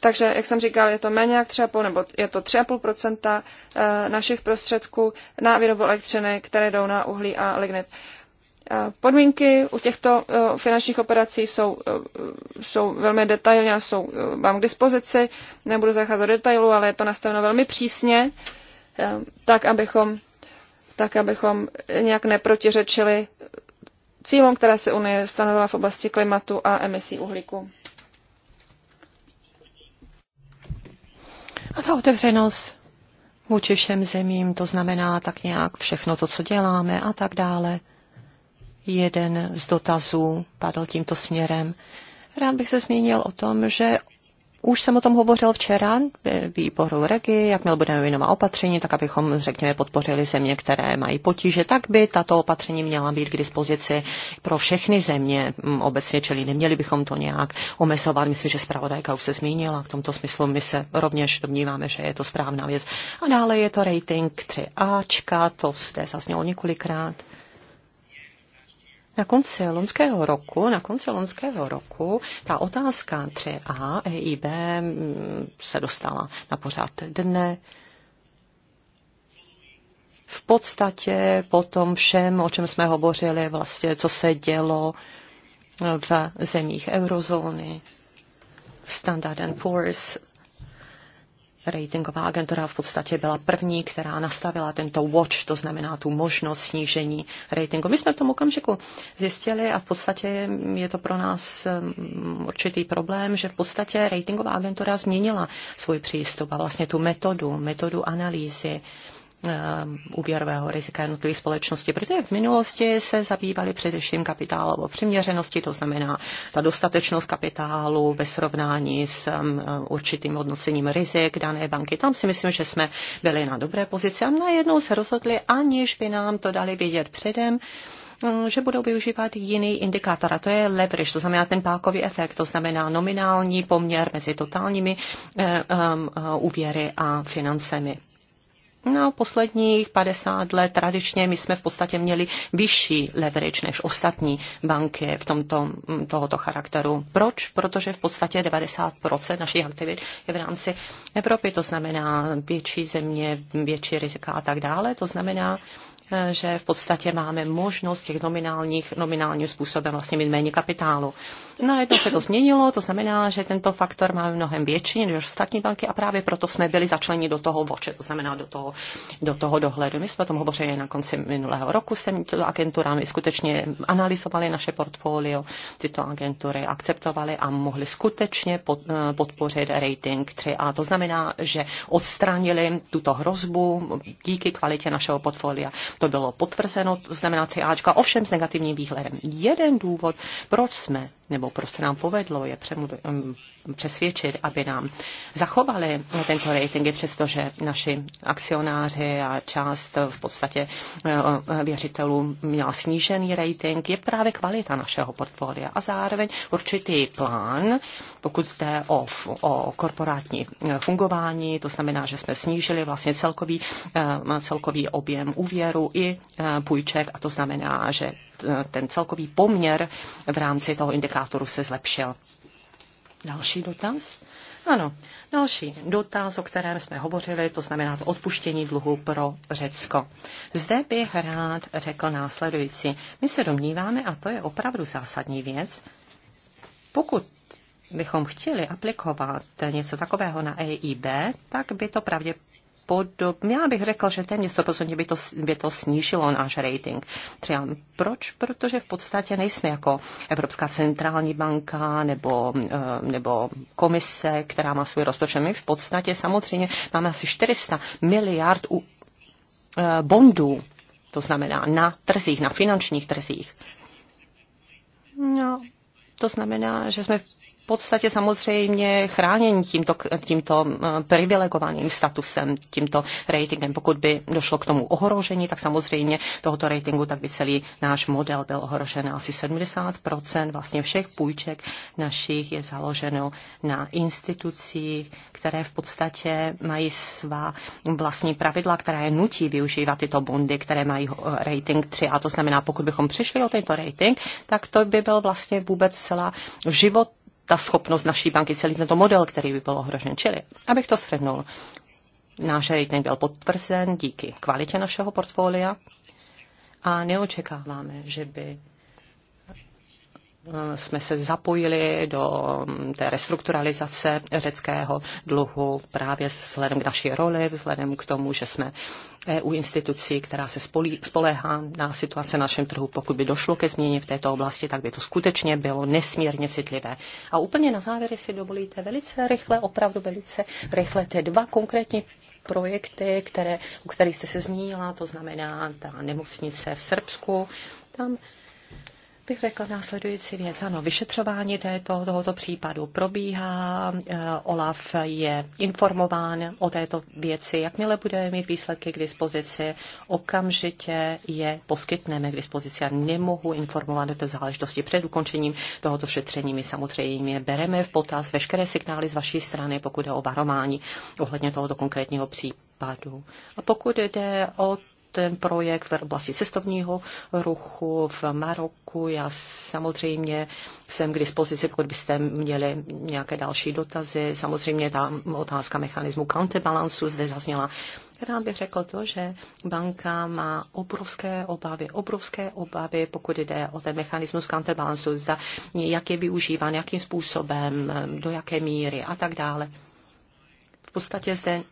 takže, jak jsem říkal, je to méně jak 3,5 nebo je to 3,5 našich prostředků na výrobu elektřiny, které jdou na uhlí a lignit. Eh, podmínky u těchto eh, finančních operací jsou, eh, jsou velmi detailně, jsou vám k dispozici, nebudu zacházet do detailu, ale je to nastaveno velmi přísně, tak abychom, tak abychom nějak neprotiřečili cílům, které se Unie stanovila v oblasti klimatu a emisí uhlíku. A ta otevřenost vůči všem zemím, to znamená tak nějak všechno to, co děláme a tak dále. Jeden z dotazů padl tímto směrem. Rád bych se zmínil o tom, že už jsem o tom hovořil včera výboru Regi, jakmile budeme jenom opatření, tak abychom, řekněme, podpořili země, které mají potíže, tak by tato opatření měla být k dispozici pro všechny země mm, obecně, čili neměli bychom to nějak omezovat. Myslím, že zpravodajka už se zmínila v tomto smyslu. My se rovněž domníváme, že je to správná věc. A dále je to rating 3Ačka, to zde zaznělo několikrát. Na konci lonského roku, na konci lonského roku ta otázka 3A EIB mm, se dostala na pořád dne. V podstatě po tom všem, o čem jsme hovořili, vlastně, co se dělo v zemích eurozóny, Standard Poor's ratingová agentura v podstatě byla první, která nastavila tento watch, to znamená tu možnost snížení ratingu. My jsme v tom okamžiku zjistili a v podstatě je to pro nás mm, určitý problém, že v podstatě ratingová agentura změnila svůj přístup a vlastně tu metodu, metodu analýzy Eh, úvěrového rizika jednotlivých společností, protože v minulosti se zabývali především kapitálovou přiměřeností, to znamená ta dostatečnost kapitálu ve srovnání s eh, určitým hodnocením rizik dané banky. Tam si myslím, že jsme byli na dobré pozici a najednou se rozhodli, aniž by nám to dali vědět předem, mm, že budou využívat jiný indikátor, a to je leverage, to znamená ten pákový efekt, to znamená nominální poměr mezi totálními eh, úvěry a financemi. No, posledních 50 let tradičně my jsme v podstatě měli vyšší leverage než ostatní banky v tomto mm, tohoto charakteru. Proč? Protože v podstatě 90% našich aktivit je v rámci Evropy, to znamená větší země, větší rizika a tak dále. To znamená, že v podstatě máme možnost těch nominálních, nominálním způsobem vlastně mít méně kapitálu. Najednou no se to změnilo, to znamená, že tento faktor máme mnohem větší než ostatní banky a právě proto jsme byli začleni do toho voče, to znamená do toho, do toho dohledu. My jsme o tom hovořili na konci minulého roku s těmito agenturami, skutečně analyzovali naše portfolio, tyto agentury akceptovali a mohli skutečně eh, podpořit rating 3A. To znamená, že odstranili tuto hrozbu díky kvalitě našeho portfolia to bylo potvrzeno, to znamená 3Ačka, ovšem s negativním výhledem. Jeden důvod, proč jsme nebo proč se nám povedlo je přemluv, přesvědčit, aby nám zachovali tento rating, že naši akcionáři a část v podstatě eh, eh, věřitelů měla snížený rating, je právě kvalita našeho portfolia a zároveň určitý plán, pokud jste o, o korporátní eh, fungování, to znamená, že jsme snížili vlastně celkový, celkový objem úvěru i půjček a to znamená, že Eh, ten celkový poměr v rámci toho indikátoru se zlepšil. Další dotaz? Ano, další dotaz, o kterém jsme hovořili, to znamená to odpuštění dluhu pro Řecko. Zde bych rád řekl následující. My se domníváme, a to je opravdu zásadní věc, pokud bychom chtěli aplikovat něco takového na EIB, tak by to pravděpodobně podob, já bych řekl, že téměř 100% by to, by to snížilo náš rating. Třeba proč? Protože v podstatě nejsme jako Evropská centrální banka nebo, eh, nebo komise, která má svůj rozpočet. My v podstatě samozřejmě máme asi 400 miliard u, eh, bondů, to znamená na trzích, na finančních trzích. No, to znamená, že jsme v podstatě samozřejmě chráněni tímto, tímto privilegovaným statusem, tímto ratingem. Pokud by došlo k tomu ohrožení, tak samozřejmě tohoto ratingu, tak by celý náš model byl ohrožen. Asi 70% vlastně všech půjček našich je založeno na institucích, které v podstatě mají svá vlastní pravidla, která je nutí využívat tyto bondy, které mají eh, rating 3. A to znamená, pokud bychom přišli o tento rating, tak to by byl vlastně vůbec celá život ta schopnost naší banky, celý tento model, který by byl ohrožen. Čili, abych to shrnul, náš rating byl potvrzen díky kvalitě našeho portfolia a neočekáváme, že by jsme se zapojili do mm, té restrukturalizace řeckého dluhu právě vzhledem k naší roli, vzhledem k tomu, že jsme EU institucí, která se spolí, spoléhá na situace na našem trhu. Pokud by došlo ke změně v této oblasti, tak by to skutečně bylo nesmírně citlivé. A úplně na závěr si dovolíte velice rychle, opravdu velice rychle, ty dva konkrétní projekty, které, u kterých jste se zmínila, to znamená ta nemocnice v Srbsku, tam bych řekla následující věc. Ano, vyšetřování této, tohoto případu probíhá, eh, Olaf je informován o této věci. Jakmile bude mít výsledky k dispozici, okamžitě je poskytneme k dispozici. Já nemohu informovat o té záležitosti před ukončením tohoto šetření. My samozřejmě bereme v potaz veškeré signály z vaší strany, pokud je o varování ohledně tohoto konkrétního případu. A pokud jde o ten projekt v oblasti cestovního ruchu v Maroku. Já samozřejmě jsem k dispozici, pokud byste měli nějaké další dotazy. Samozřejmě ta otázka mechanismu counterbalancu zde zazněla. Rád bych řekl to, že banka má obrovské obavy, obrovské obavy, pokud jde o ten mechanismus counterbalancu, zda jak je využíván, jakým způsobem, do jaké míry a tak dále. V podstatě zde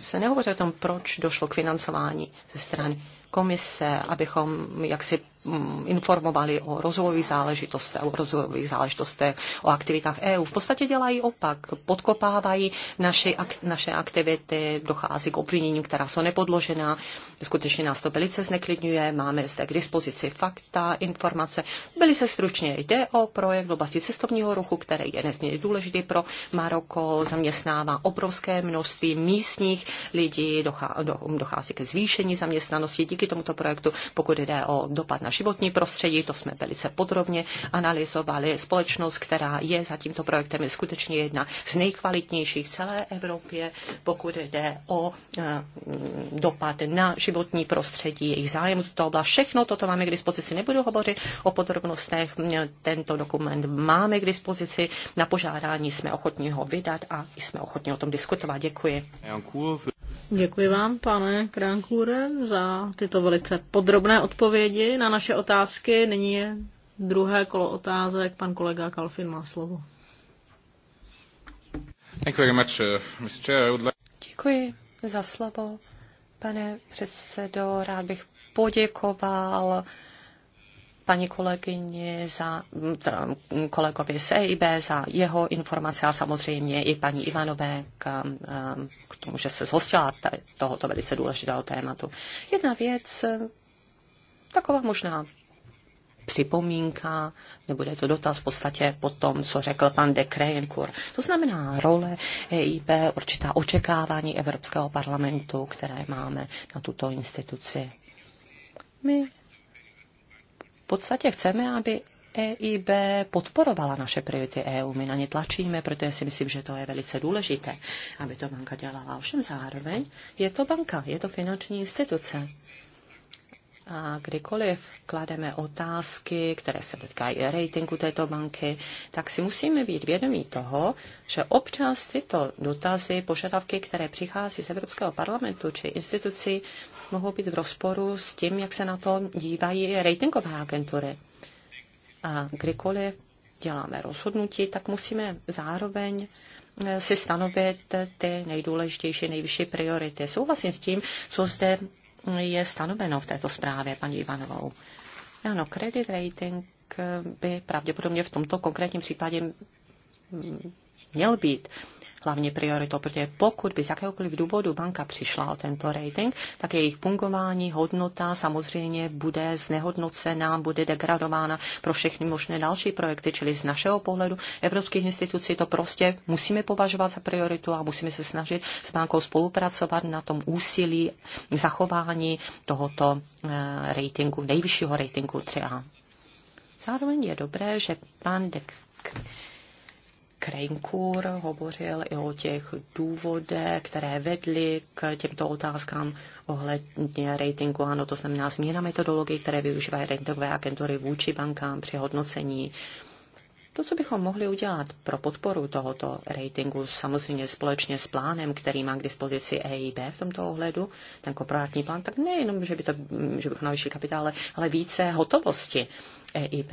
se nehovoří o tom, proč došlo k financování ze strany komise, abychom jaksi Mm, informovali o rozvojových záležitostech, o rozvojových záležitostech, o aktivitách EU. V podstatě dělají opak, podkopávají naše ak, naše aktivity, dochází k obviněním, která jsou nepodložená. Skutečně nás to velice zneklidňuje, máme zde k dispozici fakta, informace. Byli se stručně, jde o projekt v oblasti cestovního ruchu, který je nesmírně důležitý pro Maroko, zaměstnává obrovské množství místních lidí, dochází ke zvýšení zaměstnanosti díky tomuto projektu, pokud jde o dopad na životní prostředí, to jsme velice podrobně analyzovali. Společnost, která je za tímto projektem, je skutečně jedna z nejkvalitnějších v celé Evropě, pokud jde o eh, dopad na životní prostředí, jejich zájem z toho byla. Všechno toto máme k dispozici, nebudu hovořit o podrobnostech. Eh, tento dokument máme k dispozici, na požádání jsme ochotní ho vydat a jsme ochotní o tom diskutovat. Děkuji. Děkuji vám, pane Krankure, za tyto velice podrobné odpovědi na naše otázky. Nyní je druhé kolo otázek. Pan kolega Kalfin má slovo. Uh, Děkuji za slovo, pane předsedo. Rád bych poděkoval paní kolegyni, za kolegovi z EIB, za jeho informace a samozřejmě i paní Ivanové k, um, k tomu, že se zhostila tohoto velice důležitého tématu. Jedna věc, taková možná připomínka, nebude to dotaz v podstatě po tom, co řekl pan de Krejenkur. To znamená role EIB, určitá očekávání Evropského parlamentu, které máme na tuto instituci. My podstatě chceme, aby EIB podporovala naše priority EU. My na ně tlačíme, protože si myslím, že to je velice důležité, aby to banka dělala. Ovšem zároveň je to banka, je to finanční instituce. A kdykoliv klademe otázky, které se dotkají ratingu této banky, tak si musíme být vědomí toho, že občas tyto dotazy, požadavky, které přichází z Evropského parlamentu či institucí, mohou být v rozporu s tím, jak se na to dívají ratingové agentury. A kdykoliv děláme rozhodnutí, tak musíme zároveň eh, si stanovit ty nejdůležitější, nejvyšší priority. Souhlasím s tím, co zde je stanoveno v této zprávě, paní Ivanovou. Ano, credit rating by pravděpodobně v tomto konkrétním případě měl být hlavní prioritou, protože pokud by z jakéhokoliv důvodu banka přišla o tento rating, tak jejich fungování, hodnota samozřejmě bude znehodnocená, bude degradována pro všechny možné další projekty, čili z našeho pohledu evropských institucí to prostě musíme považovat za prioritu a musíme se snažit s bankou spolupracovat na tom úsilí zachování tohoto eh, ratingu, nejvyššího ratingu 3A. Zároveň je dobré, že pan Dek Krejnkur hovořil i o těch důvodech, které vedly k těmto otázkám ohledně ratingu. Ano, to znamená změna metodologie, které využívají ratingové agentury vůči bankám při hodnocení. To, co bychom mohli udělat pro podporu tohoto ratingu, samozřejmě společně s plánem, který má k dispozici EIB v tomto ohledu, ten korporátní plán, tak nejenom, že, by to, že bychom navýšili kapitále, ale více hotovosti EIB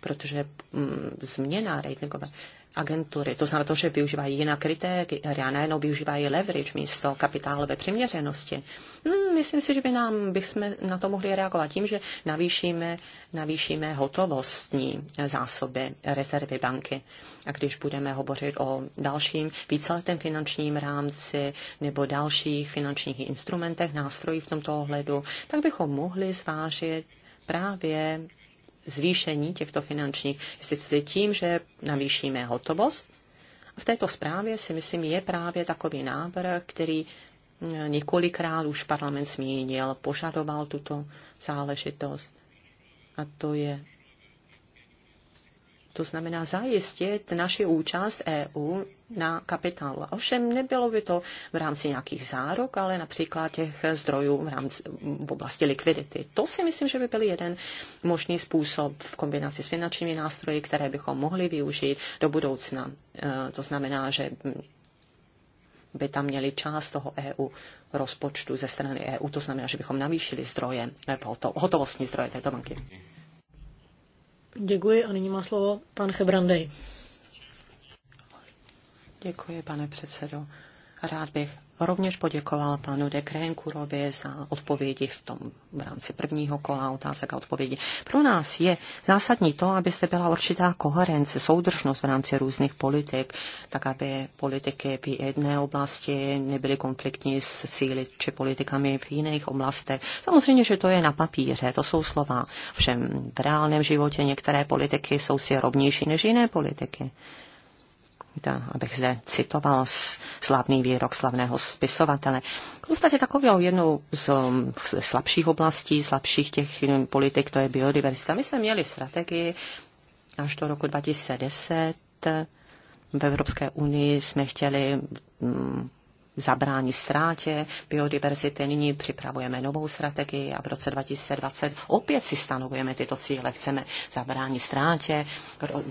protože mm, změna ratingové agentury. To znamená to, že využívají jiná kritéria, najednou využívají leverage místo kapitálové přiměřenosti. Hmm, myslím si, že by nám, bychom na to mohli reagovat tím, že navýšíme, navýšíme hotovostní zásoby rezervy banky. A když budeme hovořit o dalším víceletém finančním rámci nebo dalších finančních instrumentech, nástrojích v tomto ohledu, tak bychom mohli zvážit právě zvýšení těchto finančních institucí tím, že navýšíme hotovost. V této zprávě si myslím je právě takový návrh, který mm, několikrát už parlament zmínil, požadoval tuto záležitost. A to je to znamená zajistit naši účast EU na kapitálu. Ovšem nebylo by to v rámci nějakých zárok, ale například těch zdrojů v, rámci, v oblasti likvidity. To si myslím, že by byl jeden možný způsob v kombinaci s finančními nástroji, které bychom mohli využít do budoucna. E, to znamená, že by tam měli část toho EU rozpočtu ze strany EU, to znamená, že bychom navýšili zdroje, nebo to, hotovostní zdroje této banky. Děkuji a nyní má slovo pan Hebrandej. Děkuji, pane předsedo. Rád bych rovněž poděkoval panu de Krenkurovi za odpovědi v tom v rámci prvního kola otázek a odpovědi. Pro nás je zásadní to, aby zde byla určitá koherence, soudržnost v rámci různých politik, tak aby politiky v jedné oblasti nebyly konfliktní s cíly či politikami v jiných oblastech. Samozřejmě, že to je na papíře, to jsou slova. Všem v reálném životě některé politiky jsou si rovnější než jiné politiky abych zde citoval slavný výrok slavného spisovatele. V podstatě takovou jednou z, z slabších oblastí, slabších těch politik, to je biodiverzita. My jsme měli strategii až do roku 2010. V Evropské unii jsme chtěli mm, Zabrání ztrátě biodiverzity. Nyní připravujeme novou strategii a v roce 2020 opět si stanovujeme tyto cíle. Chceme zabránit ztrátě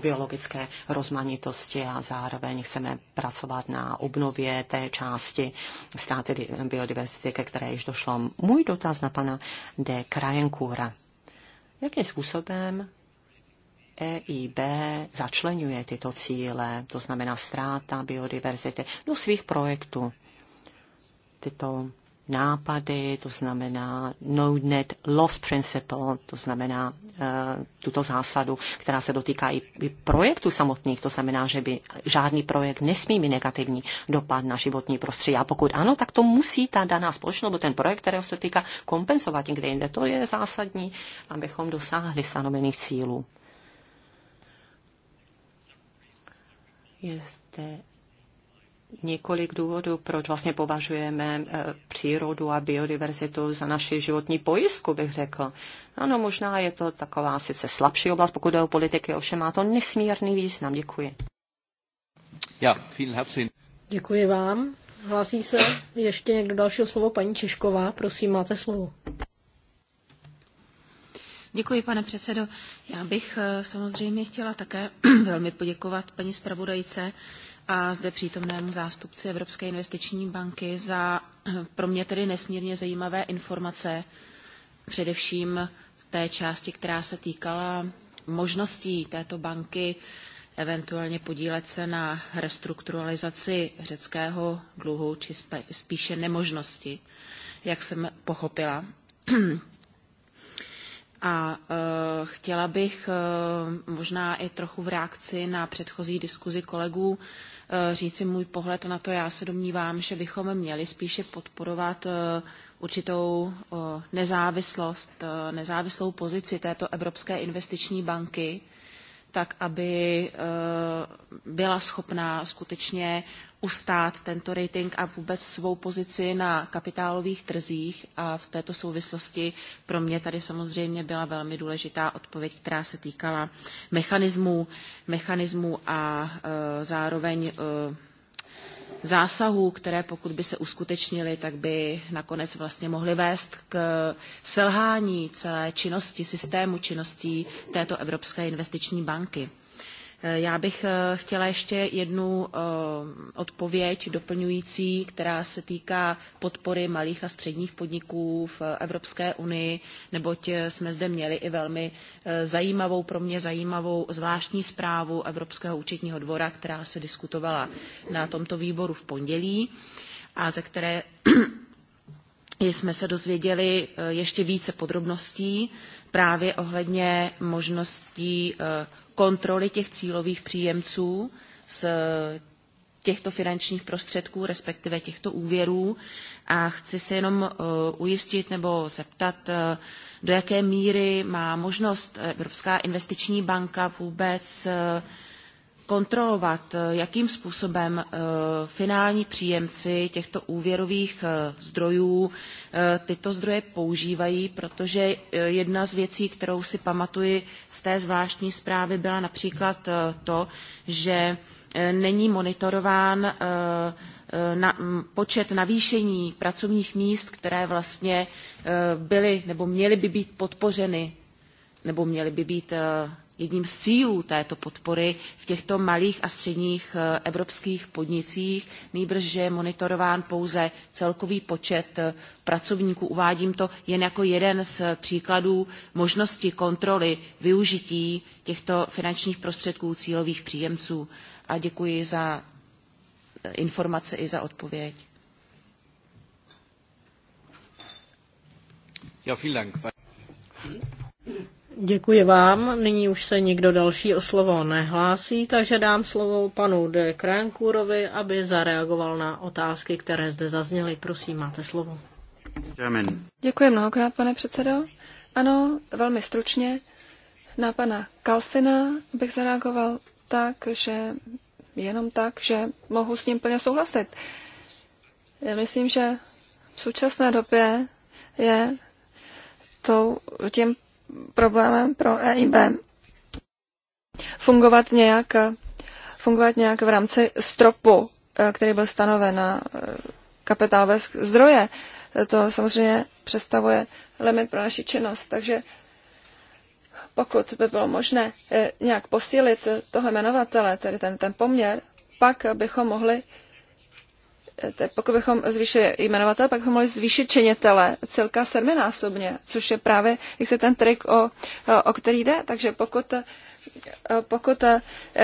biologické rozmanitosti a zároveň chceme pracovat na obnově té části ztráty biodiverzity, ke které již došlo. Můj dotaz na pana de Krajenkůra. Jakým způsobem EIB začlenuje tyto cíle, to znamená ztráta biodiverzity, do svých projektů tyto nápady, to znamená no net loss principle, to znamená uh, tuto zásadu, která se dotýká i, i projektů samotných, to znamená, že by žádný projekt nesmí mít negativní dopad na životní prostředí. A pokud ano, tak to musí ta daná společnost nebo ten projekt, kterého se týká, kompenzovat někde jinde. To je zásadní, abychom dosáhli stanovených cílů. Je zde několik důvodů, proč vlastně považujeme eh, přírodu a biodiverzitu za naši životní pojistku, bych řekl. Ano, možná je to taková sice slabší oblast, pokud jde o politiky, ovšem má to nesmírný význam. Děkuji. Ja, Děkuji vám. Hlásí se ještě někdo dalšího slovo? Paní Češková, prosím, máte slovo. Děkuji, pane předsedo. Já bych eh, samozřejmě chtěla také velmi poděkovat paní zpravodajce a zde přítomnému zástupci Evropské investiční banky za pro mě tedy nesmírně zajímavé informace, především v té části, která se týkala možností této banky eventuálně podílet se na restrukturalizaci řeckého dluhu, či spíše nemožnosti, jak jsem pochopila. A e, chtěla bych e, možná i trochu v reakci na předchozí diskuzi kolegů říct, e, říci můj pohled na to. Já se domnívám, že bychom měli spíše podporovat e, určitou e, nezávislost, nezávislou pozici této Evropské investiční banky, tak aby byla schopná skutečně ustát tento rating a vůbec svou pozici na kapitálových trzích. A v této souvislosti pro mě tady samozřejmě byla velmi důležitá odpověď, která se týkala mechanismů, mechanismů a e, zároveň e, zásahů, které pokud by se uskutečnily, tak by nakonec vlastně mohly vést k selhání celé činnosti, systému činností této Evropské investiční banky. Eh, já bych eh, chtěla ještě jednu eh, odpověď doplňující, která se týká podpory malých a středních podniků v Evropské unii, neboť jsme zde měli i velmi zajímavou, pro mě zajímavou zvláštní zprávu Evropského účetního dvora, která se diskutovala na tomto výboru v pondělí a ze které jsme se dozvěděli ještě více podrobností právě ohledně možností eh, kontroly těch cílových příjemců z eh, těchto finančních prostředků, respektive těchto úvěrů. A chci se jenom eh, ujistit nebo zeptat, do jaké míry má možnost Evropská investiční banka vůbec kontrolovat, eh, jakým způsobem eh, finální příjemci těchto úvěrových eh, zdrojů tyto zdroje používají, protože jedna z věcí, kterou si pamatuji z té zvláštní zprávy, byla například to, že není monitorován na, počet navýšení pracovních míst, které vlastně byly nebo měly by být podpořeny nebo měly by být jedním z cílů této podpory v těchto malých a středních eh, evropských podnicích, nýbrž, že je monitorován pouze celkový počet eh, pracovníků. Uvádím to jen jako jeden z eh, příkladů možnosti kontroly využití těchto finančních prostředků cílových příjemců. A děkuji za informace i za odpověď. Ja, vielen Dank. Děkuji vám. Nyní už se nikdo další o slovo nehlásí, takže dám slovo panu de Krankurovi, aby zareagoval na otázky, které zde zazněly. Prosím, máte slovo. Děkuji mnohokrát, pane předsedo. Ano, velmi stručně. Na pana Kalfina bych zareagoval tak, že jenom tak, že mohu s ním plně souhlasit. Já myslím, že v současné době je tou, tím problémem pro EIB fungovat nějak, fungovat nějak v rámci stropu, eh, který byl stanoven na eh, kapitálové zdroje. Eh, to samozřejmě představuje limit pro naši činnost, takže pokud by bylo možné nějak posílit toho jmenovatele, tedy ten, ten poměr, pak bychom mohli pokud bychom zvýšili jmenovatele, pak bychom mohli zvýšit činitele celka sedminásobně, což je právě jak se ten trik, o, o který jde. Takže pokud, pokud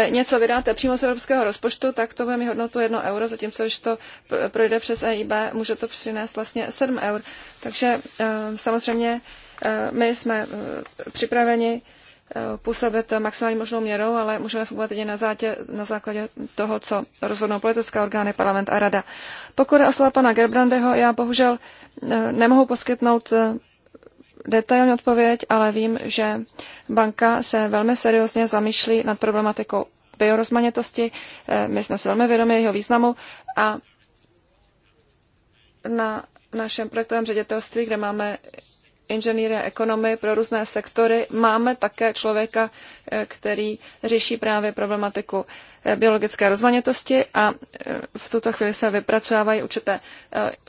něco vydáte přímo z evropského rozpočtu, tak to bude mít hodnotu 1 euro, zatímco když to projde přes EIB, může to přinést vlastně 7 eur. Takže eh, samozřejmě eh, my jsme eh, připraveni působit maximální možnou měrou, ale můžeme fungovat jedině na, zátě, na základě toho, co rozhodnou politické orgány, parlament a rada. Pokud je o slova pana Gerbrandeho, já bohužel eh, nemohu poskytnout eh, detailní odpověď, ale vím, že banka se velmi seriózně zamýšlí nad problematikou biorozmanitosti. Eh, my jsme si velmi vědomi jeho významu a na našem projektovém ředitelství, kde máme inženýry a ekonomy pro různé sektory. Máme také člověka, eh, který řeší právě problematiku eh, biologické rozmanitosti a eh, v tuto chvíli se vypracovávají určité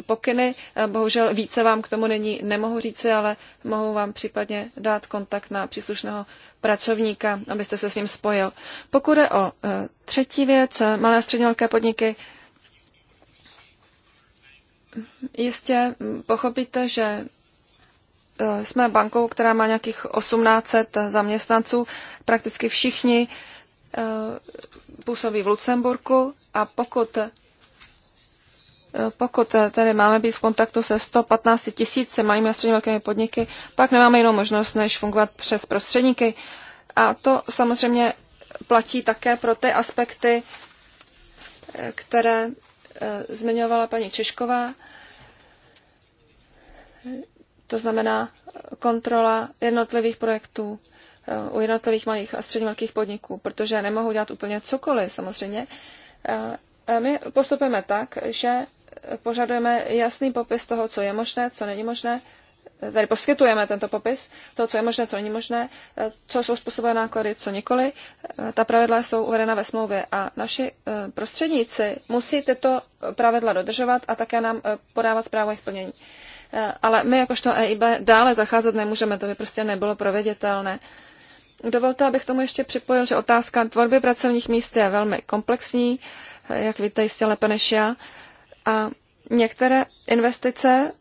pokyny. Bohužel více vám k tomu není, nemohu říci, ale mohu vám případně dát kontakt na příslušného pracovníka, abyste se s ním spojil. Pokud je o třetí věc, malé a střední velké podniky, jistě hm, pochopíte, že Eh, jsme bankou, která má nějakých 1800 zaměstnanců. Prakticky všichni eh, působí v Lucemburku a pokud, eh, pokud tady máme být v kontaktu se 115 tisíce, malými a středně velkými podniky, pak nemáme jinou možnost, než fungovat přes prostředníky. A to samozřejmě platí také pro ty aspekty, které zmiňovala paní Češková to znamená kontrola jednotlivých projektů eh, u jednotlivých malých a středně velkých podniků, protože nemohou dělat úplně cokoliv samozřejmě. Eh, my postupujeme tak, že požadujeme jasný popis toho, co je možné, co není možné, eh, tady poskytujeme tento popis, to, co je možné, co není možné, co jsou způsobené náklady, co nikoli. Ta pravidla jsou uvedena ve smlouvě a naši prostředníci musí tyto pravidla dodržovat a také nám podávat zprávu jejich plnění. Eh, ale my jakožto EIB dále zacházet nemůžeme, to by prostě nebylo proveditelné. Dovolte, abych tomu ještě připojil, že otázka tvorby pracovních míst je velmi komplexní, eh, jak víte jistě lépe než já. A některé investice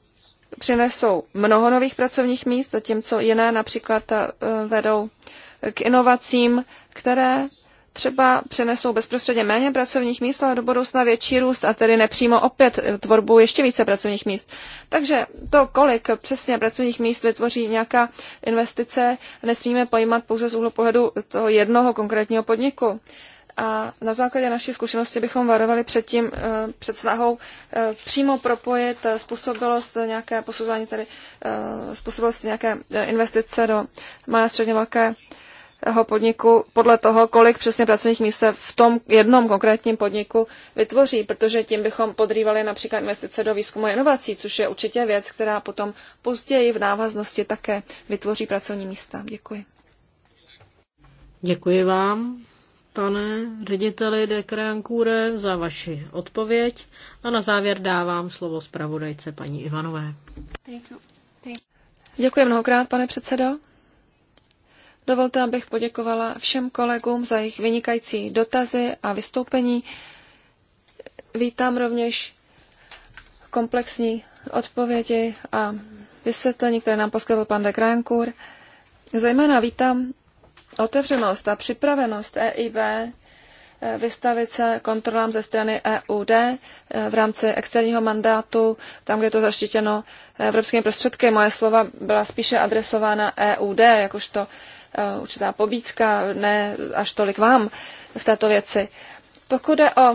přinesou mnoho nových pracovních míst, zatímco jiné například eh, vedou k inovacím, které třeba přinesou bezprostředně méně pracovních míst, ale do budoucna větší růst a tedy nepřímo opět eh, tvorbu ještě více pracovních míst. Takže to, kolik přesně pracovních míst vytvoří nějaká investice, nesmíme pojímat pouze z úhlu pohledu toho jednoho konkrétního podniku. A na základě naší zkušenosti bychom varovali před tím, eh, před snahou eh, přímo propojit způsobilost nějaké posuzování, tedy způsobilost nějaké investice do malé a středně velké podniku podle toho, kolik přesně pracovních míst se v tom jednom konkrétním podniku vytvoří, protože tím bychom podrývali například investice do výzkumu a inovací, což je určitě věc, která potom později v návaznosti také vytvoří pracovní místa. Děkuji. Děkuji vám, pane řediteli de Krankure, za vaši odpověď a na závěr dávám slovo zpravodajce paní Ivanové. Thank you. Thank you. Děkuji mnohokrát, pane předsedo. Dovolte, abych poděkovala všem kolegům za jejich vynikající dotazy a vystoupení. Vítám rovněž komplexní odpovědi a vysvětlení, které nám poskytl pan de Gránkur. Zajména vítám otevřenost a připravenost EIB eh, vystavit se kontrolám ze strany EUD eh, v rámci externího mandátu, tam, kde je to zaštítěno evropskými prostředky. Moje slova byla spíše adresována EUD, jakožto Eh, určitá pobídka, ne až tolik vám v této věci. Pokud jde o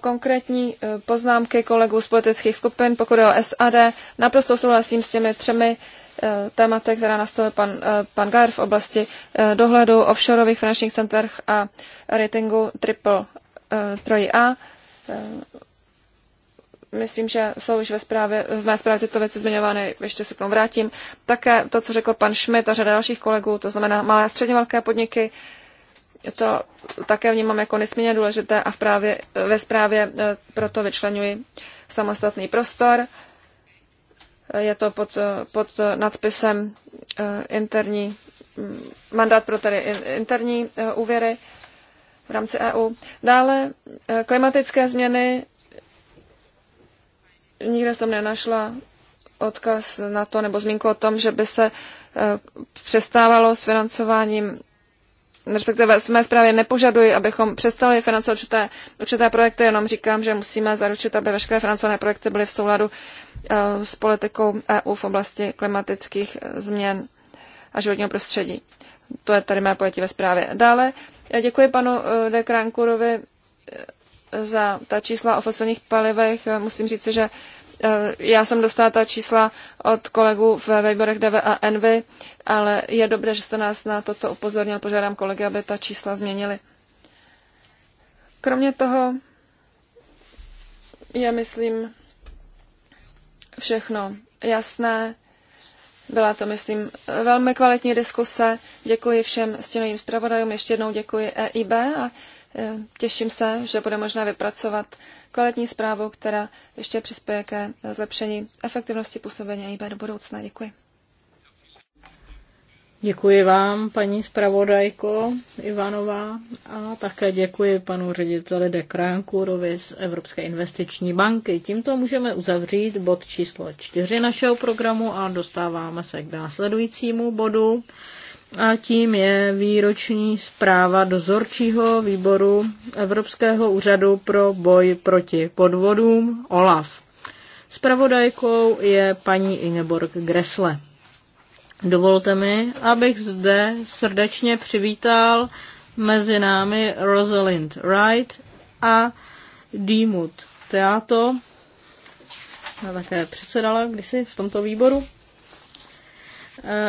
konkrétní eh, poznámky kolegů z politických skupin, pokud jde o SAD, naprosto souhlasím s těmi třemi eh, tématy, která nastavil pan, pan Gajer v oblasti dohledu offshoreových finančních centrech a ratingu triple 3A myslím, že jsou už ve zprávě, v mé zprávě tyto věci zmiňovány, ještě se k tomu vrátím. Také to, co řekl pan Schmidt a řada dalších kolegů, to znamená malé a středně velké podniky, to také vnímám jako nesmírně důležité a v právě, ve zprávě eh, proto vyčlenuji samostatný prostor. Eh, je to pod, eh, pod nadpisem interní, mm, mandát pro tedy interní úvěry v rámci EU. Dále klimatické změny nikde jsem nenašla odkaz na to nebo zmínku o tom, že by se eh, přestávalo s financováním respektive z mé zprávě nepožaduji, abychom přestali financovat určité, určité projekty, jenom říkám, že musíme zaručit, aby veškeré financované projekty byly v souladu eh, s politikou EU v oblasti klimatických eh, změn a životního prostředí. To je tady mé pojetí ve zprávě. Dále děkuji panu Dekrankurovi za ta čísla o fosilních palivech, musím říct, že eh, já jsem dostala ta čísla od kolegů v výborech DV a Envy, ale je dobré, že jste nás na toto upozornil. Požádám kolegy, aby ta čísla změnili. Kromě toho je, myslím, všechno jasné. Byla to, myslím, velmi kvalitní diskuse. Děkuji všem stěnovým zpravodajům. Ještě jednou děkuji EIB a Eh, těším se, že bude možné vypracovat kvalitní zprávu, která ještě přispěje ke zlepšení efektivnosti působení IB do budoucna. Děkuji. Děkuji vám, paní zpravodajko Ivanová, a také děkuji panu řediteli de Kránkurovi z Evropské investiční banky. Tímto můžeme uzavřít bod číslo čtyři našeho programu a dostáváme se k následujícímu bodu a tím je výroční zpráva dozorčího výboru Evropského úřadu pro boj proti podvodům OLAF. Spravodajkou je paní Ingeborg Gresle. Dovolte mi, abych zde srdečně přivítal mezi námi Rosalind Wright a Dýmut Teato. Já také předsedala kdysi v tomto výboru.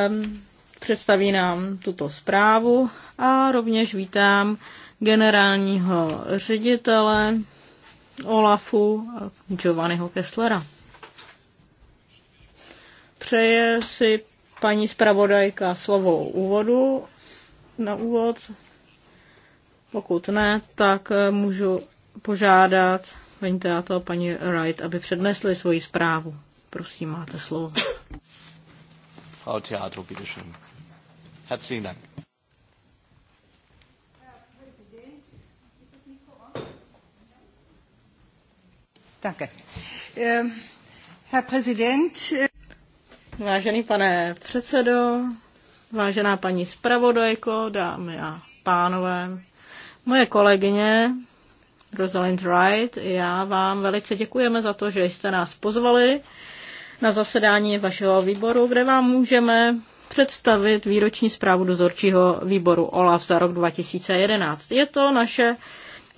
Um, představí nám tuto zprávu a rovněž vítám generálního ředitele Olafu Giovanniho Kesslera. Přeje si paní zpravodajka slovo úvodu na úvod. Pokud ne, tak můžu požádat paní Teato a paní Wright, aby přednesli svoji zprávu. Prosím, máte slovo. Frau Theato, bitteschön. Herzlichen Dank. Danke. Ähm, Herr Präsident. Äh, Vážený pane předsedo, vážená paní zpravodajko, dámy a pánové, moje kolegyně Rosalind Wright, já vám velice děkujeme za to, že jste nás pozvali na zasedání vašeho výboru, kde vám můžeme představit výroční zprávu dozorčího výboru OLAF za rok 2011. Je to naše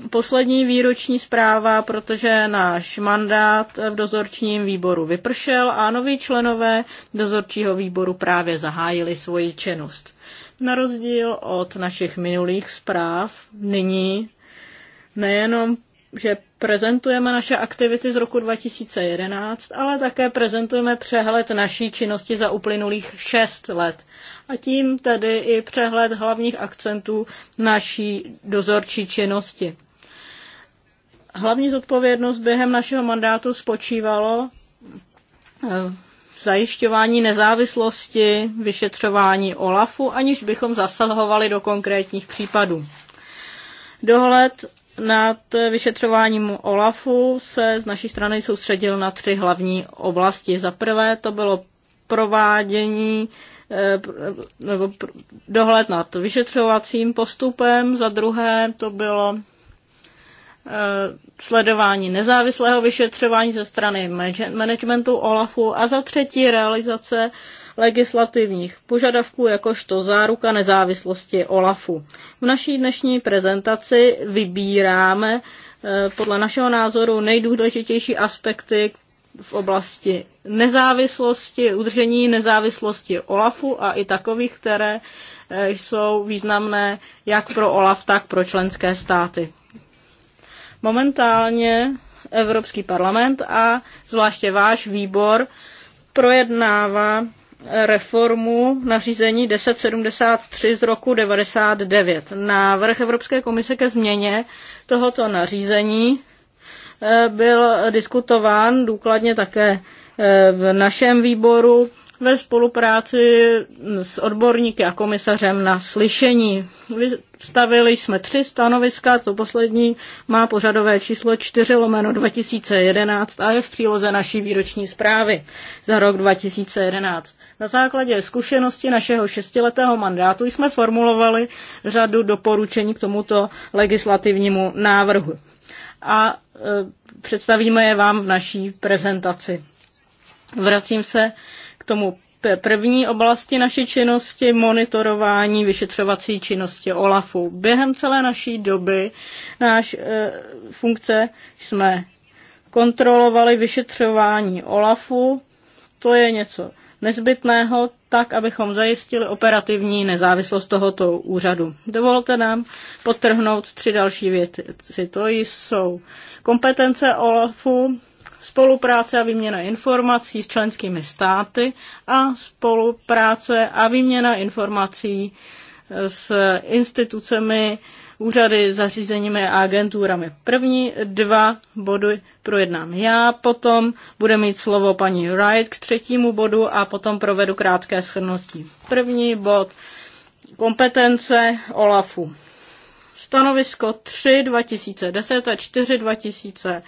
poslední výroční zpráva, protože náš mandát v dozorčním výboru vypršel a noví členové dozorčího výboru právě zahájili svoji činnost. Na rozdíl od našich minulých zpráv, nyní nejenom že prezentujeme naše aktivity z roku 2011, ale také prezentujeme přehled naší činnosti za uplynulých šest let. A tím tedy i přehled hlavních akcentů naší dozorčí činnosti. Hlavní zodpovědnost během našeho mandátu spočívalo eh, zajišťování nezávislosti, vyšetřování OLAFu, aniž bychom zasahovali do konkrétních případů. Dohled nad vyšetřováním OLAFu se z naší strany soustředil na tři hlavní oblasti. Za prvé to bylo provádění eh, nebo dohled nad vyšetřovacím postupem, za druhé to bylo eh, sledování nezávislého vyšetřování ze strany managementu OLAFu a za třetí realizace legislativních požadavků jakožto záruka nezávislosti OLAFu. V naší dnešní prezentaci vybíráme eh, podle našeho názoru nejdůležitější aspekty v oblasti nezávislosti, udržení nezávislosti OLAFu a i takových, které eh, jsou významné jak pro OLAF, tak pro členské státy. Momentálně Evropský parlament a zvláště váš výbor projednává reformu nařízení 1073 z roku 99. Návrh Evropské komise ke změně tohoto nařízení eh, byl diskutován důkladně také eh, v našem výboru ve spolupráci s odborníky a komisařem na slyšení. Vystavili jsme tři stanoviska, to poslední má pořadové číslo 4 lomeno 2011 a je v příloze naší výroční zprávy za rok 2011. Na základě zkušenosti našeho šestiletého mandátu jsme formulovali řadu doporučení k tomuto legislativnímu návrhu. A e, představíme je vám v naší prezentaci. Vracím se tomu první oblasti naší činnosti monitorování vyšetřovací činnosti OLAFu. Během celé naší doby náš e, funkce jsme kontrolovali vyšetřování OLAFu. To je něco nezbytného, tak abychom zajistili operativní nezávislost tohoto úřadu. Dovolte nám potrhnout tři další věci. To jsou kompetence OLAFu, spolupráce a výměna informací s členskými státy a spolupráce a výměna informací s institucemi, úřady, zařízeními a agenturami. První dva body projednám já, potom bude mít slovo paní Wright k třetímu bodu a potom provedu krátké shrnutí. První bod kompetence OLAFu. Stanovisko 3 2010 a 4 2000.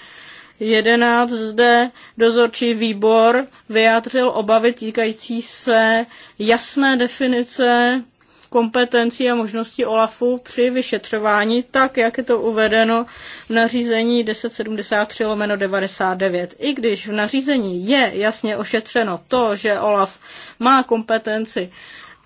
11 zde dozorčí výbor vyjádřil obavy týkající se jasné definice kompetencí a možností OLAFu při vyšetřování, tak jak je to uvedeno v nařízení 1073 lomeno 99. I když v nařízení je jasně ošetřeno to, že OLAF má kompetenci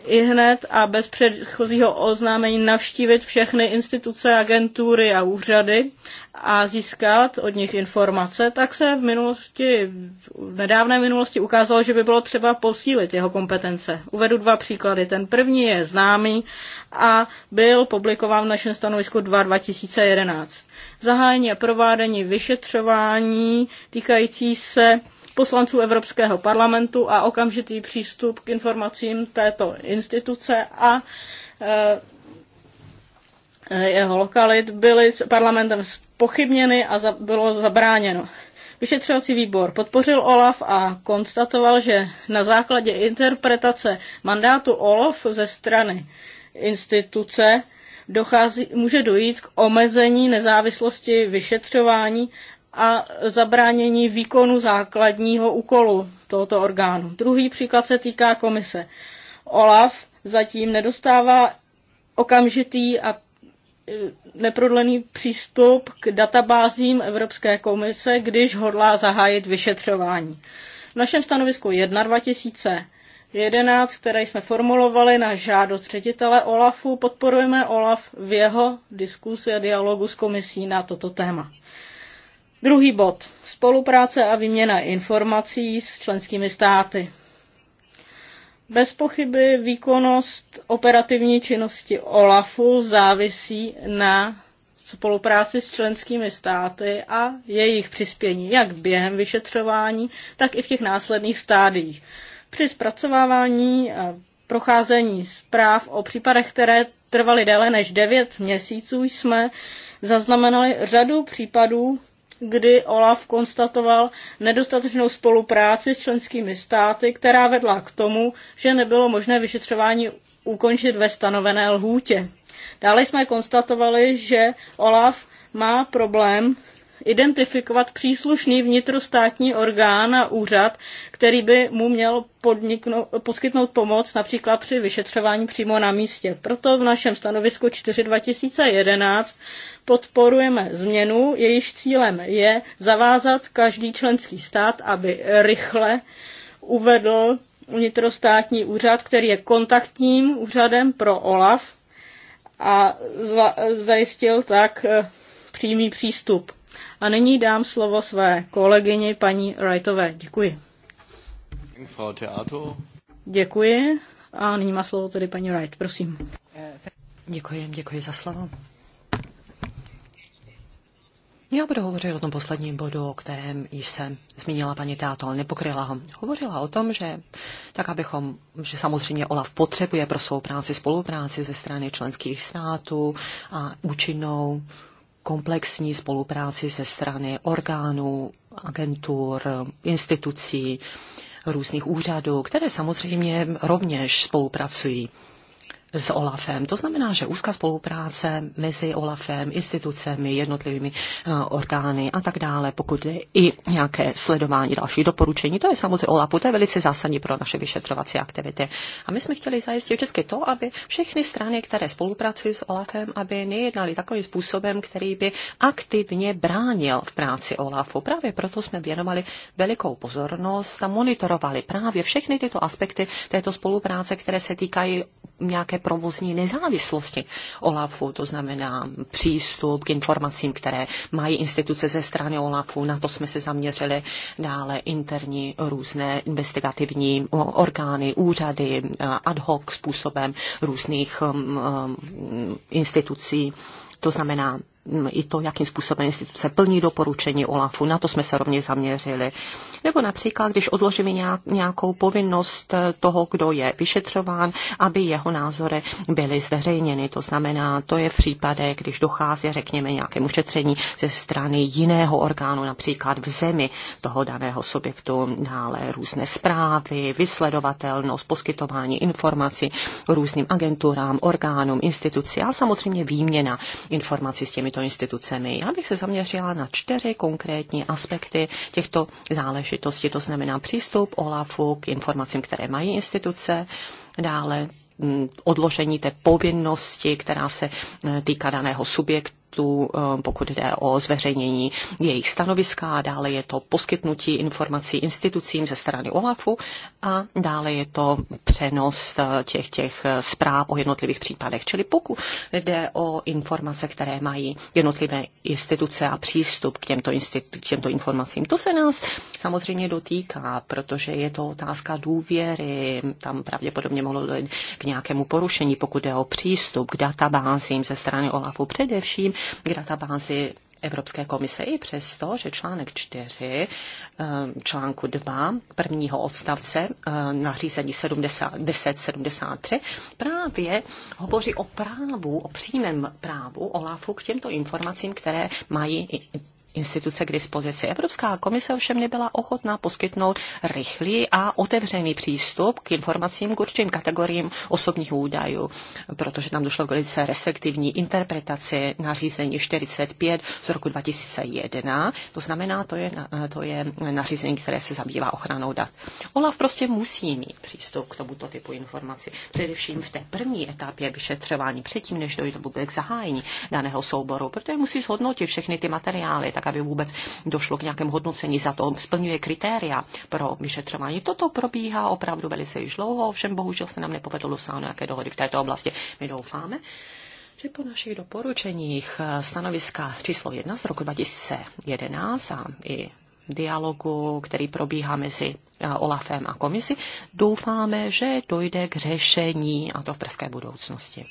i hned a bez předchozího oznámení navštívit všechny instituce, agentury a úřady a získat od nich informace, tak se v minulosti, v nedávné minulosti ukázalo, že by bylo třeba posílit jeho kompetence. Uvedu dva příklady. Ten první je známý a byl publikován v našem stanovisku 2 2011. Zahájení a provádění vyšetřování týkající se poslanců Evropského parlamentu a okamžitý přístup k informacím této instituce a eh, eh, jeho lokalit byly parlamentem spochybněny a za, bylo zabráněno. Vyšetřovací výbor podpořil OLAF a konstatoval, že na základě interpretace mandátu OLAF ze strany instituce dochází, může dojít k omezení nezávislosti vyšetřování a zabránění výkonu základního úkolu tohoto orgánu. Druhý příklad se týká komise. OLAF zatím nedostává okamžitý a e, neprodlený přístup k databázím Evropské komise, když hodlá zahájit vyšetřování. V našem stanovisku 1 11, které jsme formulovali na žádost ředitele OLAFu, podporujeme OLAF v jeho diskusi a dialogu s komisí na toto téma. Druhý bod. Spolupráce a výměna informací s členskými státy. Bez pochyby výkonnost operativní činnosti OLAFu závisí na spolupráci s členskými státy a jejich přispění jak během vyšetřování, tak i v těch následných stádiích. Při zpracovávání a procházení zpráv o případech, které trvaly déle než 9 měsíců, jsme zaznamenali řadu případů kdy Olaf konstatoval nedostatečnou spolupráci s členskými státy, která vedla k tomu, že nebylo možné vyšetřování ukončit ve stanovené lhůtě. Dále jsme konstatovali, že Olaf má problém identifikovat příslušný vnitrostátní orgán a úřad, který by mu měl poskytnout pomoc například při vyšetřování přímo na místě. Proto v našem stanovisku 4 2011 podporujeme změnu, jejíž cílem je zavázat každý členský stát, aby rychle uvedl vnitrostátní úřad, který je kontaktním úřadem pro OLAF a zajistil tak eh, přímý přístup. A nyní dám slovo své kolegyni paní Wrightové. Děkuji. Děkuji. A nyní má slovo tedy paní Wright, prosím. Děkuji, děkuji za slovo. Já budu hovořit o tom posledním bodu, o kterém již jsem zmínila paní Teato, ale nepokryla ho. Hovořila o tom, že tak abychom, že samozřejmě OLAF potřebuje pro svou práci spolupráci ze strany členských států a účinnou komplexní spolupráci ze strany orgánů, agentur, institucí, různých úřadů, které samozřejmě rovněž spolupracují s OLAFem. To znamená, že úzká spolupráce mezi OLAFem, institucemi, jednotlivými eh, orgány a tak dále, pokud je i nějaké sledování dalších doporučení, to je samozřejmě OLAFu, to je velice zásadní pro naše vyšetřovací aktivity. A my jsme chtěli zajistit vždycky to, aby všechny strany, které spolupracují s OLAFem, aby nejednali takovým způsobem, který by aktivně bránil v práci OLAFu. Právě proto jsme věnovali velikou pozornost a monitorovali právě všechny tyto aspekty této spolupráce, které se týkají nějaké provozní nezávislosti OLAFu, to znamená přístup k informacím, které mají instituce ze strany OLAFu, na to jsme se zaměřili dále interní různé investigativní orgány, úřady, eh, ad hoc způsobem různých um, um, institucí, to znamená i to, jakým způsobem instituce plní doporučení OLAFu. Na to jsme se rovně zaměřili. Nebo například, když odložíme nějakou povinnost eh, toho, kdo je vyšetřován, aby jeho názory byly zveřejněny. To znamená, to je v případě, když dochází, řekněme, nějakému šetření ze strany jiného orgánu, například v zemi toho daného subjektu, dále různé zprávy, vysledovatelnost, poskytování informací různým agenturám, orgánům, instituci a samozřejmě výměna informací s těmito těmito institucemi. Já bych se zaměřila na čtyři konkrétní aspekty těchto záležitostí, to znamená přístup OLAFu k informacím, které mají instituce, dále mm, odložení té povinnosti, která se e, týká daného subjektu, tu, eh, pokud jde o zveřejnění jejich stanoviska, dále je to poskytnutí informací institucím ze strany OLAFu a dále je to přenos eh, těch, těch eh, zpráv o jednotlivých případech. Čili pokud jde o informace, které mají jednotlivé instituce a přístup k těmto, institu- k těmto informacím, to se nás samozřejmě dotýká, protože je to otázka důvěry, tam pravděpodobně mohlo dojít k nějakému porušení, pokud jde o přístup k databázím ze strany OLAFu především, k databázi Evropské komise i přesto, že článek 4, eh, článku 2 prvního odstavce eh, nařízení 1073 právě hovoří o právu, o přímém právu OLAFu k těmto informacím, které mají instituce k dispozici. Evropská komise ovšem nebyla ochotná poskytnout rychlý a otevřený přístup k informacím k určitým kategoriím osobních údajů, protože tam došlo k velice restriktivní interpretaci nařízení 45 z roku 2001. To znamená, to je, to je nařízení, které se zabývá ochranou dat. OLAF prostě musí mít přístup k tomuto typu informací, především v té první etapě vyšetřování, předtím, než dojde k zahájení daného souboru, protože musí zhodnotit všechny ty materiály, tak aby vůbec došlo k nějakému hodnocení za to, splňuje kritéria pro vyšetřování. Toto probíhá opravdu velice již dlouho, ovšem bohužel se nám nepovedlo dosáhnout nějaké dohody v této oblasti. My doufáme, že po našich doporučeních stanoviska číslo 1 z roku 2011 a i dialogu, který probíhá mezi eh, Olafem a komisi, doufáme, že dojde k řešení a to v brzké budoucnosti.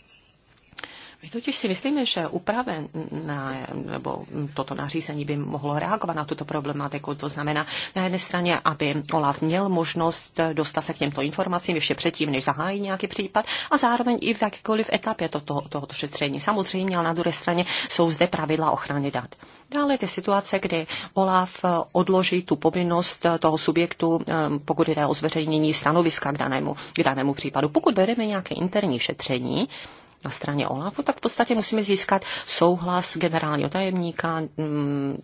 My totiž si myslíme, že úpraven na, nebo toto nařízení by mohlo reagovat na tuto problematiku. To znamená, na jedné straně, aby OLAF měl možnost dostat se k těmto informacím ještě předtím, než zahájí nějaký případ, a zároveň i v jakékoliv etapě to, tohoto šetření. Samozřejmě, ale na druhé straně jsou zde pravidla ochrany dat. Dále ty situace, kdy OLAF odloží tu povinnost toho subjektu, ehm, pokud jde o zveřejnění stanoviska k danému, k danému případu. Pokud vedeme nějaké interní šetření, na straně OLAFu, tak v podstatě musíme získat souhlas generálního tajemníka mm,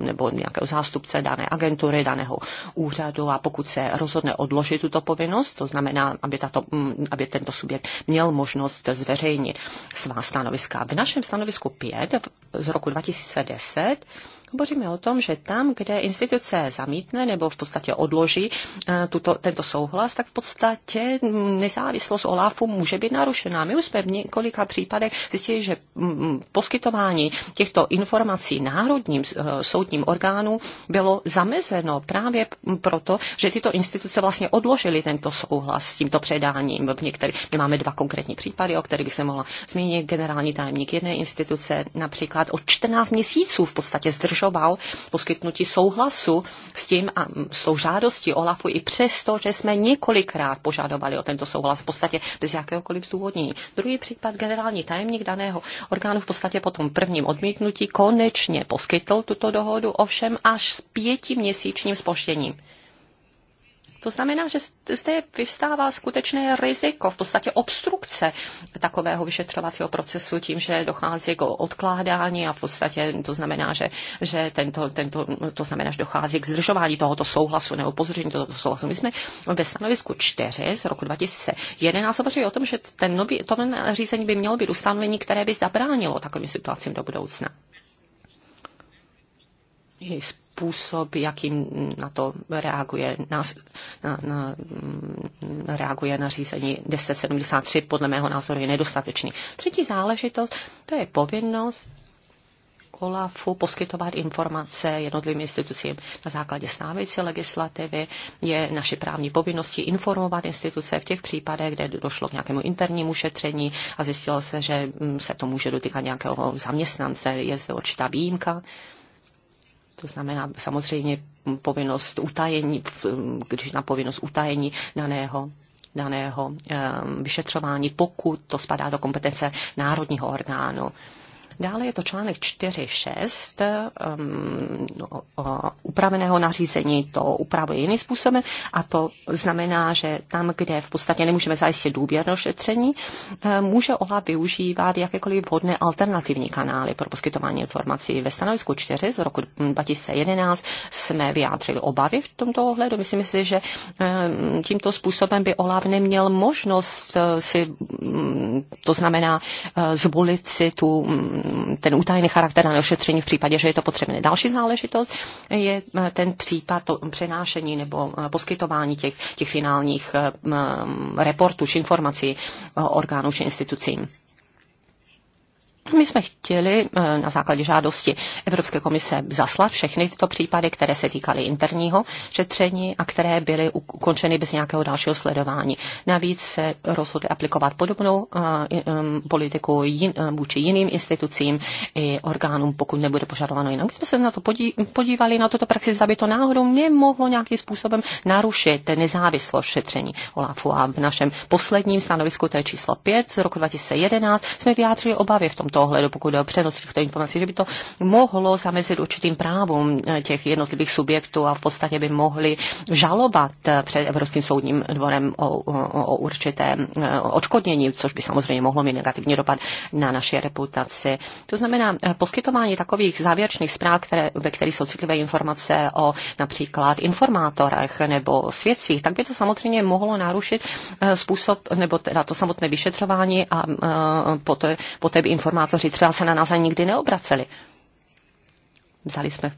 nebo nějakého zástupce dané agentury, daného úřadu a pokud se rozhodne odložit tuto povinnost, to znamená, aby, tato, mm, aby tento subjekt měl možnost zveřejnit svá stanoviska. V našem stanovisku 5 z roku 2010 Hovoříme o tom, že tam, kde instituce zamítne nebo v podstatě odloží eh, tuto, tento souhlas, tak v podstatě nezávislost OLAFu může být narušená. My už jsme v několika případech zjistili, že mm, mm, poskytování těchto informací národním eh, soudním orgánu bylo zamezeno právě proto, že tyto instituce vlastně odložily tento souhlas s tímto předáním. V některých, my máme dva konkrétní případy, o kterých se mohla zmínit generální tajemník jedné instituce, například o 14 měsíců v podstatě zdrž zdržoval poskytnutí souhlasu s tím a s tou žádostí Olafu i přesto, že jsme několikrát požadovali o tento souhlas v podstatě bez jakéhokoliv zdůvodnění. Druhý případ, generální tajemník daného orgánu v podstatě po tom prvním odmítnutí konečně poskytl tuto dohodu, ovšem až s pětiměsíčním spoštěním. To znamená, že zde vyvstává skutečné riziko, v podstatě obstrukce takového vyšetřovacího procesu tím, že dochází k odkládání a v podstatě to znamená, že, že tento, tento, to znamená, že dochází k zdržování tohoto souhlasu nebo pozdržení tohoto souhlasu. My jsme ve stanovisku 4 z roku 2011 hovořili o tom, že ten nový, to řízení by mělo být ustanovení, které by zabránilo takovým situacím do budoucna způsob, jakým na to reaguje, na, na, na, mm, reaguje na řízení 1073, podle mého názoru je nedostatečný. Třetí záležitost, to je povinnost OLAFu poskytovat informace jednotlivým institucím na základě stávající legislativy. Je naše právní povinnosti informovat instituce v těch případech, kde došlo k nějakému internímu šetření a zjistilo se, že mm, se to může dotýkat nějakého zaměstnance. Je zde určitá výjimka to znamená samozřejmě povinnost utajení, když na povinnost utajení daného daného eh, vyšetřování, pokud to spadá do kompetence národního orgánu. Dále je to článek 4.6 um, no, upraveného nařízení, to upravuje jiným způsobem a to znamená, že tam, kde v podstatě nemůžeme zajistit důvěrnost šetření, eh, může OLA využívat jakékoliv vhodné alternativní kanály pro poskytování informací. Ve stanovisku 4 z roku 2011 jsme vyjádřili obavy v tomto ohledu. Myslím si, že eh, tímto způsobem by OLAV neměl možnost eh, si, mm, to znamená, zvolit si tu mm, ten utajený charakter na neošetření v případě, že je to potřebné. Další záležitost je eh, ten případ to přenášení nebo eh, poskytování těch, těch finálních eh, reportů či informací orgánů či institucím. My jsme chtěli eh, na základě žádosti Evropské komise zaslat všechny tyto případy, které se týkaly interního šetření a které byly ukončeny bez nějakého dalšího sledování. Navíc se rozhodli aplikovat podobnou eh, politiku eh, vůči jiným institucím i orgánům, pokud nebude požadováno jinak. my jsme se na to podívali, na tuto praxi, aby to náhodou nemohlo nějakým způsobem narušit nezávislost šetření OLAFu. A v našem posledním stanovisku, to je číslo 5 z roku 2011, jsme vyjádřili obavy v tomto tomto ohledu, pokud jde o přenos těchto informací, že by to mohlo zamezit určitým právům eh, těch jednotlivých subjektů a v podstatě by mohli žalovat eh, před Evropským soudním dvorem o, o, o určité eh, odškodnění, což by samozřejmě mohlo mít negativní dopad na naši reputaci. To znamená poskytování takových závěrečných zpráv, které, ve kterých jsou citlivé informace o například informátorech nebo svědcích, tak by to samozřejmě mohlo narušit způsob nebo teda to samotné vyšetřování a poté, poté by informátor senátoři třeba se na nás ani nikdy neobraceli. Vzali jsme v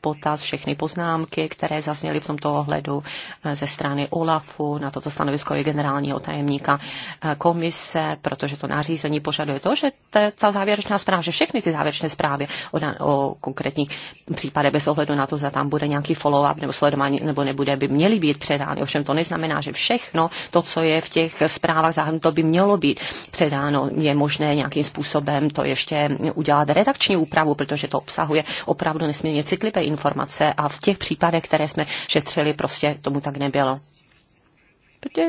potaz všechny poznámky, které zazněly v tomto ohledu eh, ze strany OLAFu, na toto stanovisko je generálního tajemníka eh, komise, protože to nařízení požaduje to, že ta závěrečná zpráva, že všechny ty závěrečné zprávy o, o konkrétních případech bez ohledu na to, zda tam bude nějaký follow-up nebo sledování nebo nebude, by měly být předány. Ovšem to neznamená, že všechno to, co je v těch zprávách zahrnuto, by mělo být předáno. Je možné nějakým způsobem to ještě udělat redakční úpravu, protože to obsahuje opravdu nesmírně citlivé informace a v těch případech, které jsme šetřili, prostě tomu tak nebylo.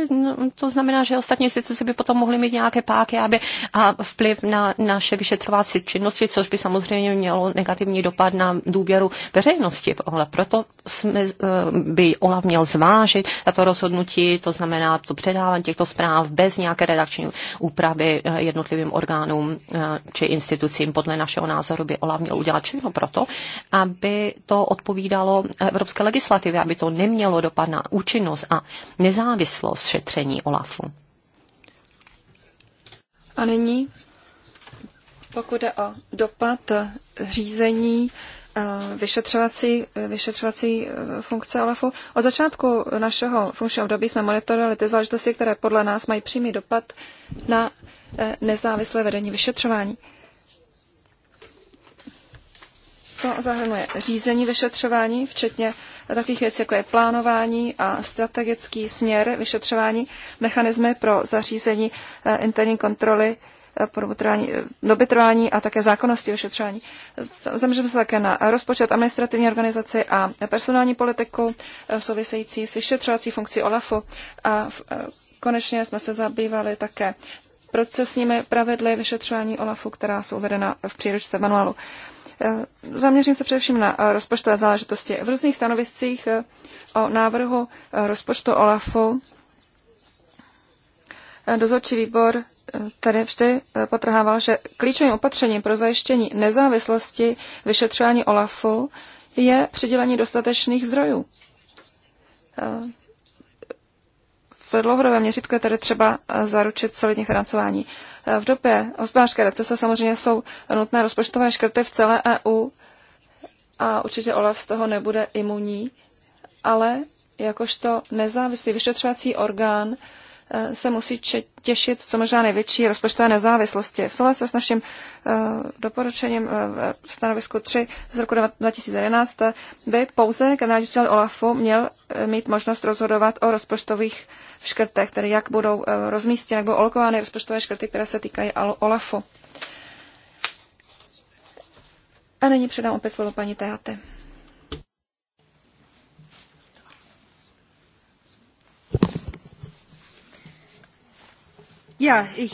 No, to znamená, že ostatní instituce by potom mohly mít nějaké páky aby, a vplyv na naše vyšetrovací činnosti, což by samozřejmě mělo negativní dopad na důvěru veřejnosti. Ale proto jsme, eh, by OLAF měl zvážit to rozhodnutí, to znamená to předávání těchto zpráv bez nějaké redakční úpravy eh, jednotlivým orgánům eh, či institucím. Podle našeho názoru by OLAF měl udělat všechno proto, aby to odpovídalo evropské legislativě, aby to nemělo dopad na účinnost a nezávislost vyšlo z šetření OLAFu. A nyní, pokud jde o dopad řízení eh, vyšetřovací, eh, vyšetřovací eh, funkce OLAFu. Od začátku našeho funkčního období jsme monitorovali ty záležitosti, které podle nás mají přímý dopad na nezávislé vedení vyšetřování. To zahrnuje řízení vyšetřování, včetně takových věcí, jako je plánování a strategický směr vyšetřování, mechanismy pro zařízení eh, interní kontroly eh, eh, dobytrování a také zákonnosti vyšetřování. Zaměříme se také na rozpočet administrativní organizaci a personální politiku související s vyšetřovací funkcí OLAFu a konečně jsme se zabývali také procesními pravidly vyšetřování OLAFu, která jsou uvedena v příručce manuálu. Eh, zaměřím se především na eh, rozpočtové záležitosti. V různých stanoviscích eh, o návrhu rozpočtu OLAFu dozorčí výbor tady vždy potrhával, že klíčovým opatřením pro zajištění nezávislosti vyšetřování OLAFu je přidělení dostatečných zdrojů v dlouhodobém měřítku je tedy třeba eh, zaručit solidní financování. Eh, v době hospodářské recese samozřejmě jsou nutné rozpočtové škrty v celé EU a určitě OLAF z toho nebude imunní, ale jakožto nezávislý vyšetřovací orgán se musí těšit co možná největší rozpočtové nezávislosti. V souhlasu s naším eh, doporučením eh, v stanovisku 3 z roku 2011 eh, by pouze generální ředitel OLAFu měl mít možnost rozhodovat o rozpočtových škrtech, tedy jak budou rozmístěny, jak budou olokovány rozpočtové škrty, které se týkají OLAFu. A nyní předám opět slovo paní Teate. Já, ich.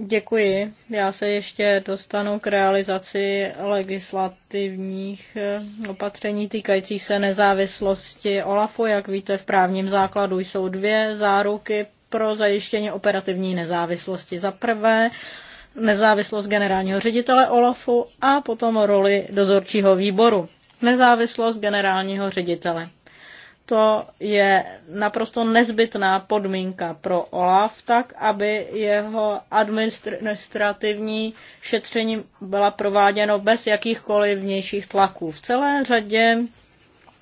Děkuji. Já se ještě dostanu k realizaci legislativních eh, opatření týkající se nezávislosti OLAFu. Jak víte, v právním základu jsou dvě záruky pro zajištění operativní nezávislosti. Za prvé nezávislost generálního ředitele OLAFu a potom roli dozorčího výboru. Nezávislost generálního ředitele to je naprosto nezbytná podmínka pro OLAF, tak aby jeho administrativní šetření byla prováděno bez jakýchkoliv vnějších tlaků. V celé řadě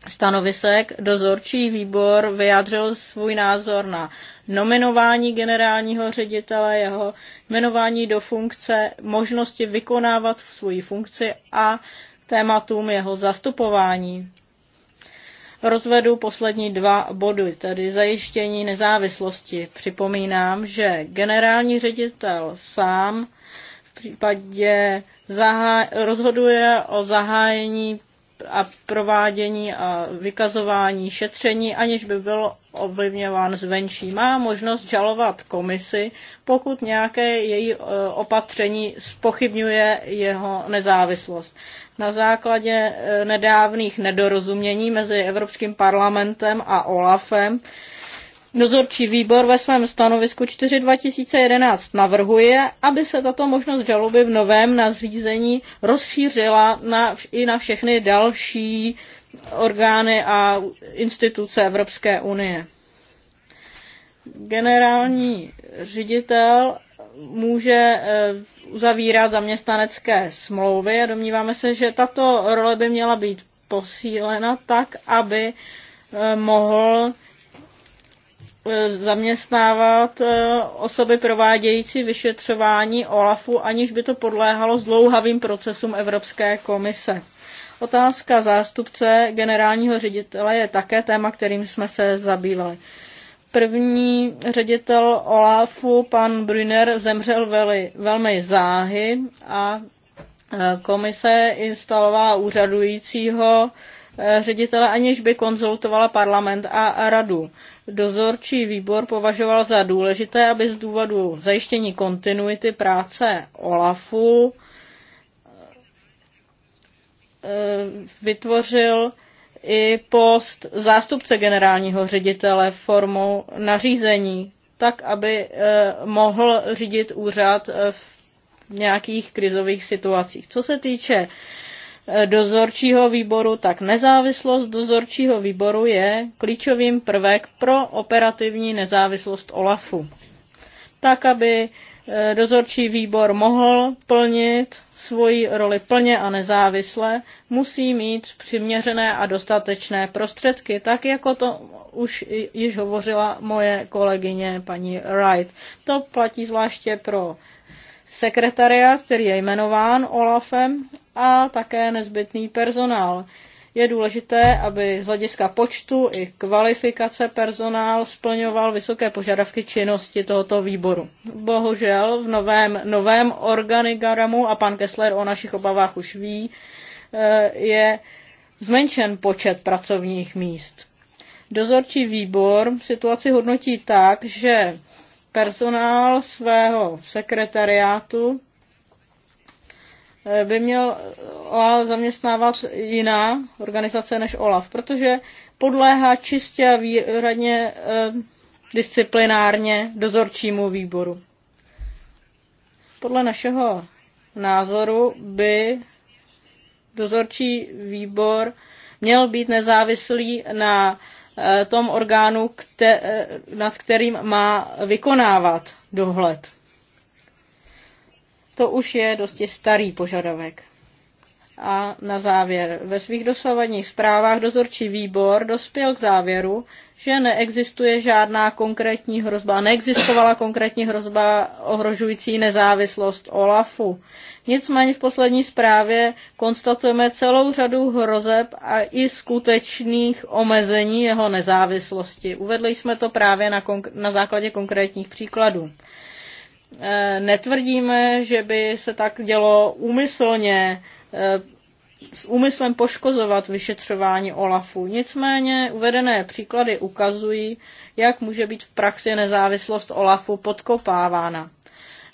stanovisek dozorčí výbor vyjádřil svůj názor na nominování generálního ředitele, jeho jmenování do funkce, možnosti vykonávat svoji funkci a tématům jeho zastupování rozvedu poslední dva body, tedy zajištění nezávislosti. Připomínám, že generální ředitel sám v případě rozhoduje o zahájení a provádění a vykazování šetření, aniž by byl ovlivňován zvenčí. Má možnost žalovat komisi, pokud nějaké její e, opatření spochybňuje jeho nezávislost. Na základě e, nedávných nedorozumění mezi Evropským parlamentem a OLAFem Dozorčí výbor ve svém stanovisku 4 2011 navrhuje, aby se tato možnost žaloby v novém nařízení rozšířila na, i na všechny další orgány a instituce Evropské unie. Generální ředitel může eh, uzavírat zaměstnanecké smlouvy a domníváme se, že tato role by měla být posílena tak, aby eh, mohl Eh, zaměstnávat eh, osoby provádějící vyšetřování OLAFu, aniž by to podléhalo zdlouhavým procesům Evropské komise. Otázka zástupce generálního ředitele je také téma, kterým jsme se zabývali. První ředitel OLAFu, pan Brunner, zemřel veli, velmi záhy a eh, komise instalovala úřadujícího ředitele, aniž by konzultovala parlament a radu dozorčí výbor považoval za důležité, aby z důvodu zajištění kontinuity práce OLAFu eh, vytvořil i post zástupce generálního ředitele formou nařízení, tak aby eh, mohl řídit úřad eh, v nějakých krizových situacích. Co se týče dozorčího výboru, tak nezávislost dozorčího výboru je klíčovým prvek pro operativní nezávislost OLAFu. Tak, aby e, dozorčí výbor mohl plnit svoji roli plně a nezávisle, musí mít přiměřené a dostatečné prostředky, tak jako to už již hovořila moje kolegyně paní Wright. To platí zvláště pro sekretariát, který je jmenován Olafem a také nezbytný personál. Je důležité, aby z hlediska počtu i kvalifikace personál splňoval vysoké požadavky činnosti tohoto výboru. Bohužel v novém, novém organigramu, a pan Kessler o našich obavách už ví, eh, je zmenšen počet pracovních míst. Dozorčí výbor situaci hodnotí tak, že personál svého sekretariátu Eh, by měl OLAF zaměstnávat jiná organizace než OLAF, protože podléhá čistě a výhradně eh, disciplinárně dozorčímu výboru. Podle našeho názoru by dozorčí výbor měl být nezávislý na eh, tom orgánu, kte, nad kterým má vykonávat dohled. To už je dosti starý požadavek. A na závěr, ve svých dosavadních zprávách dozorčí výbor dospěl k závěru, že neexistuje žádná konkrétní hrozba, neexistovala konkrétní hrozba ohrožující nezávislost OLAFu. Nicméně v poslední zprávě konstatujeme celou řadu hrozeb a i skutečných omezení jeho nezávislosti. Uvedli jsme to právě na, na základě konkrétních příkladů. Eh, netvrdíme, že by se tak dělo úmyslně, eh, s úmyslem poškozovat vyšetřování OLAFu. Nicméně uvedené příklady ukazují, jak může být v praxi nezávislost OLAFu podkopávána.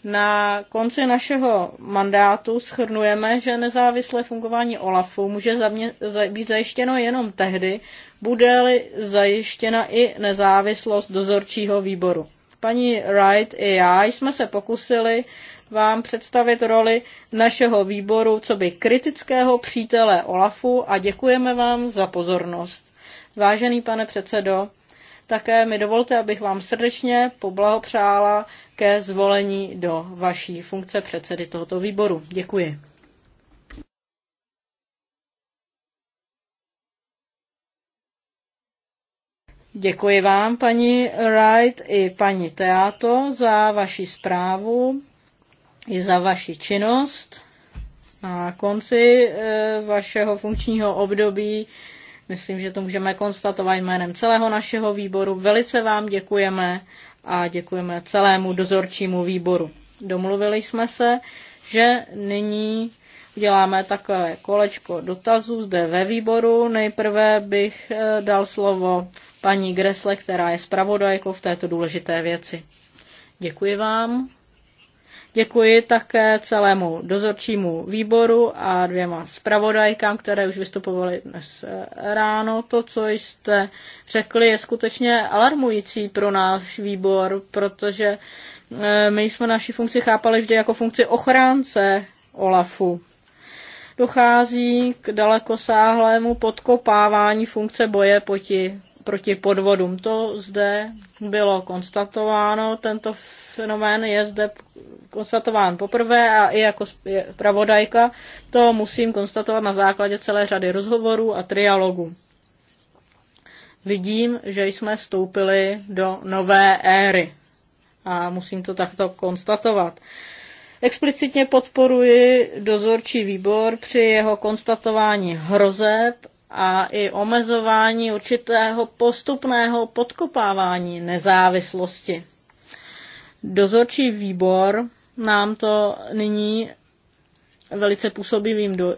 Na konci našeho mandátu schrnujeme, že nezávislé fungování OLAFu může zamě- za- být zajištěno jenom tehdy, bude-li zajištěna i nezávislost dozorčího výboru paní Wright i já jsme se pokusili vám představit roli našeho výboru co by kritického přítele Olafu a děkujeme vám za pozornost. Vážený pane předsedo, také mi dovolte, abych vám srdečně poblahopřála ke zvolení do vaší funkce předsedy tohoto výboru. Děkuji. Děkuji vám, paní Wright i paní Teato, za vaši zprávu i za vaši činnost. Na konci eh, vašeho funkčního období, myslím, že to můžeme konstatovat jménem celého našeho výboru, velice vám děkujeme a děkujeme celému dozorčímu výboru. Domluvili jsme se, že nyní Uděláme takové kolečko dotazů zde ve výboru. Nejprve bych eh, dal slovo paní Gresle, která je zpravodajkou v této důležité věci. Děkuji vám. Děkuji také celému dozorčímu výboru a dvěma zpravodajkám, které už vystupovaly dnes eh, ráno. To, co jste řekli, je skutečně alarmující pro náš výbor, protože eh, my jsme naši funkci chápali vždy jako funkci ochránce OLAFu dochází k dalekosáhlému podkopávání funkce boje proti, proti podvodům. To zde bylo konstatováno, tento fenomén je zde konstatován poprvé a i jako pravodajka to musím konstatovat na základě celé řady rozhovorů a trialogů. Vidím, že jsme vstoupili do nové éry a musím to takto konstatovat. Explicitně podporuji dozorčí výbor při jeho konstatování hrozeb a i omezování určitého postupného podkopávání nezávislosti. Dozorčí výbor nám to nyní velice působivým do,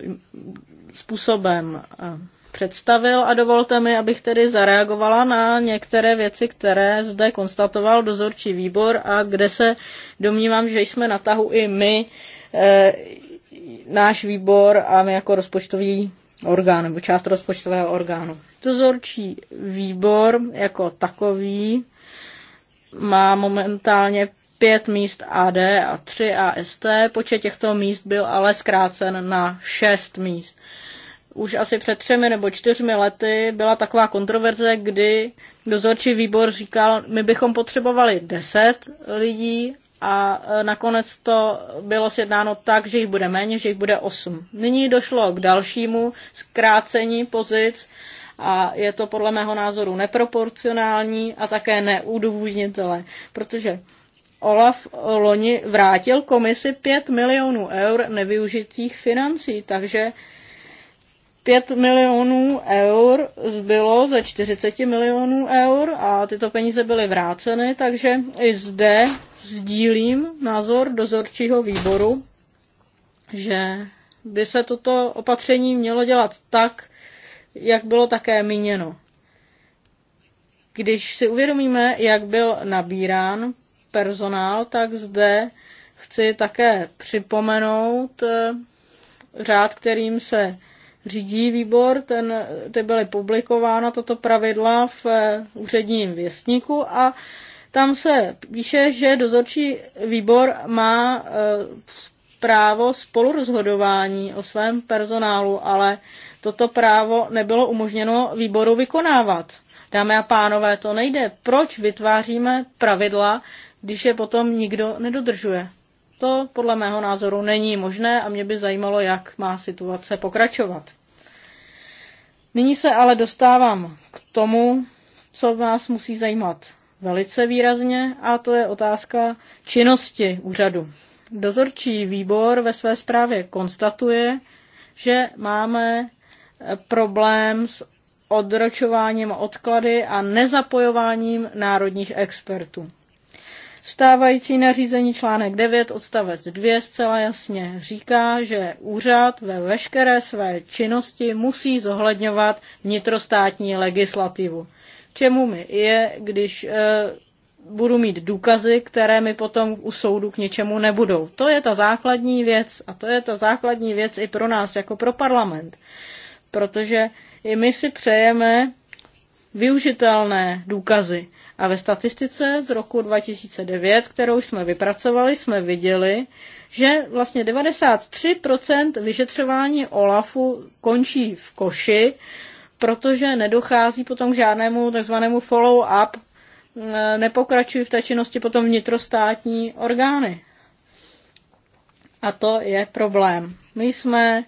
způsobem eh, představil a dovolte mi, abych tedy zareagovala na některé věci, které zde konstatoval dozorčí výbor a kde se domnívám, že jsme na tahu i my, e, náš výbor a my jako rozpočtový orgán nebo část rozpočtového orgánu. Dozorčí výbor jako takový má momentálně pět míst AD a tři AST. Počet těchto míst byl ale zkrácen na šest míst. E, už asi před třemi nebo čtyřmi lety byla taková kontroverze, kdy dozorčí výbor říkal, my bychom potřebovali deset lidí a e, nakonec to bylo sjednáno tak, že jich bude méně, že jich bude osm. Nyní došlo k dalšímu zkrácení pozic a je to podle mého názoru neproporcionální a také neudůvodnitelné, protože Olaf loni vrátil komisi 5 milionů eur nevyužitých financí, takže 5 milionů eur zbylo ze 40 milionů eur a tyto peníze byly vráceny, takže i zde sdílím názor dozorčího výboru, že by se toto opatření mělo dělat tak, jak bylo také míněno. Když si uvědomíme, jak byl nabírán personál, tak zde chci také připomenout eh, řád, kterým se řídí výbor, ten, ty byly publikována tato pravidla v eh, úředním věstníku a tam se píše, že dozorčí výbor má eh, právo spolurozhodování o svém personálu, ale toto právo nebylo umožněno výboru vykonávat. Dámy a pánové, to nejde. Proč vytváříme pravidla, když je potom nikdo nedodržuje? To podle mého názoru není možné a mě by zajímalo, jak má situace pokračovat. Nyní se ale dostávám k tomu, co vás musí zajímat velice výrazně, a to je otázka činnosti úřadu. Dozorčí výbor ve své zprávě konstatuje, že máme eh, problém s odročováním odklady a nezapojováním národních expertů. Stávající nařízení článek 9 odstavec 2 zcela jasně říká, že úřad ve veškeré své činnosti musí zohledňovat vnitrostátní legislativu. Čemu mi je, když e, budu mít důkazy, které mi potom u soudu k něčemu nebudou. To je ta základní věc a to je ta základní věc i pro nás jako pro parlament. Protože i my si přejeme využitelné důkazy. A ve statistice z roku 2009, kterou jsme vypracovali, jsme viděli, že vlastně 93% vyšetřování OLAFu končí v koši, protože nedochází potom k žádnému takzvanému follow-up, eh, nepokračují v té činnosti potom vnitrostátní orgány. A to je problém. My jsme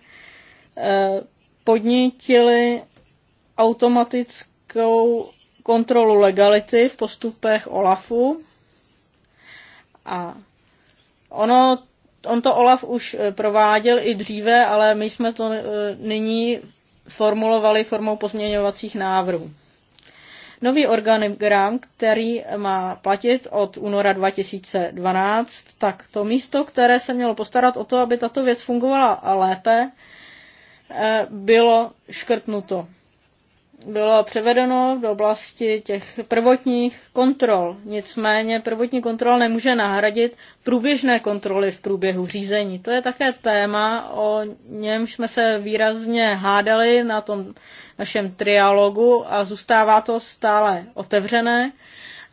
eh, podnítili automatickou kontrolu legality v postupech OLAFu. A ono, on to OLAF už eh, prováděl i dříve, ale my jsme to eh, nyní formulovali formou pozměňovacích návrhů. Nový organigram, který má platit od února 2012, tak to místo, které se mělo postarat o to, aby tato věc fungovala lépe, eh, bylo škrtnuto bylo převedeno do oblasti těch prvotních kontrol. Nicméně prvotní kontrol nemůže nahradit průběžné kontroly v průběhu řízení. To je také téma, o němž jsme se výrazně hádali na tom našem trialogu a zůstává to stále otevřené.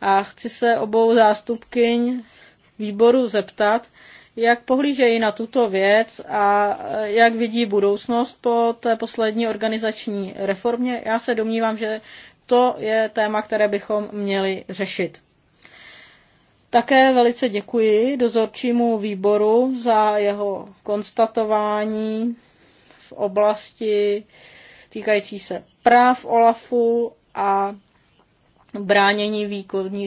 A chci se obou zástupkyň výboru zeptat, jak pohlížejí na tuto věc a e, jak vidí budoucnost po té poslední organizační reformě. Já se domnívám, že to je téma, které bychom měli řešit. Také velice děkuji dozorčímu výboru za jeho konstatování v oblasti týkající se práv OLAFu a bránění výkonů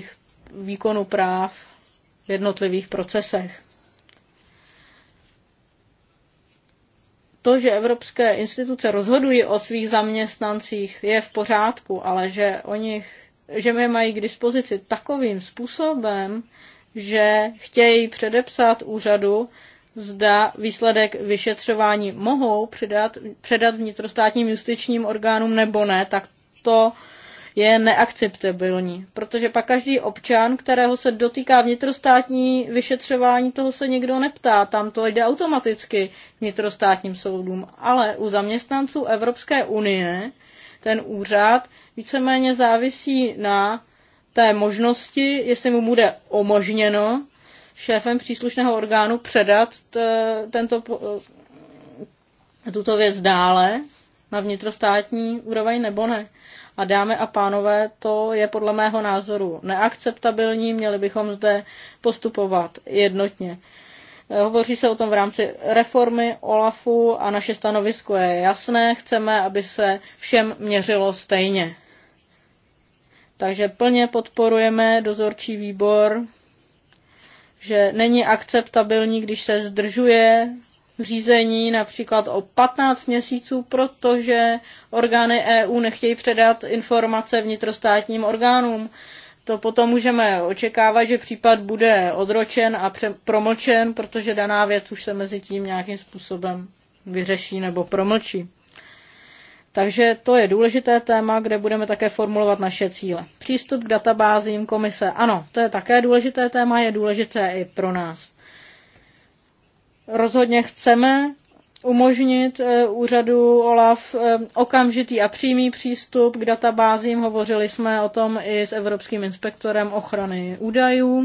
výkonu práv v jednotlivých procesech. to, že evropské instituce rozhodují o svých zaměstnancích, je v pořádku, ale že o nich, že my mají k dispozici takovým způsobem, že chtějí předepsat úřadu, zda výsledek vyšetřování mohou předat, předat vnitrostátním justičním orgánům nebo ne, tak to je neakceptabilní, protože pak každý občan, kterého se dotýká vnitrostátní vyšetřování, toho se nikdo neptá, tam to jde automaticky vnitrostátním soudům, ale u zaměstnanců Evropské unie ten úřad víceméně závisí na té možnosti, jestli mu bude umožněno šéfem příslušného orgánu předat t, eh, tento, tuto věc dále na vnitrostátní úroveň nebo ne. A dámy a pánové, to je podle mého názoru neakceptabilní, měli bychom zde postupovat jednotně. Eh, hovoří se o tom v rámci reformy OLAFu a naše stanovisko je jasné, chceme, aby se všem měřilo stejně. Takže plně podporujeme dozorčí výbor, že není akceptabilní, když se zdržuje řízení například o 15 měsíců, protože orgány EU nechtějí předat informace vnitrostátním orgánům. To potom můžeme očekávat, že případ bude odročen a promlčen, protože daná věc už se mezi tím nějakým způsobem vyřeší nebo promlčí. Takže to je důležité téma, kde budeme také formulovat naše cíle. Přístup k databázím komise. Ano, to je také důležité téma, je důležité i pro nás. Rozhodně chceme umožnit eh, úřadu OLAF eh, okamžitý a přímý přístup k databázím. Hovořili jsme o tom i s Evropským inspektorem ochrany údajů.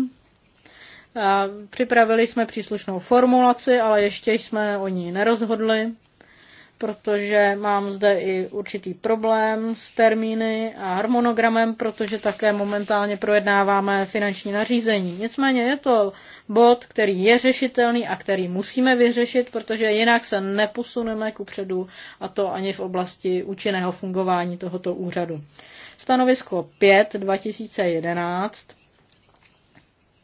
Připravili jsme příslušnou formulaci, ale ještě jsme o ní nerozhodli protože mám zde i určitý problém s termíny a harmonogramem, protože také momentálně projednáváme finanční nařízení. Nicméně je to bod, který je řešitelný a který musíme vyřešit, protože jinak se neposuneme ku předu a to ani v oblasti účinného fungování tohoto úřadu. Stanovisko 5 2011,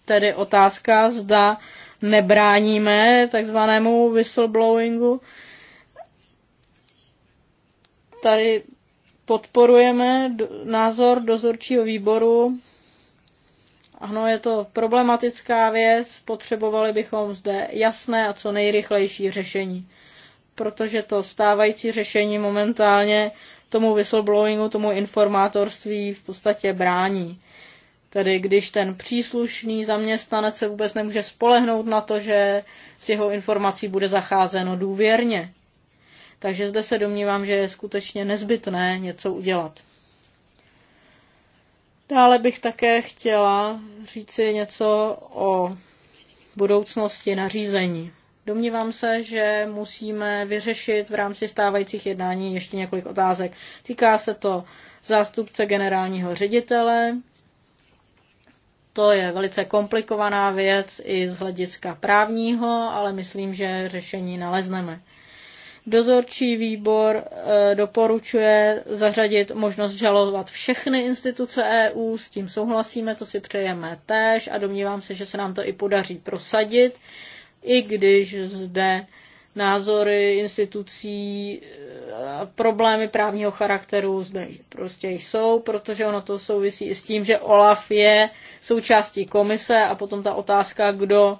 tedy otázka, zda nebráníme takzvanému whistleblowingu, tady podporujeme názor dozorčího výboru. Ano, je to problematická věc, potřebovali bychom zde jasné a co nejrychlejší řešení, protože to stávající řešení momentálně tomu whistleblowingu, tomu informátorství v podstatě brání. Tedy když ten příslušný zaměstnanec se vůbec nemůže spolehnout na to, že s jeho informací bude zacházeno důvěrně. Takže zde se domnívám, že je skutečně nezbytné něco udělat. Dále bych také chtěla říci něco o budoucnosti nařízení. Domnívám se, že musíme vyřešit v rámci stávajících jednání ještě několik otázek. Týká se to zástupce generálního ředitele. To je velice komplikovaná věc i z hlediska právního, ale myslím, že řešení nalezneme. Dozorčí výbor eh, doporučuje zařadit možnost žalovat všechny instituce EU, s tím souhlasíme, to si přejeme též a domnívám se, že se nám to i podaří prosadit, i když zde názory institucí eh, a problémy právního charakteru zde prostě jsou, protože ono to souvisí i s tím, že OLAF je součástí komise a potom ta otázka, kdo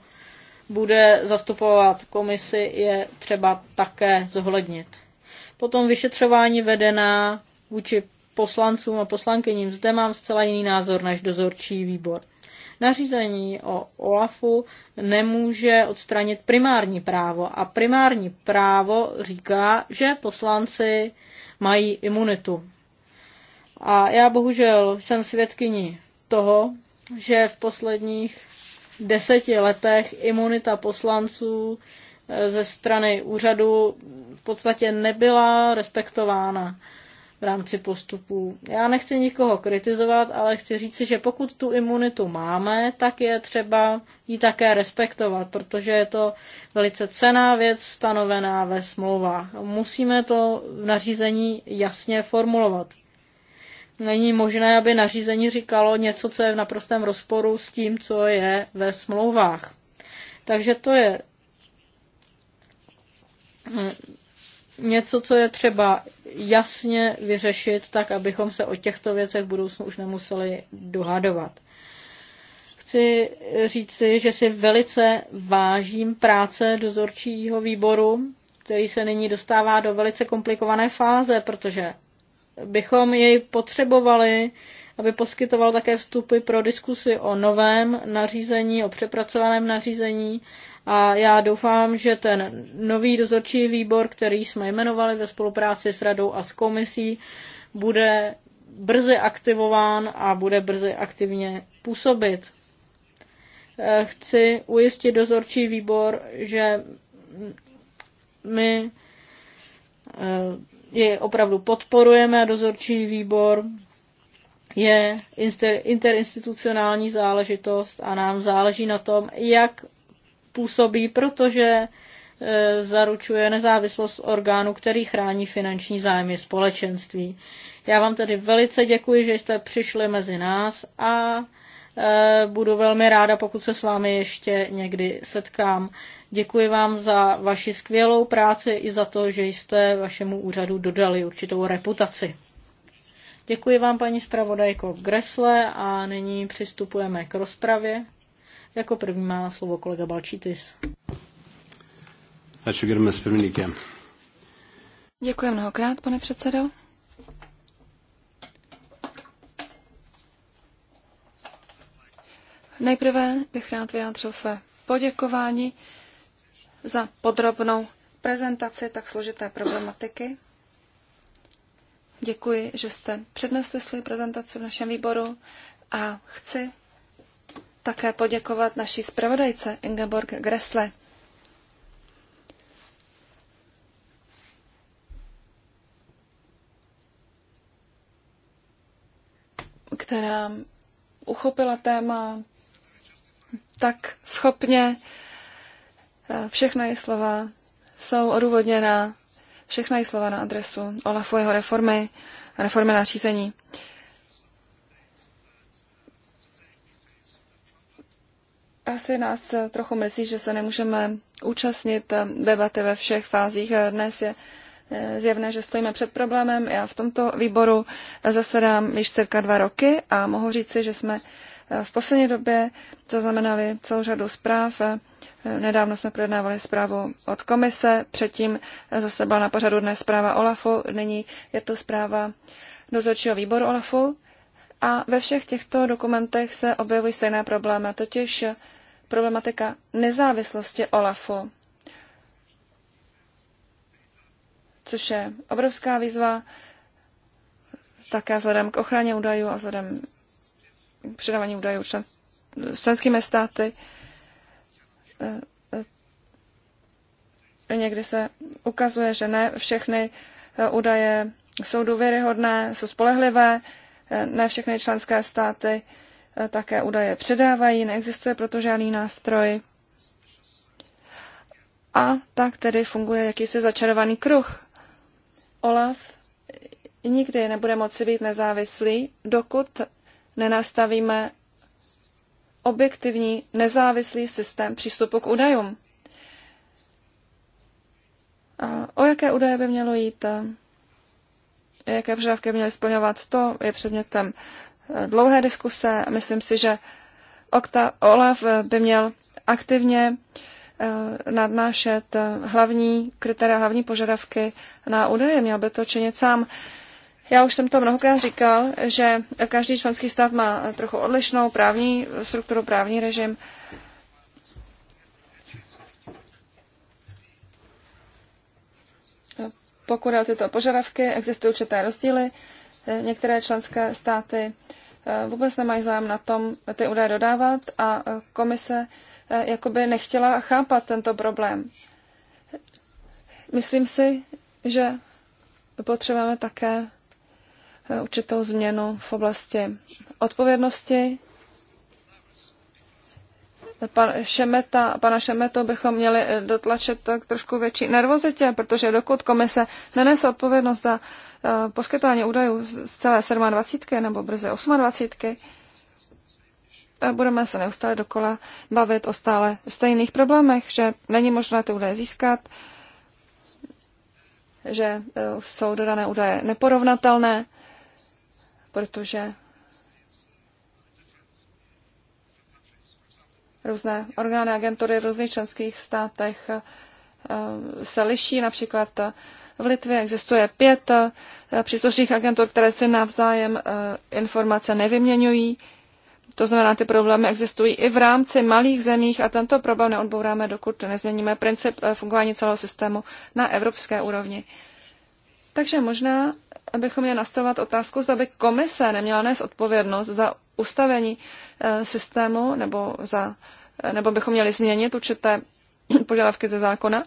bude zastupovat komisi, je třeba také zohlednit. Potom vyšetřování vedená vůči poslancům a poslankyním. Zde mám zcela jiný názor než dozorčí výbor. Nařízení o OLAFu nemůže odstranit primární právo a primární právo říká, že poslanci mají imunitu. A já bohužel jsem svědkyní toho, že v posledních deseti letech imunita poslanců eh, ze strany úřadu v podstatě nebyla respektována v rámci postupů. Já nechci nikoho kritizovat, ale chci říct, že pokud tu imunitu máme, tak je třeba ji také respektovat, protože je to velice cená věc stanovená ve smlouvách. Musíme to v nařízení jasně formulovat. Není možné, aby nařízení říkalo něco, co je v naprostém rozporu s tím, co je ve smlouvách. Takže to je mm, něco, co je třeba jasně vyřešit, tak abychom se o těchto věcech v budoucnu už nemuseli dohadovat. Chci říci, že si velice vážím práce dozorčího výboru, který se nyní dostává do velice komplikované fáze, protože bychom jej potřebovali, aby poskytoval také vstupy pro diskusy o novém nařízení, o přepracovaném nařízení. A já doufám, že ten nový dozorčí výbor, který jsme jmenovali ve spolupráci s radou a s komisí, bude brzy aktivován a bude brzy aktivně působit. Eh, chci ujistit dozorčí výbor, že my eh, je opravdu podporujeme, dozorčí výbor je interinstitucionální záležitost a nám záleží na tom, jak působí, protože e, zaručuje nezávislost orgánu, který chrání finanční zájmy společenství. Já vám tedy velice děkuji, že jste přišli mezi nás a e, budu velmi ráda, pokud se s vámi ještě někdy setkám. Děkuji vám za vaši skvělou práci i za to, že jste vašemu úřadu dodali určitou reputaci. Děkuji vám, paní zpravodajko Gresle, a nyní přistupujeme k rozpravě. Jako první má slovo kolega Balčitis. Děkuji mnohokrát, pane předsedo. Nejprve bych rád vyjádřil se poděkování za podrobnou prezentaci tak složité problematiky. Děkuji, že jste přednesli svoji prezentaci v našem výboru a chci také poděkovat naší zpravodajce Ingeborg Gressle. která uchopila téma tak schopně, Všechna její slova jsou odůvodněná, všechna její slova na adresu Olafu jeho reformy, reformy nařízení. Asi nás trochu mrzí, že se nemůžeme účastnit debaty ve všech fázích. Dnes je zjevné, že stojíme před problémem. Já v tomto výboru zasedám již cirka dva roky a mohu říci, že jsme v poslední době zaznamenali celou řadu zpráv Nedávno jsme projednávali zprávu od komise, předtím zase byla na pořadu dnes zpráva OLAFu, nyní je to zpráva dozorčího výboru OLAFu. A ve všech těchto dokumentech se objevují stejné problémy, totiž problematika nezávislosti OLAFu, což je obrovská výzva také vzhledem k ochraně údajů a vzhledem k předávání údajů člen, členskými státy. Eh, eh, někdy se ukazuje, že ne všechny eh, údaje jsou důvěryhodné, jsou spolehlivé, ne všechny členské státy také údaje předávají, neexistuje proto žádný nástroj. A tak tedy funguje jakýsi začarovaný kruh. Olaf nikdy nebude moci být nezávislý, dokud nenastavíme objektivní, nezávislý systém přístupu k údajům. A o jaké údaje by mělo jít, jaké požadavky by měly splňovat, to je předmětem eh, dlouhé diskuse. Myslím si, že Okta, Olaf eh, by měl aktivně eh, nadnášet hlavní kritéria, hlavní požadavky na údaje. Měl by to činit sám. Já už jsem to mnohokrát říkal, že každý členský stát má trochu odlišnou právní strukturu, právní režim. Pokud je o tyto požadavky, existují určité rozdíly. Některé členské státy eh, vůbec nemají zájem na tom ty údaje dodávat a eh, komise eh, jakoby nechtěla chápat tento problém. Myslím si, že potřebujeme také Eh, určitou změnu v oblasti odpovědnosti. Pan Šemeta, pana Šemetu bychom měli eh, dotlačit k trošku větší nervozitě, protože dokud komise nenese odpovědnost za eh, poskytování údajů z celé 27 nebo brzy 28, budeme se neustále dokola bavit o stále stejných problémech, že není možné ty údaje získat, že jsou dodané údaje neporovnatelné protože různé orgány agentury v různých členských státech eh, se liší. Například eh, v Litvě existuje pět eh, příslušných agentur, které si navzájem informace nevyměňují. To znamená, ty problémy existují i v rámci malých zemích a tento problém neodbouráme, dokud nezměníme princip fungování celého systému na evropské úrovni. Takže možná bychom měli nastavovat otázku, zda by komise neměla nést odpovědnost za ustavení eh, systému nebo, za, eh, nebo bychom měli změnit určité požadavky ze zákona.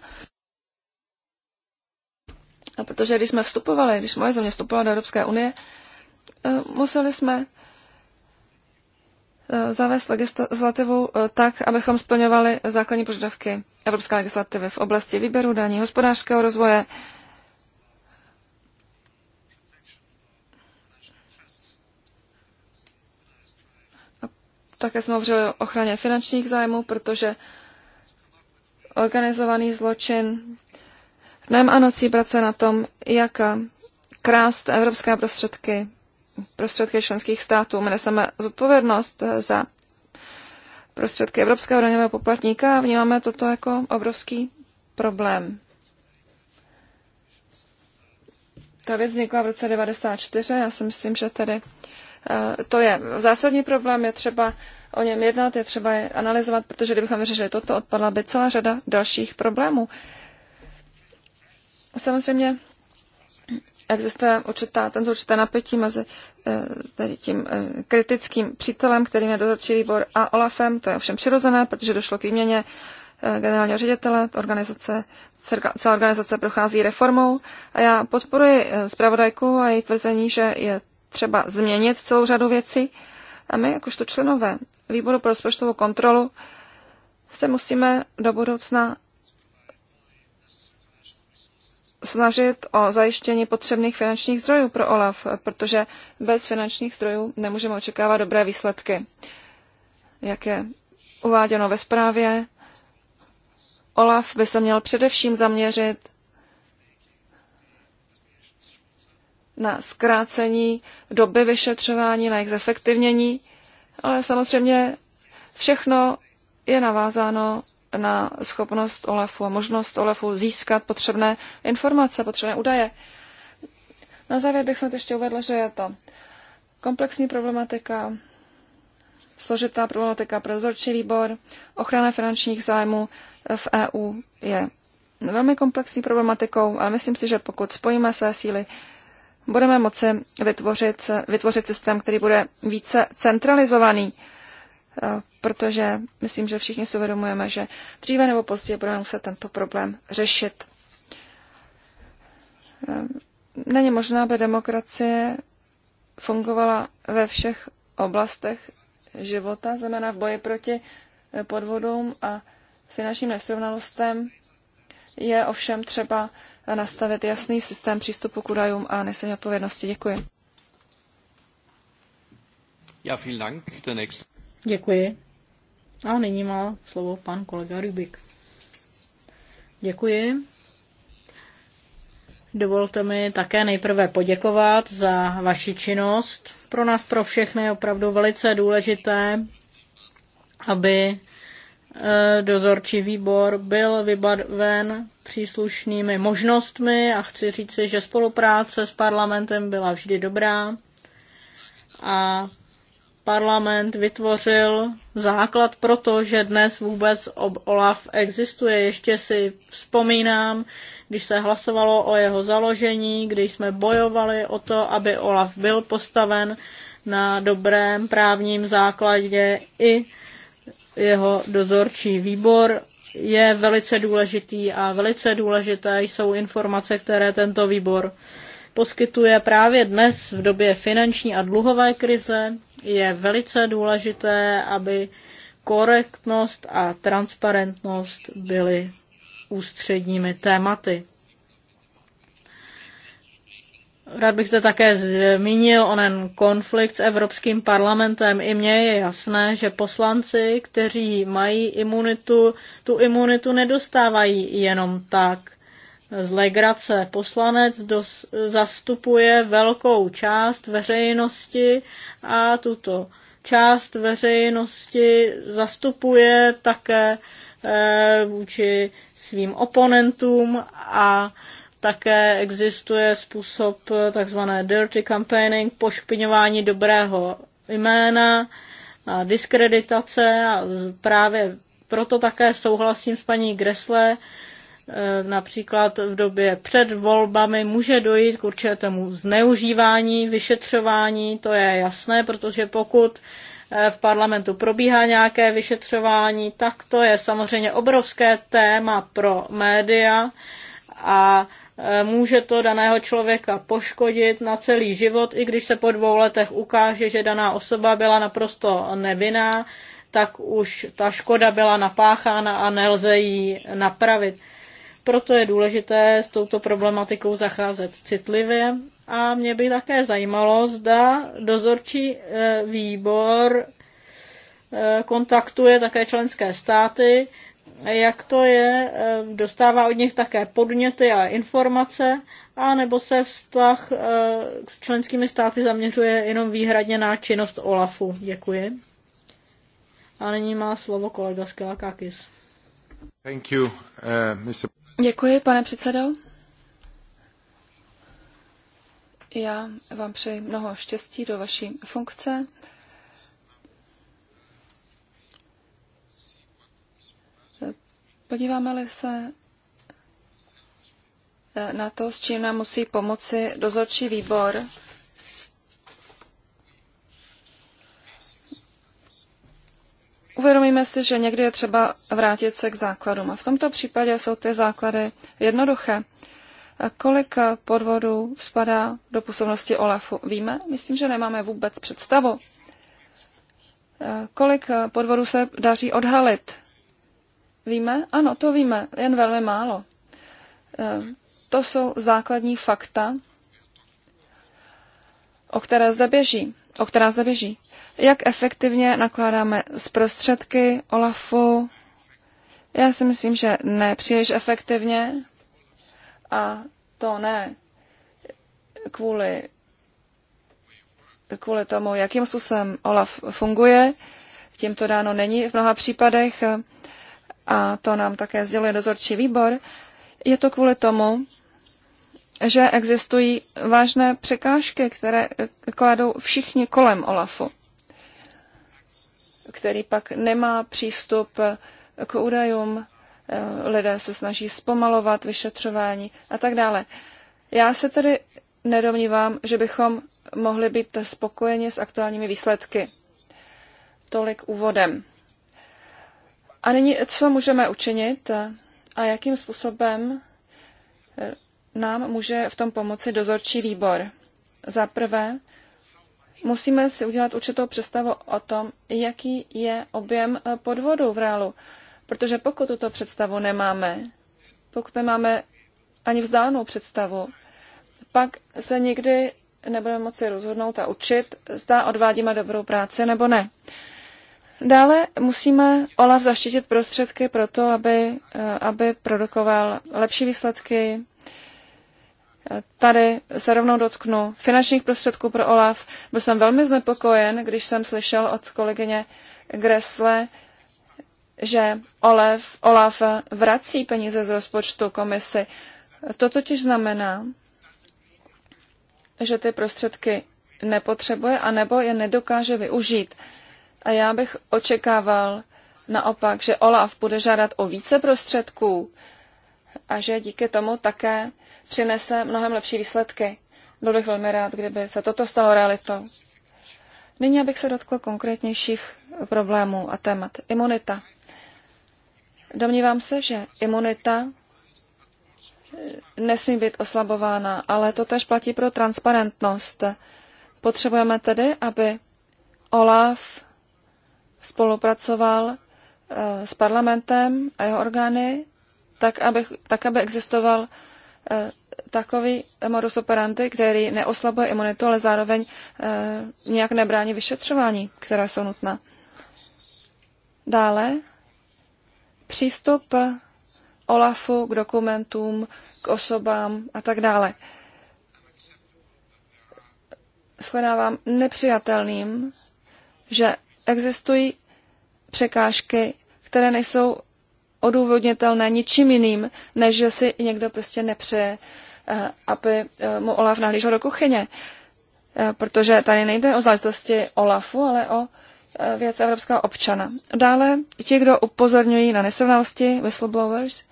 A protože když jsme vstupovali, když moje země vstupovala do Evropské unie, eh, museli jsme zavést legislativu tak, abychom splňovali základní požadavky evropské legislativy v oblasti výběru daní, hospodářského rozvoje, Také jsme hovořili o ochraně finančních zájmů, protože organizovaný zločin dnem a nocí pracuje na tom, jak krást evropské prostředky, prostředky členských států. My neseme zodpovědnost za prostředky evropského daňového poplatníka a vnímáme toto jako obrovský problém. Ta věc vznikla v roce 1994, já si myslím, že tedy Eh, to je zásadní problém, je třeba o něm jednat, je třeba je analyzovat, protože kdybychom vyřešili toto, odpadla by celá řada dalších problémů. Samozřejmě existuje určitá, ten určité napětí mezi eh, tady tím eh, kritickým přítelem, kterým je dozorčí výbor a OLAFem, to je ovšem přirozené, protože došlo k výměně generálního ředitele, organizace, celá organizace prochází reformou a já podporuji zpravodajku a její tvrzení, že je třeba změnit celou řadu věcí. A my, jakožto členové výboru pro rozpočtovou kontrolu, se musíme do budoucna snažit o zajištění potřebných finančních zdrojů pro OLAF, protože bez finančních zdrojů nemůžeme očekávat dobré výsledky. Jak je uváděno ve zprávě, OLAF by se měl především zaměřit na zkrácení doby vyšetřování, na jejich zefektivnění, ale samozřejmě všechno je navázáno na schopnost OLAFu a možnost OLAFu získat potřebné informace, potřebné údaje. Na závěr bych snad ještě uvedla, že je to komplexní problematika, složitá problematika pro zorčí výbor, ochrana finančních zájmů v EU je velmi komplexní problematikou, ale myslím si, že pokud spojíme své síly, budeme moci vytvořit, vytvořit systém, který bude více centralizovaný, eh, protože myslím, že všichni si uvědomujeme, že dříve nebo později budeme muset tento problém řešit. Eh, není možná, aby demokracie fungovala ve všech oblastech života, znamená v boji proti eh, podvodům a finančním nesrovnalostem. Je ovšem třeba nastavit jasný systém přístupu k údajům a nesení odpovědnosti. Děkuji. Ja, vielen Dank. Der next. Děkuji. A nyní má slovo pan kolega Rybik. Děkuji. Dovolte mi také nejprve poděkovat za vaši činnost. Pro nás, pro všechny je opravdu velice důležité, aby eh, dozorčí výbor byl vybaven příslušnými možnostmi a chci říci, že spolupráce s parlamentem byla vždy dobrá a parlament vytvořil základ pro to, že dnes vůbec OLAF existuje. Ještě si vzpomínám, když se hlasovalo o jeho založení, když jsme bojovali o to, aby OLAF byl postaven na dobrém právním základě i jeho dozorčí výbor je velice důležitý a velice důležité jsou informace, které tento výbor poskytuje právě dnes v době finanční a dluhové krize. Je velice důležité, aby korektnost a transparentnost byly ústředními tématy. Rád bych zde také zmínil onen konflikt s Evropským parlamentem. I mně je jasné, že poslanci, kteří mají imunitu, tu imunitu nedostávají jenom tak. Z legrace poslanec dos, zastupuje velkou část veřejnosti a tuto část veřejnosti zastupuje také e, vůči svým oponentům a e, také existuje způsob eh, takzvané dirty campaigning, pošpiňování dobrého jména, a diskreditace a právě proto také souhlasím s paní Gresle, eh, například v době před volbami může dojít k určitému zneužívání, vyšetřování, to je jasné, protože pokud eh, v parlamentu probíhá nějaké vyšetřování, tak to je samozřejmě obrovské téma pro média a Eh, může to daného člověka poškodit na celý život, i když se po dvou letech ukáže, že daná osoba byla naprosto nevinná, tak už ta škoda byla napáchána a nelze ji napravit. Proto je důležité s touto problematikou zacházet citlivě a mě by také zajímalo, zda dozorčí eh, výbor eh, kontaktuje také členské státy, jak to je, eh, dostává od nich také podněty a informace, a nebo se vztah eh, s členskými státy zaměřuje jenom výhradně na činnost OLAFu. Děkuji. A nyní má slovo kolega Skelakakis. Thank you, uh, eh, Mr. Děkuji, pane předsedo. Já vám přeji mnoho štěstí do vaší funkce. Podíváme-li se eh, na to, s čím nám musí pomoci dozorčí výbor, uvědomíme si, že někdy je třeba vrátit se k základům. A v tomto případě jsou ty základy jednoduché. A kolik podvodů spadá do působnosti OLAFu? Víme? Myslím, že nemáme vůbec představu. A eh, kolik podvodů se daří odhalit? Víme? Ano, to víme, jen velmi málo. Eh, to jsou základní fakta, o které zde běží. O která zde běží. Jak efektivně nakládáme s prostředky OLAFu? Já si myslím, že ne příliš efektivně. A to ne kvůli, kvůli tomu, jakým způsobem OLAF funguje. Tím to dáno není v mnoha případech a to nám také sděluje dozorčí výbor, je to kvůli tomu, že existují vážné překážky, které eh, kladou všichni kolem Olafu, který pak nemá přístup eh, k údajům, eh, lidé se snaží zpomalovat vyšetřování a tak dále. Já se tedy nedomnívám, že bychom mohli být spokojeni s aktuálními výsledky. Tolik úvodem. A nyní, co můžeme učinit a jakým způsobem eh, nám může v tom pomoci dozorčí výbor? Za prvé, musíme si udělat určitou představu o tom, jaký je objem eh, podvodu v reálu. Protože pokud tuto představu nemáme, pokud nemáme ani vzdálenou představu, pak se nikdy nebudeme moci rozhodnout a učit, zda odvádíme dobrou práci nebo ne. Dále musíme OLAF zaštítit prostředky pro to, aby, eh, aby produkoval lepší výsledky. Eh, tady se rovnou dotknu finančních prostředků pro OLAF. Byl jsem velmi znepokojen, když jsem slyšel od kolegyně Gresle, že Olaf, Olaf vrací peníze z rozpočtu komisy. To totiž znamená, že ty prostředky nepotřebuje anebo je nedokáže využít. A já bych očekával naopak, že Olaf bude žádat o více prostředků a že díky tomu také přinese mnohem lepší výsledky. Byl bych velmi rád, kdyby se toto stalo realitou. Nyní abych se dotkl konkrétnějších problémů a témat. Imunita. Domnívám se, že imunita nesmí být oslabována, ale to tež platí pro transparentnost. Potřebujeme tedy, aby OLAF spolupracoval eh, s parlamentem a jeho orgány, tak aby, tak aby existoval eh, takový modus operandi, který neoslabuje imunitu, ale zároveň eh, nějak nebrání vyšetřování, která jsou nutná. Dále přístup OLAFu k dokumentům, k osobám a tak dále. Shledávám nepřijatelným, že existují překážky, které nejsou odůvodnitelné ničím jiným, než že si někdo prostě nepřeje, eh, aby eh, mu Olaf nahlížel do kuchyně. Eh, protože tady nejde o záležitosti Olafu, ale o věc evropského občana. Dále ti, kdo upozorňují na nesrovnalosti, whistleblowers,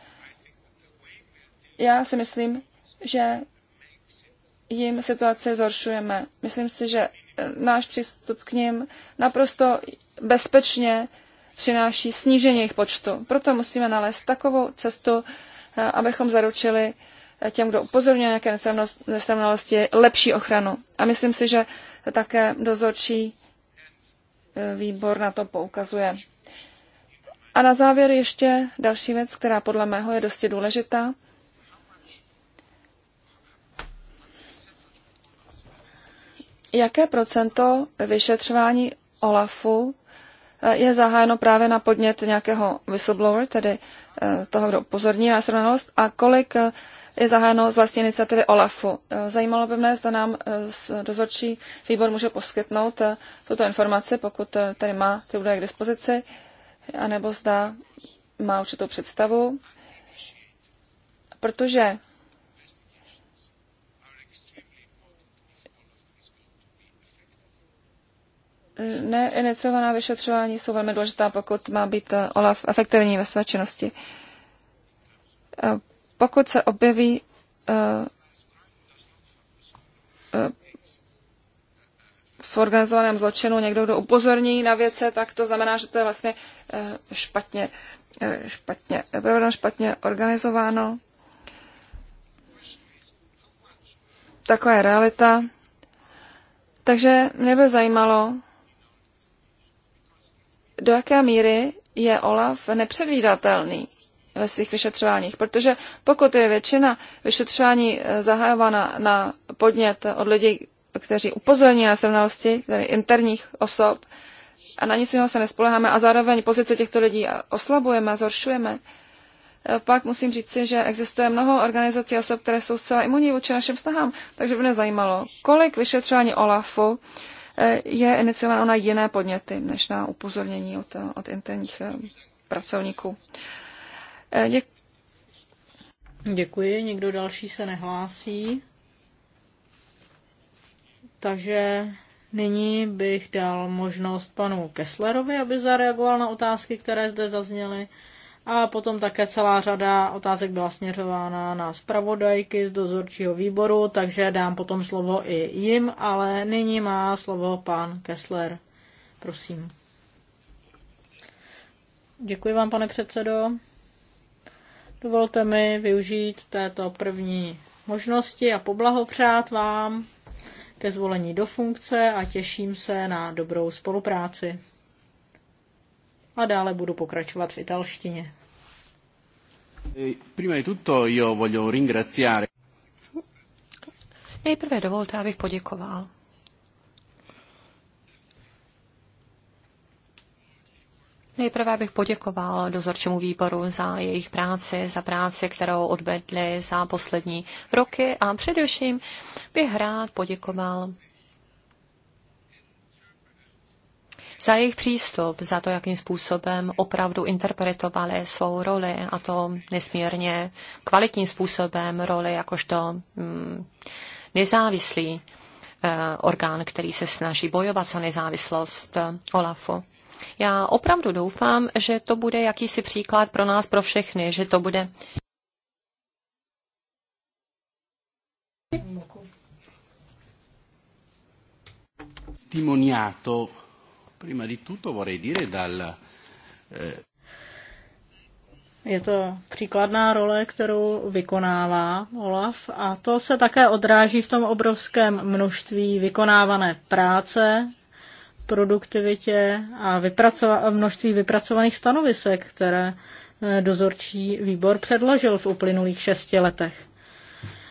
já si myslím, že jim situaci zhoršujeme. Myslím si, že eh, náš přístup k ním naprosto bezpečně přináší snížení jejich počtu. Proto musíme nalézt takovou cestu, eh, abychom zaručili eh, těm, kdo upozorňuje nějaké nesrovnalosti, lepší ochranu. A myslím si, že také dozorčí výbor na to poukazuje. A na závěr ještě další věc, která podle mého je dosti důležitá. jaké procento vyšetřování OLAFu eh, je zahájeno právě na podnět nějakého whistleblower, tedy eh, toho, kdo upozorní na srovnalost, a kolik eh, je zahájeno z vlastní iniciativy OLAFu. Zajímalo by mne, zda nám dozorčí výbor může poskytnout tuto informaci, pokud tady má ty údaje k dispozici, anebo zda má určitou představu, protože neiniciovaná vyšetřování jsou velmi důležitá, pokud má být eh, OLAF efektivní ve své činnosti. Eh, pokud se objeví eh, v organizovaném zločinu někdo, kdo upozorní na věce, tak to znamená, že to je vlastně špatně, špatně, špatně organizováno. Taková je realita. Takže mě by zajímalo, do jaké míry je Olaf nepředvídatelný ve svých vyšetřováních, protože pokud je většina vyšetřování eh, zahajována na podnět od lidí, kteří upozorní na srovnalosti, tedy interních osob, a na nic jiného se nespoleháme a zároveň pozice těchto lidí oslabujeme, zhoršujeme, eh, pak musím říci, že existuje mnoho organizací osob, které jsou zcela imunní vůči našim snahám. Takže by mě zajímalo, kolik vyšetřování OLAFu je iniciováno na jiné podněty, než na upozornění od, od interních eh, pracovníků. Eh, děk... Děkuji, Někdo další se nehlásí. Takže nyní bych dal možnost panu Kesslerovi, aby zareagoval na otázky, které zde zazněly. A potom také celá řada otázek byla směřována na zpravodajky z dozorčího výboru, takže dám potom slovo i jim, ale nyní má slovo pan Kessler. Prosím. Děkuji vám, pane předsedo. Dovolte mi využít této první možnosti a poblahopřát vám ke zvolení do funkce a těším se na dobrou spolupráci a dále budu pokračovat v italštině. E, Nejprve dovolte, abych poděkoval. Nejprve bych poděkoval dozorčemu výboru za jejich práci, za práci, kterou odvedli za poslední roky a především bych rád poděkoval za jejich přístup, za to, jakým způsobem opravdu interpretovali svou roli a to nesmírně kvalitním způsobem roli jakožto mm, nezávislý eh, orgán, který se snaží bojovat za nezávislost eh, OLAFu. Já opravdu doufám, že to bude jakýsi příklad pro nás, pro všechny, že to bude. Stimoniato Prima di tutto vorrei dire dal, eh, je to příkladná role, kterou vykonává Olaf a to se také odráží v tom obrovském množství vykonávané práce, produktivitě a vypracova- množství vypracovaných stanovisek, které eh, dozorčí výbor předložil v uplynulých šesti letech.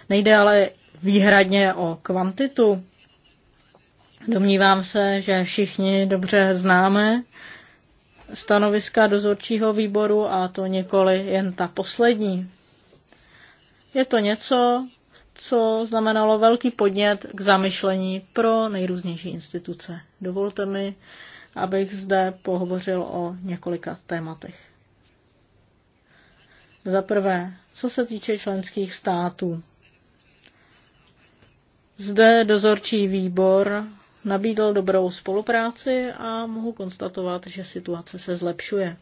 Nejde ale výhradně o kvantitu Domnívám se, že všichni dobře známe stanoviska dozorčího výboru a to nikoli jen ta poslední. Je to něco, co znamenalo velký podnět k zamyšlení pro nejrůznější instituce. Dovolte mi, abych zde pohovořil o několika tématech. Za prvé, co se týče členských států. Zde dozorčí výbor nabídl dobrou spolupráci a mohu konstatovat, že situace se zlepšuje.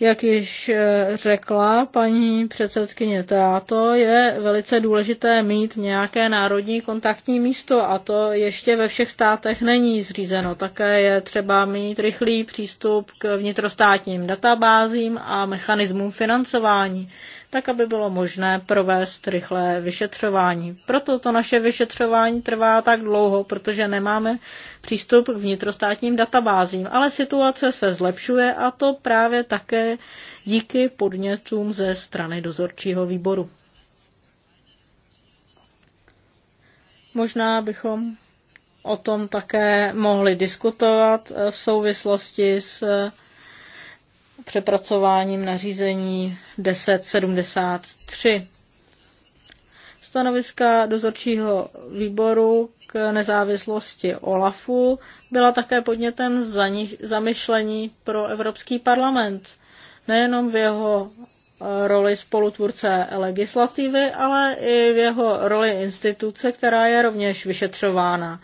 Jak již eh, řekla paní předsedkyně Teato, je velice důležité mít nějaké národní kontaktní místo a to ještě ve všech státech není zřízeno. Také je třeba mít rychlý přístup k vnitrostátním databázím a mechanismům financování tak aby bylo možné provést rychlé vyšetřování. Proto to naše vyšetřování trvá tak dlouho, protože nemáme přístup k vnitrostátním databázím, ale situace se zlepšuje a to právě také díky podnětům ze strany dozorčího výboru. Možná bychom o tom také mohli diskutovat v souvislosti s přepracováním nařízení 1073. Stanoviska dozorčího výboru k nezávislosti OLAFu byla také podnětem zamyšlení pro Evropský parlament. Nejenom v jeho eh, roli spolutvůrce legislativy, ale i v jeho roli instituce, která je rovněž vyšetřována.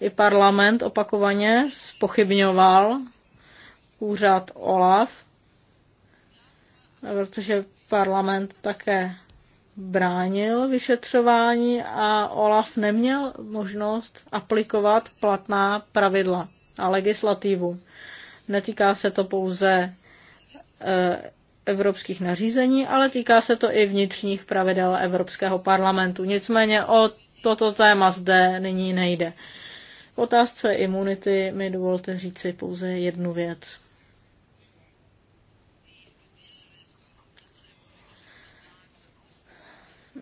I parlament opakovaně spochybňoval úřad OLAF protože parlament také bránil vyšetřování a Olaf neměl možnost aplikovat platná pravidla a legislativu. Netýká se to pouze eh, evropských nařízení, ale týká se to i vnitřních pravidel Evropského parlamentu. Nicméně o toto téma zde nyní nejde. V otázce imunity mi dovolte říci pouze jednu věc.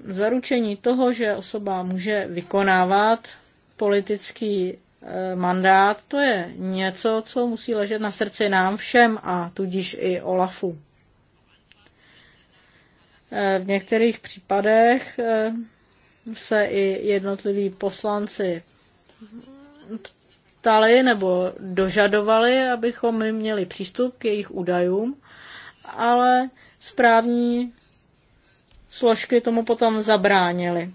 zaručení toho, že osoba může vykonávat politický eh, mandát, to je něco, co musí ležet na srdci nám všem a tudíž i Olafu. Eh, v některých případech eh, se i jednotliví poslanci ptali nebo dožadovali, abychom my měli přístup k jejich údajům, ale správní složky tomu potom zabránily.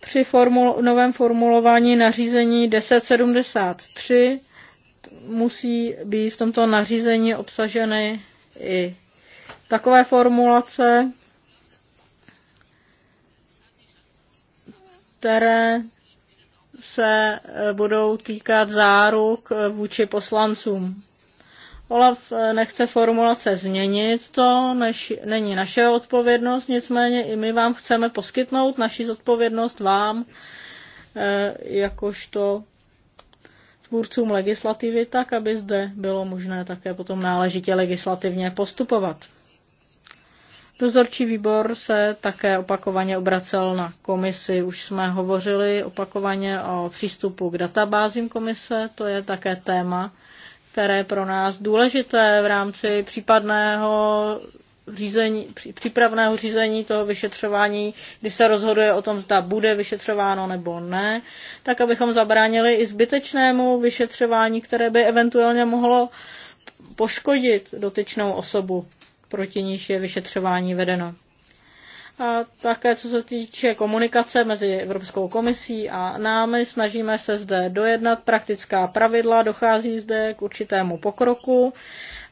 Při formul- novém formulování nařízení 1073 musí být v tomto nařízení obsaženy i takové formulace, které se budou týkat záruk vůči poslancům. Olaf eh, nechce formulace změnit, to než, není naše odpovědnost, nicméně i my vám chceme poskytnout naši zodpovědnost vám, eh, jakožto tvůrcům legislativy, tak aby zde bylo možné také potom náležitě legislativně postupovat. Dozorčí výbor se také opakovaně obracel na komisi. Už jsme hovořili opakovaně o přístupu k databázím komise, to je také téma, které je pro nás důležité v rámci případného řízení, přípravného řízení toho vyšetřování, kdy se rozhoduje o tom, zda bude vyšetřováno nebo ne, tak abychom zabránili i zbytečnému vyšetřování, které by eventuálně mohlo poškodit dotyčnou osobu, proti níž je vyšetřování vedeno a také co se týče komunikace mezi Evropskou komisí a námi, snažíme se zde dojednat praktická pravidla, dochází zde k určitému pokroku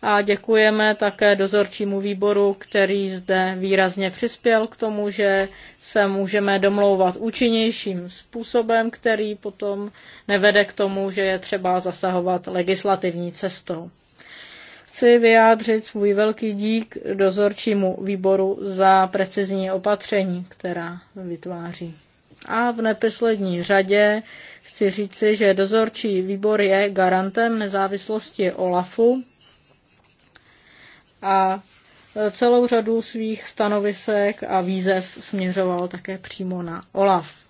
a děkujeme také dozorčímu výboru, který zde výrazně přispěl k tomu, že se můžeme domlouvat účinnějším způsobem, který potom nevede k tomu, že je třeba zasahovat legislativní cestou chci vyjádřit svůj velký dík dozorčímu výboru za precizní opatření, která vytváří. A v neposlední řadě chci říci, že dozorčí výbor je garantem nezávislosti OLAFu a celou řadu svých stanovisek a výzev směřoval také přímo na OLAF.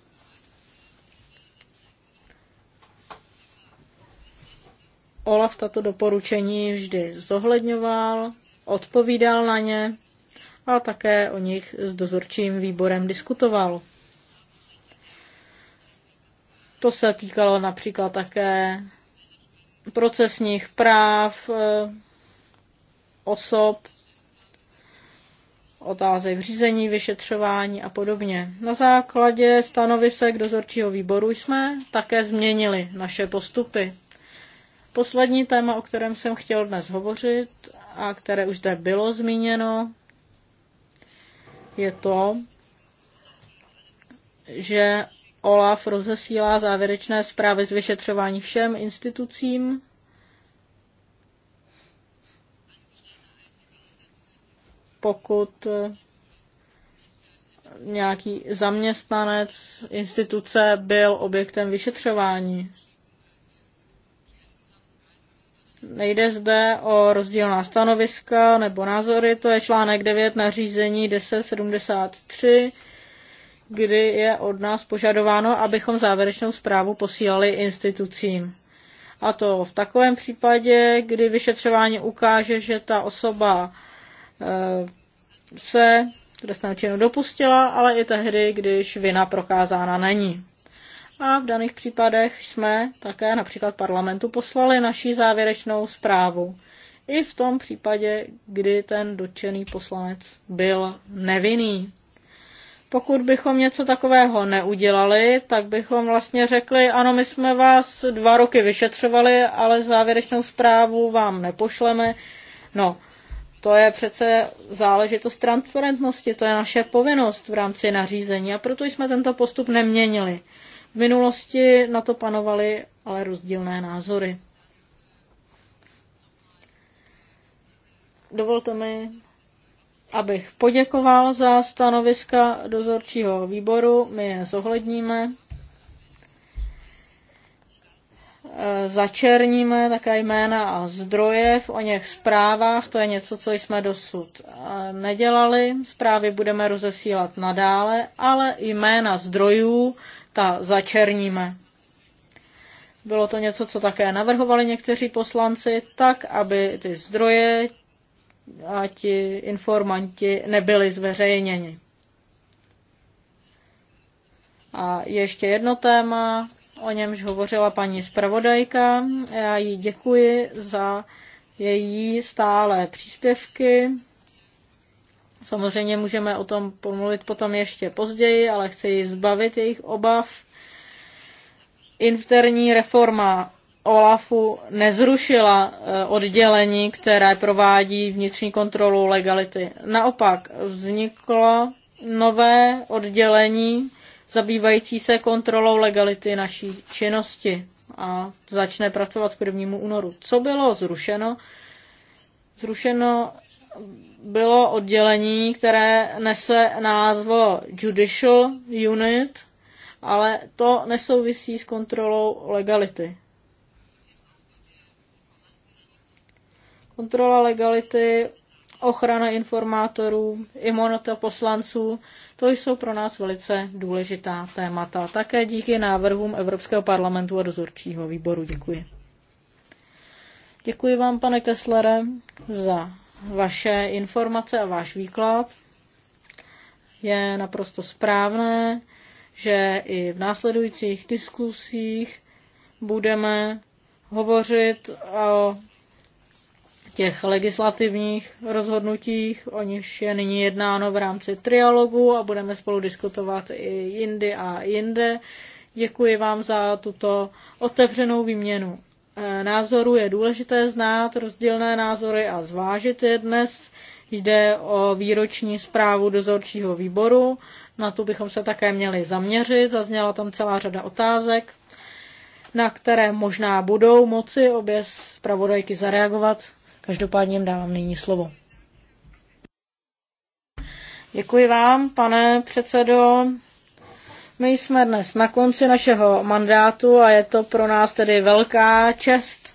Olaf tato doporučení vždy zohledňoval, odpovídal na ně a také o nich s dozorčím výborem diskutoval. To se týkalo například také procesních práv eh, osob, otázek řízení, vyšetřování a podobně. Na základě stanovisek dozorčího výboru jsme také změnili naše postupy. Poslední téma, o kterém jsem chtěl dnes hovořit a které už zde bylo zmíněno, je to, že OLAF rozesílá závěrečné zprávy z vyšetřování všem institucím, pokud eh, nějaký zaměstnanec instituce byl objektem vyšetřování. Nejde zde o rozdílná stanoviska nebo názory, to je článek 9 nařízení 1073, kdy je od nás požadováno, abychom závěrečnou zprávu posílali institucím. A to v takovém případě, kdy vyšetřování ukáže, že ta osoba eh, se trestného činu dopustila, ale i tehdy, když vina prokázána není a v daných případech jsme také například parlamentu poslali naši závěrečnou zprávu. I v tom případě, kdy ten dotčený poslanec byl nevinný. Pokud bychom něco takového neudělali, tak bychom vlastně řekli, ano, my jsme vás dva roky vyšetřovali, ale závěrečnou zprávu vám nepošleme. No, to je přece záležitost transparentnosti, to je naše povinnost v rámci nařízení a proto jsme tento postup neměnili minulosti na to panovaly ale rozdílné názory. Dovolte mi, abych poděkoval za stanoviska dozorčího výboru. My je zohledníme. Začerníme také jména a zdroje v o něch zprávách. To je něco, co jsme dosud eh, nedělali. Zprávy budeme rozesílat nadále, ale jména zdrojů ta začerníme. Bylo to něco, co také navrhovali někteří poslanci, tak, aby ty zdroje a ti informanti nebyli zveřejněni. A ještě jedno téma, o němž hovořila paní zpravodajka. Já jí děkuji za její stále příspěvky Samozřejmě můžeme o tom pomluvit potom ještě později, ale chci ji zbavit jejich obav. Interní reforma OLAFu nezrušila eh, oddělení, které provádí vnitřní kontrolu legality. Naopak vzniklo nové oddělení zabývající se kontrolou legality naší činnosti a začne pracovat k 1. únoru. Co bylo zrušeno? Zrušeno bylo oddělení, které nese názvo Judicial Unit, ale to nesouvisí s kontrolou legality. Kontrola legality, ochrana informátorů, imunita poslanců, to jsou pro nás velice důležitá témata. Také díky návrhům Evropského parlamentu a dozorčího výboru. Děkuji. Děkuji vám, pane Kesslere, za vaše informace a váš výklad. Je naprosto správné, že i v následujících diskusích budeme hovořit o těch legislativních rozhodnutích, o nichž je nyní jednáno v rámci trialogu a budeme spolu diskutovat i jindy a jinde. Děkuji vám za tuto otevřenou výměnu Eh, názorů je důležité znát rozdílné názory a zvážit je dnes. Jde o výroční zprávu dozorčího výboru, na tu bychom se také měli zaměřit, zazněla tam celá řada otázek, na které možná budou moci obě zpravodajky zareagovat. Každopádně jim dávám nyní slovo. Děkuji vám, pane předsedo. My jsme dnes na konci našeho mandátu a je to pro nás tedy velká čest,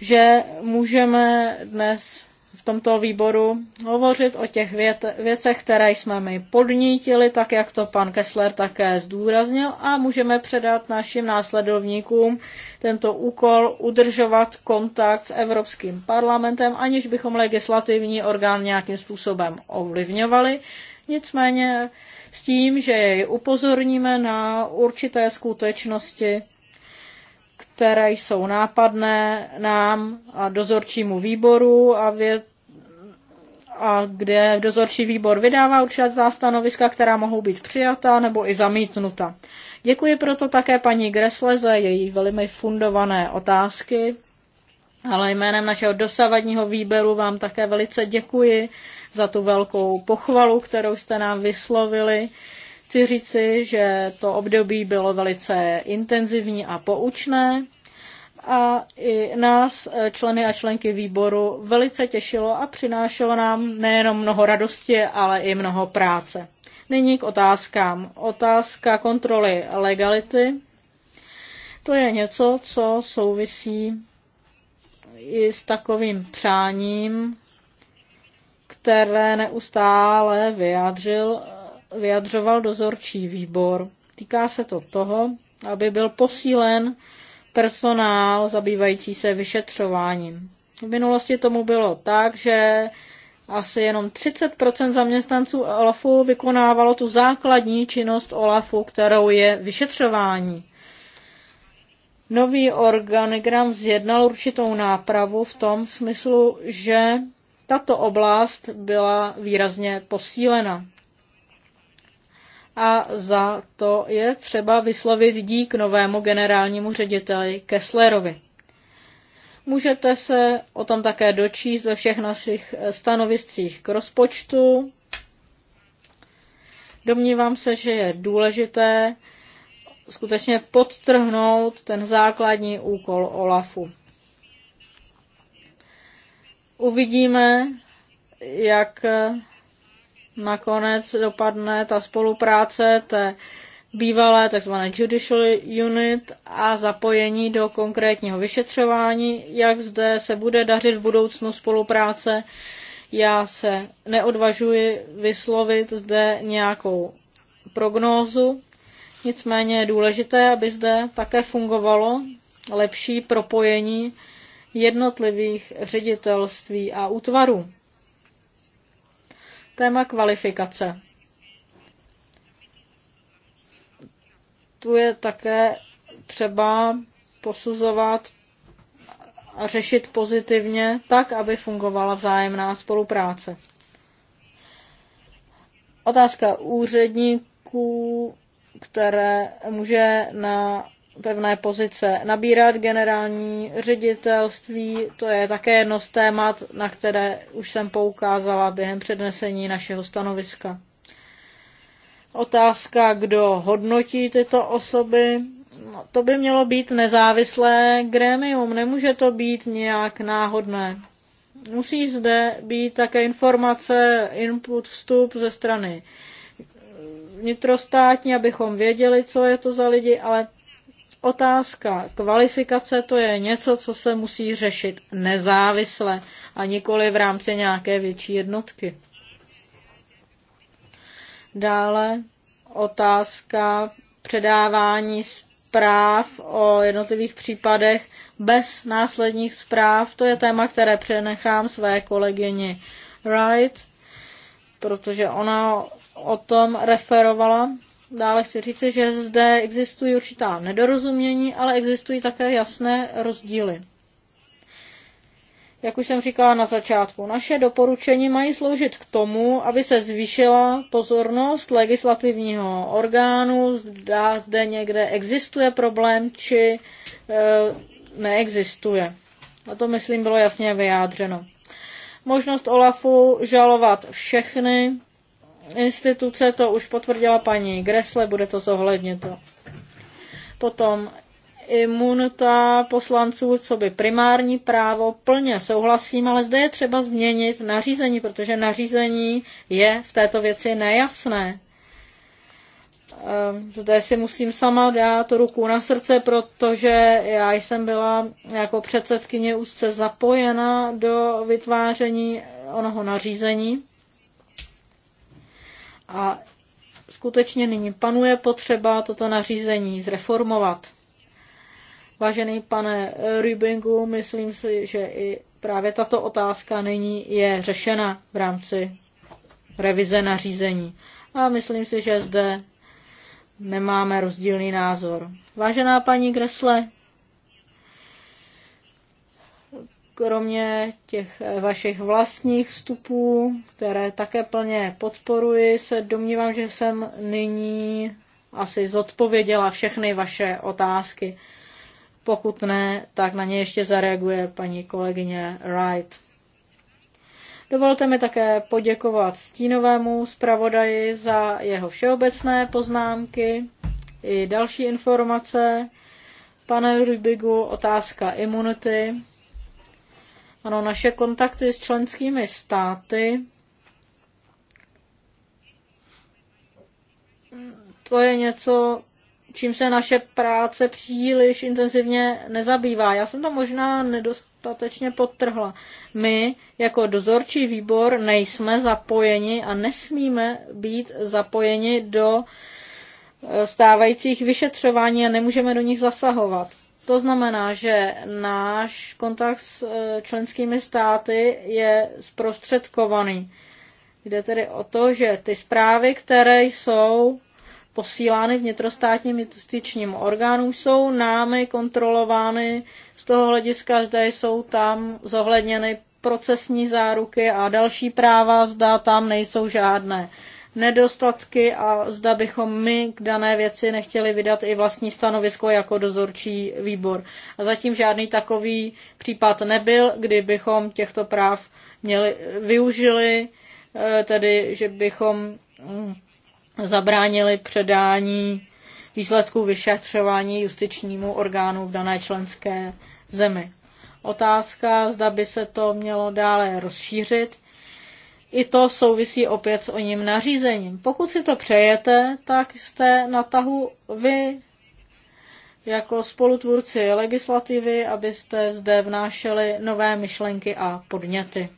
že můžeme dnes v tomto výboru hovořit o těch věcech, které jsme my podnítili, tak jak to pan Kessler také zdůraznil a můžeme předat našim následovníkům tento úkol udržovat kontakt s Evropským parlamentem, aniž bychom legislativní orgán nějakým způsobem ovlivňovali. Nicméně s tím, že jej upozorníme na určité skutečnosti, které jsou nápadné nám a dozorčímu výboru a, vě- a kde dozorčí výbor vydává určitá stanoviska, která mohou být přijata nebo i zamítnuta. Děkuji proto také paní Gresle za její velmi fundované otázky ale jménem našeho dosavadního výběru vám také velice děkuji za tu velkou pochvalu, kterou jste nám vyslovili. Chci říci, že to období bylo velice intenzivní a poučné a i nás, členy a členky výboru, velice těšilo a přinášelo nám nejenom mnoho radosti, ale i mnoho práce. Nyní k otázkám. Otázka kontroly legality. To je něco, co souvisí i s takovým přáním, které neustále vyjádřil, vyjadřoval dozorčí výbor. Týká se to toho, aby byl posílen personál zabývající se vyšetřováním. V minulosti tomu bylo tak, že asi jenom 30% zaměstnanců OLAFu vykonávalo tu základní činnost OLAFu, kterou je vyšetřování nový organigram zjednal určitou nápravu v tom smyslu, že tato oblast byla výrazně posílena. A za to je třeba vyslovit dík novému generálnímu řediteli Kesslerovi. Můžete se o tom také dočíst ve všech našich stanoviscích k rozpočtu. Domnívám se, že je důležité skutečně podtrhnout ten základní úkol OLAFu. Uvidíme, jak nakonec dopadne ta spolupráce té bývalé tzv. judicial unit a zapojení do konkrétního vyšetřování, jak zde se bude dařit v budoucnu spolupráce. Já se neodvažuji vyslovit zde nějakou prognózu, Nicméně je důležité, aby zde také fungovalo lepší propojení jednotlivých ředitelství a útvarů. Téma kvalifikace. Tu je také třeba posuzovat a řešit pozitivně tak, aby fungovala vzájemná spolupráce. Otázka úředníků které může na pevné pozice nabírat generální ředitelství. To je také jedno z témat, na které už jsem poukázala během přednesení našeho stanoviska. Otázka, kdo hodnotí tyto osoby. No, to by mělo být nezávislé grémium, nemůže to být nějak náhodné. Musí zde být také informace, input, vstup ze strany vnitrostátní, abychom věděli, co je to za lidi, ale otázka kvalifikace to je něco, co se musí řešit nezávisle a nikoli v rámci nějaké větší jednotky. Dále otázka předávání zpráv o jednotlivých případech bez následních zpráv. To je téma, které přenechám své kolegyni Wright, protože ona o tom referovala. Dále chci říct, že zde existují určitá nedorozumění, ale existují také jasné rozdíly. Jak už jsem říkala na začátku, naše doporučení mají sloužit k tomu, aby se zvýšila pozornost legislativního orgánu, zda zde někde existuje problém či e, neexistuje. A to, myslím, bylo jasně vyjádřeno. Možnost OLAFu žalovat všechny instituce, to už potvrdila paní Gresle, bude to to. Potom imunita poslanců, co by primární právo, plně souhlasím, ale zde je třeba změnit nařízení, protože nařízení je v této věci nejasné. Ehm, zde si musím sama dát ruku na srdce, protože já jsem byla jako předsedkyně úzce zapojena do vytváření onoho nařízení. A skutečně nyní panuje potřeba toto nařízení zreformovat. Vážený pane Rybingu, myslím si, že i právě tato otázka nyní je řešena v rámci revize nařízení. A myslím si, že zde nemáme rozdílný názor. Vážená paní Gresle, kromě těch eh, vašich vlastních vstupů, které také plně podporuji, se domnívám, že jsem nyní asi zodpověděla všechny vaše otázky. Pokud ne, tak na ně ještě zareaguje paní kolegyně Wright. Dovolte mi také poděkovat stínovému zpravodaji za jeho všeobecné poznámky i další informace. Pane Rubigu, otázka imunity. Ano, naše kontakty s členskými státy to je něco, čím se naše práce příliš intenzivně nezabývá. Já jsem to možná nedostatečně podtrhla. My jako dozorčí výbor nejsme zapojeni a nesmíme být zapojeni do e, stávajících vyšetřování a nemůžeme do nich zasahovat. To znamená, že náš kontakt s e, členskými státy je zprostředkovaný. Jde tedy o to, že ty zprávy, které jsou posílány vnitrostátním justičním orgánům, jsou námi kontrolovány z toho hlediska, zda jsou tam zohledněny procesní záruky a další práva, zda tam nejsou žádné nedostatky a zda bychom my k dané věci nechtěli vydat i vlastní stanovisko jako dozorčí výbor. A zatím žádný takový případ nebyl, kdybychom těchto práv měli, využili, eh, tedy že bychom mm, zabránili předání výsledků vyšetřování justičnímu orgánu v dané členské zemi. Otázka, zda by se to mělo dále rozšířit, i to souvisí opět s o ním nařízením. Pokud si to přejete, tak jste na tahu vy jako spolutvůrci legislativy, abyste zde vnášeli nové myšlenky a podněty.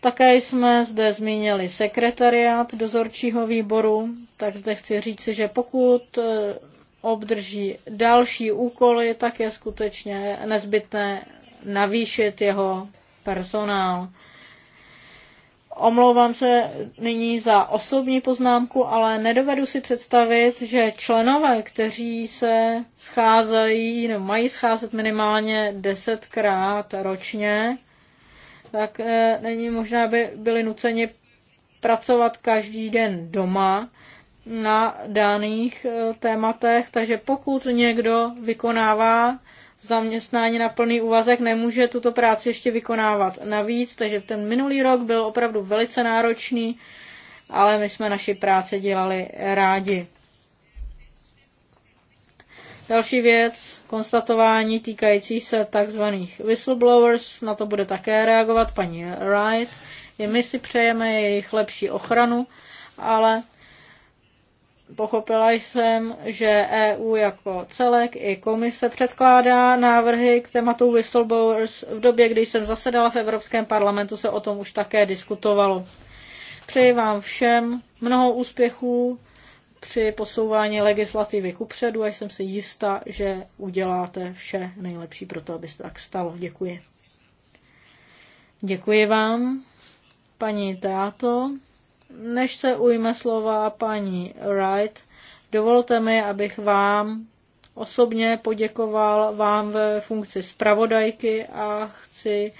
Také jsme zde zmínili sekretariát dozorčího výboru, tak zde chci říci, že pokud e, obdrží další úkoly, tak je skutečně nezbytné navýšit jeho personál. Omlouvám se nyní za osobní poznámku, ale nedovedu si představit, že členové, kteří se scházejí nebo mají scházet minimálně desetkrát ročně, tak eh, není možná, aby byli nuceni pracovat každý den doma na daných eh, tématech, takže pokud někdo vykonává zaměstnání na plný úvazek, nemůže tuto práci ještě vykonávat navíc, takže ten minulý rok byl opravdu velice náročný, ale my jsme naši práci dělali rádi. Další věc, konstatování týkající se tzv. whistleblowers, na to bude také reagovat paní Wright. I my si přejeme jejich lepší ochranu, ale Pochopila jsem, že EU jako celek i komise předkládá návrhy k tématu whistleblowers. V době, kdy jsem zasedala v Evropském parlamentu, se o tom už také diskutovalo. Přeji vám všem mnoho úspěchů při posouvání legislativy kupředu a jsem si jista, že uděláte vše nejlepší pro to, aby se tak stalo. Děkuji. Děkuji vám, paní Teato. Než se ujme slova paní Wright, dovolte mi, abych vám osobně poděkoval vám ve funkci zpravodajky a chci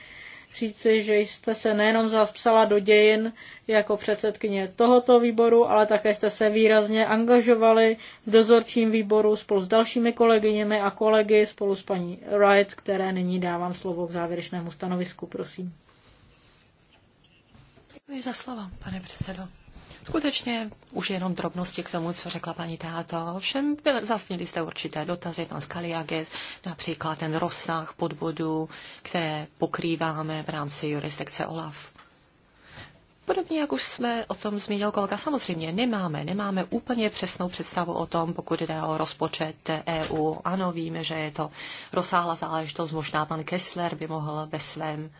říci, že jste se nejenom zapsala do dějin jako předsedkyně tohoto výboru, ale také jste se výrazně angažovali v dozorčím výboru spolu s dalšími kolegyněmi a kolegy, spolu s paní Wright, které nyní dávám slovo k závěrečnému stanovisku, prosím. Děkuji za slovo, pane předsedo. Skutečně už jenom drobnosti k tomu, co řekla paní Táto. Ovšem byl, zasněli jste určité dotazy, pan Skaliages, například ten rozsah podvodů, které pokrýváme v rámci jurisdikce OLAF. Podobně, jak už jsme o tom zmínil kolega, samozřejmě nemáme, nemáme úplně přesnou představu o tom, pokud jde o rozpočet EU. Ano, víme, že je to rozsáhlá záležitost, možná pan Kessler by mohl ve svém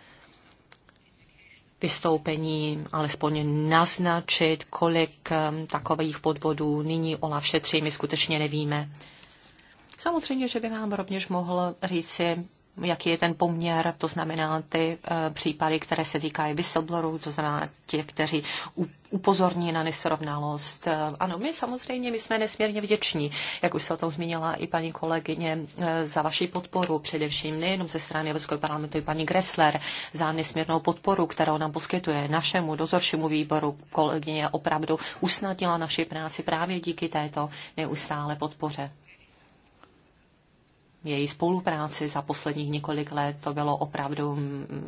vystoupení alespoň naznačit, kolik um, takových podvodů nyní Olaf šetří, my skutečně nevíme. Samozřejmě, že by vám rovněž mohl říci jaký je ten poměr, to znamená ty eh, případy, které se týkají whistleblowerů, to znamená těch, kteří upozorní na nesrovnalost. Eh, ano, my samozřejmě, my jsme nesmírně vděční, jak už se o tom zmínila i paní kolegyně, eh, za vaši podporu, především nejenom ze strany Evropského parlamentu, i paní Gressler, za nesmírnou podporu, kterou nám poskytuje našemu dozoršímu výboru. Kolegyně opravdu usnadnila naši práci právě díky této neustále podpoře její spolupráci za posledních několik let. To bylo opravdu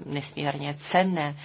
nesmírně cenné.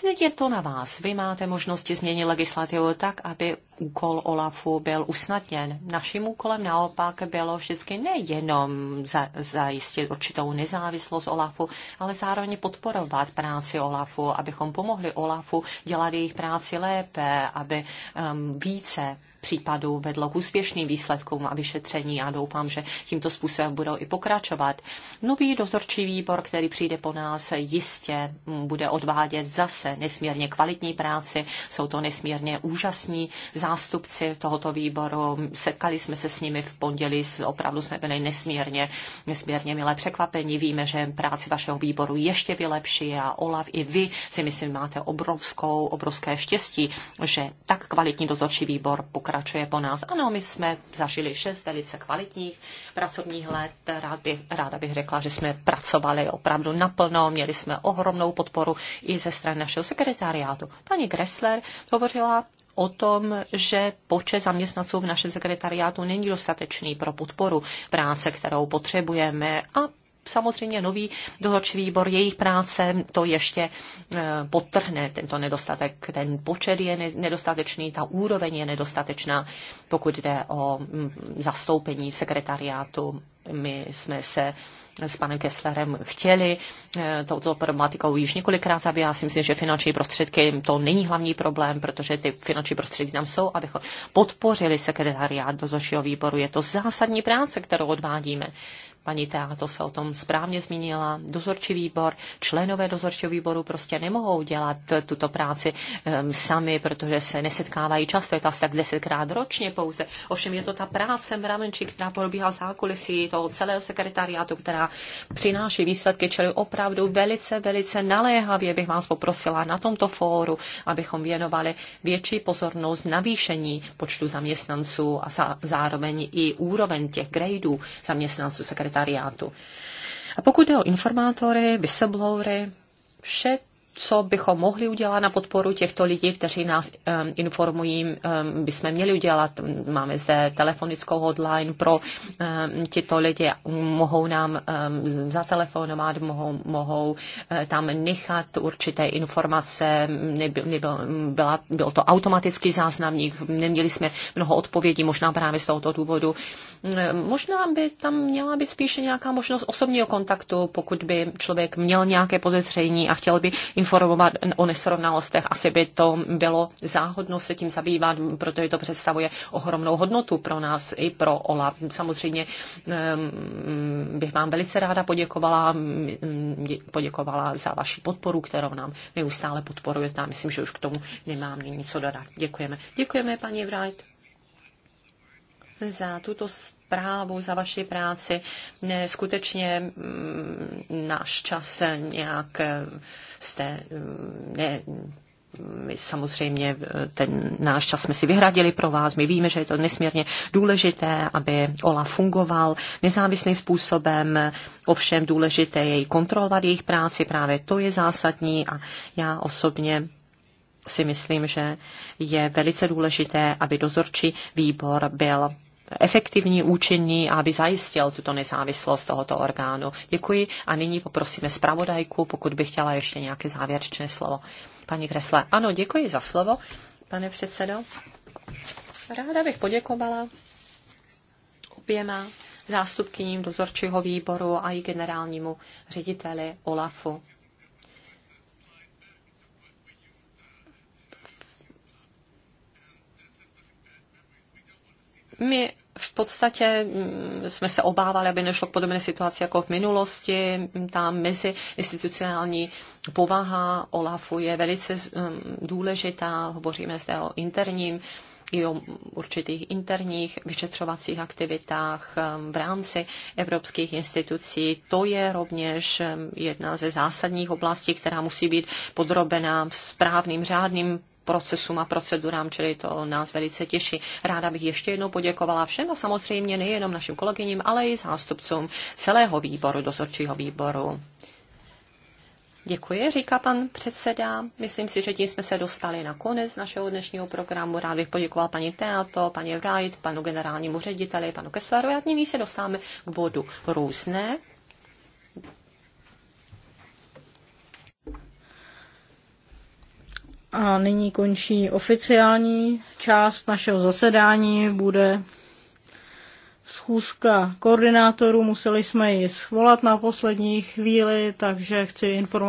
Teď je to na vás. Vy máte možnosti změnit legislativu tak, aby úkol OLAFu byl usnadněn. Naším úkolem naopak bylo vždycky nejenom za, zajistit určitou nezávislost OLAFu, ale zároveň podporovat práci OLAFu, abychom pomohli OLAFu dělat jejich práci lépe, aby um, více případů vedlo k úspěšným výsledkům a vyšetření a doufám, že tímto způsobem budou i pokračovat. Nový dozorčí výbor, který přijde po nás, jistě bude odvádět zase nesmírně kvalitní práci. Jsou to nesmírně úžasní zástupci tohoto výboru. Setkali jsme se s nimi v pondělí, opravdu jsme byli nesmírně, nesmírně milé překvapení. Víme, že práci vašeho výboru ještě vylepší a Olaf i vy si myslím máte obrovskou, obrovské štěstí, že tak kvalitní dozorčí výbor pokračuje pokračuje po nás. Ano, my jsme zažili šest velice kvalitních pracovních let. Rád bych, ráda bych řekla, že jsme pracovali opravdu naplno, měli jsme ohromnou podporu i ze strany našeho sekretariátu. Paní Gressler hovořila o tom, že počet zaměstnanců v našem sekretariátu není dostatečný pro podporu práce, kterou potřebujeme a samozřejmě nový dozorčí výbor, jejich práce to ještě eh, potrhne, tento nedostatek, ten počet je nedostatečný, ta úroveň je nedostatečná, pokud jde o mm, zastoupení sekretariátu. My jsme se s panem Kesslerem chtěli eh, touto problematikou již několikrát zabývat. Já si myslím, že finanční prostředky to není hlavní problém, protože ty finanční prostředky tam jsou, abychom podpořili sekretariát dozorčího výboru. Je to zásadní práce, kterou odvádíme paní to se o tom správně zmínila, dozorčí výbor, členové dozorčího výboru prostě nemohou dělat tuto práci um, sami, protože se nesetkávají často, je to asi tak desetkrát ročně pouze. Ovšem je to ta práce mravenčí, která probíhá zákulisí toho celého sekretariátu, která přináší výsledky, čili opravdu velice, velice naléhavě bych vás poprosila na tomto fóru, abychom věnovali větší pozornost navýšení počtu zaměstnanců a zároveň i úroveň těch gradeů zaměstnanců sekretariátu sekretariátu. A pokud jde o informátory, whistleblowery, vše co bychom mohli udělat na podporu těchto lidí, kteří nás um, informují, um, bychom měli udělat. Máme zde telefonickou hotline pro um, tyto lidi, mohou nám um, zatelefonovat, mohou, mohou uh, tam nechat určité informace, nebyl, nebyl, byla, byl to automatický záznamník, neměli jsme mnoho odpovědí, možná právě z tohoto důvodu. Možná by tam měla být spíše nějaká možnost osobního kontaktu, pokud by člověk měl nějaké podezření a chtěl by informovat o nesrovnalostech. Asi by to bylo záhodno se tím zabývat, protože to představuje ohromnou hodnotu pro nás i pro OLAF. Samozřejmě ehm, bych vám velice ráda poděkovala, mm, poděkovala za vaši podporu, kterou nám neustále podporujete. Já myslím, že už k tomu nemám nic dodat. Děkujeme. Děkujeme, paní Wright, za tuto právu, za vaši práci. Ne, skutečně mm, náš čas nějak eh, jste mm, ne, my samozřejmě eh, ten náš čas jsme si vyhradili pro vás. My víme, že je to nesmírně důležité, aby OLA fungoval nezávislým způsobem. Ovšem důležité je i kontrolovat jejich práci. Právě to je zásadní a já osobně si myslím, že je velice důležité, aby dozorčí výbor byl efektivní, účinný a aby zajistil tuto nezávislost tohoto orgánu. Děkuji a nyní poprosíme zpravodajku, pokud by chtěla ještě nějaké závěrečné slovo. Paní Kresle, ano, děkuji za slovo, pane předsedo. Ráda bych poděkovala oběma zástupkyním dozorčího výboru a i generálnímu řediteli Olafu My v podstatě mm, jsme se obávali, aby nešlo k podobné situaci jako v minulosti. Ta meziinstitucionální povaha OLAFu je velice mm, důležitá. Hovoříme zde o interním i o určitých interních vyšetřovacích aktivitách mm, v rámci evropských institucí. To je rovněž jedna ze zásadních oblastí, která musí být podrobená správným řádným procesům a procedurám, čili to nás velice těší. Ráda bych ještě jednou poděkovala všem a samozřejmě nejenom našim kolegyním, ale i zástupcům celého výboru, dozorčího výboru. Děkuji, říká pan předseda. Myslím si, že tím jsme se dostali na konec našeho dnešního programu. Rád bych poděkoval paní Teato, paní Wright, panu generálnímu řediteli, panu Kesleru. a nyní se dostáváme k bodu různé. A nyní končí oficiální část našeho zasedání. Bude schůzka koordinátorů. Museli jsme ji svolat na poslední chvíli, takže chci informovat.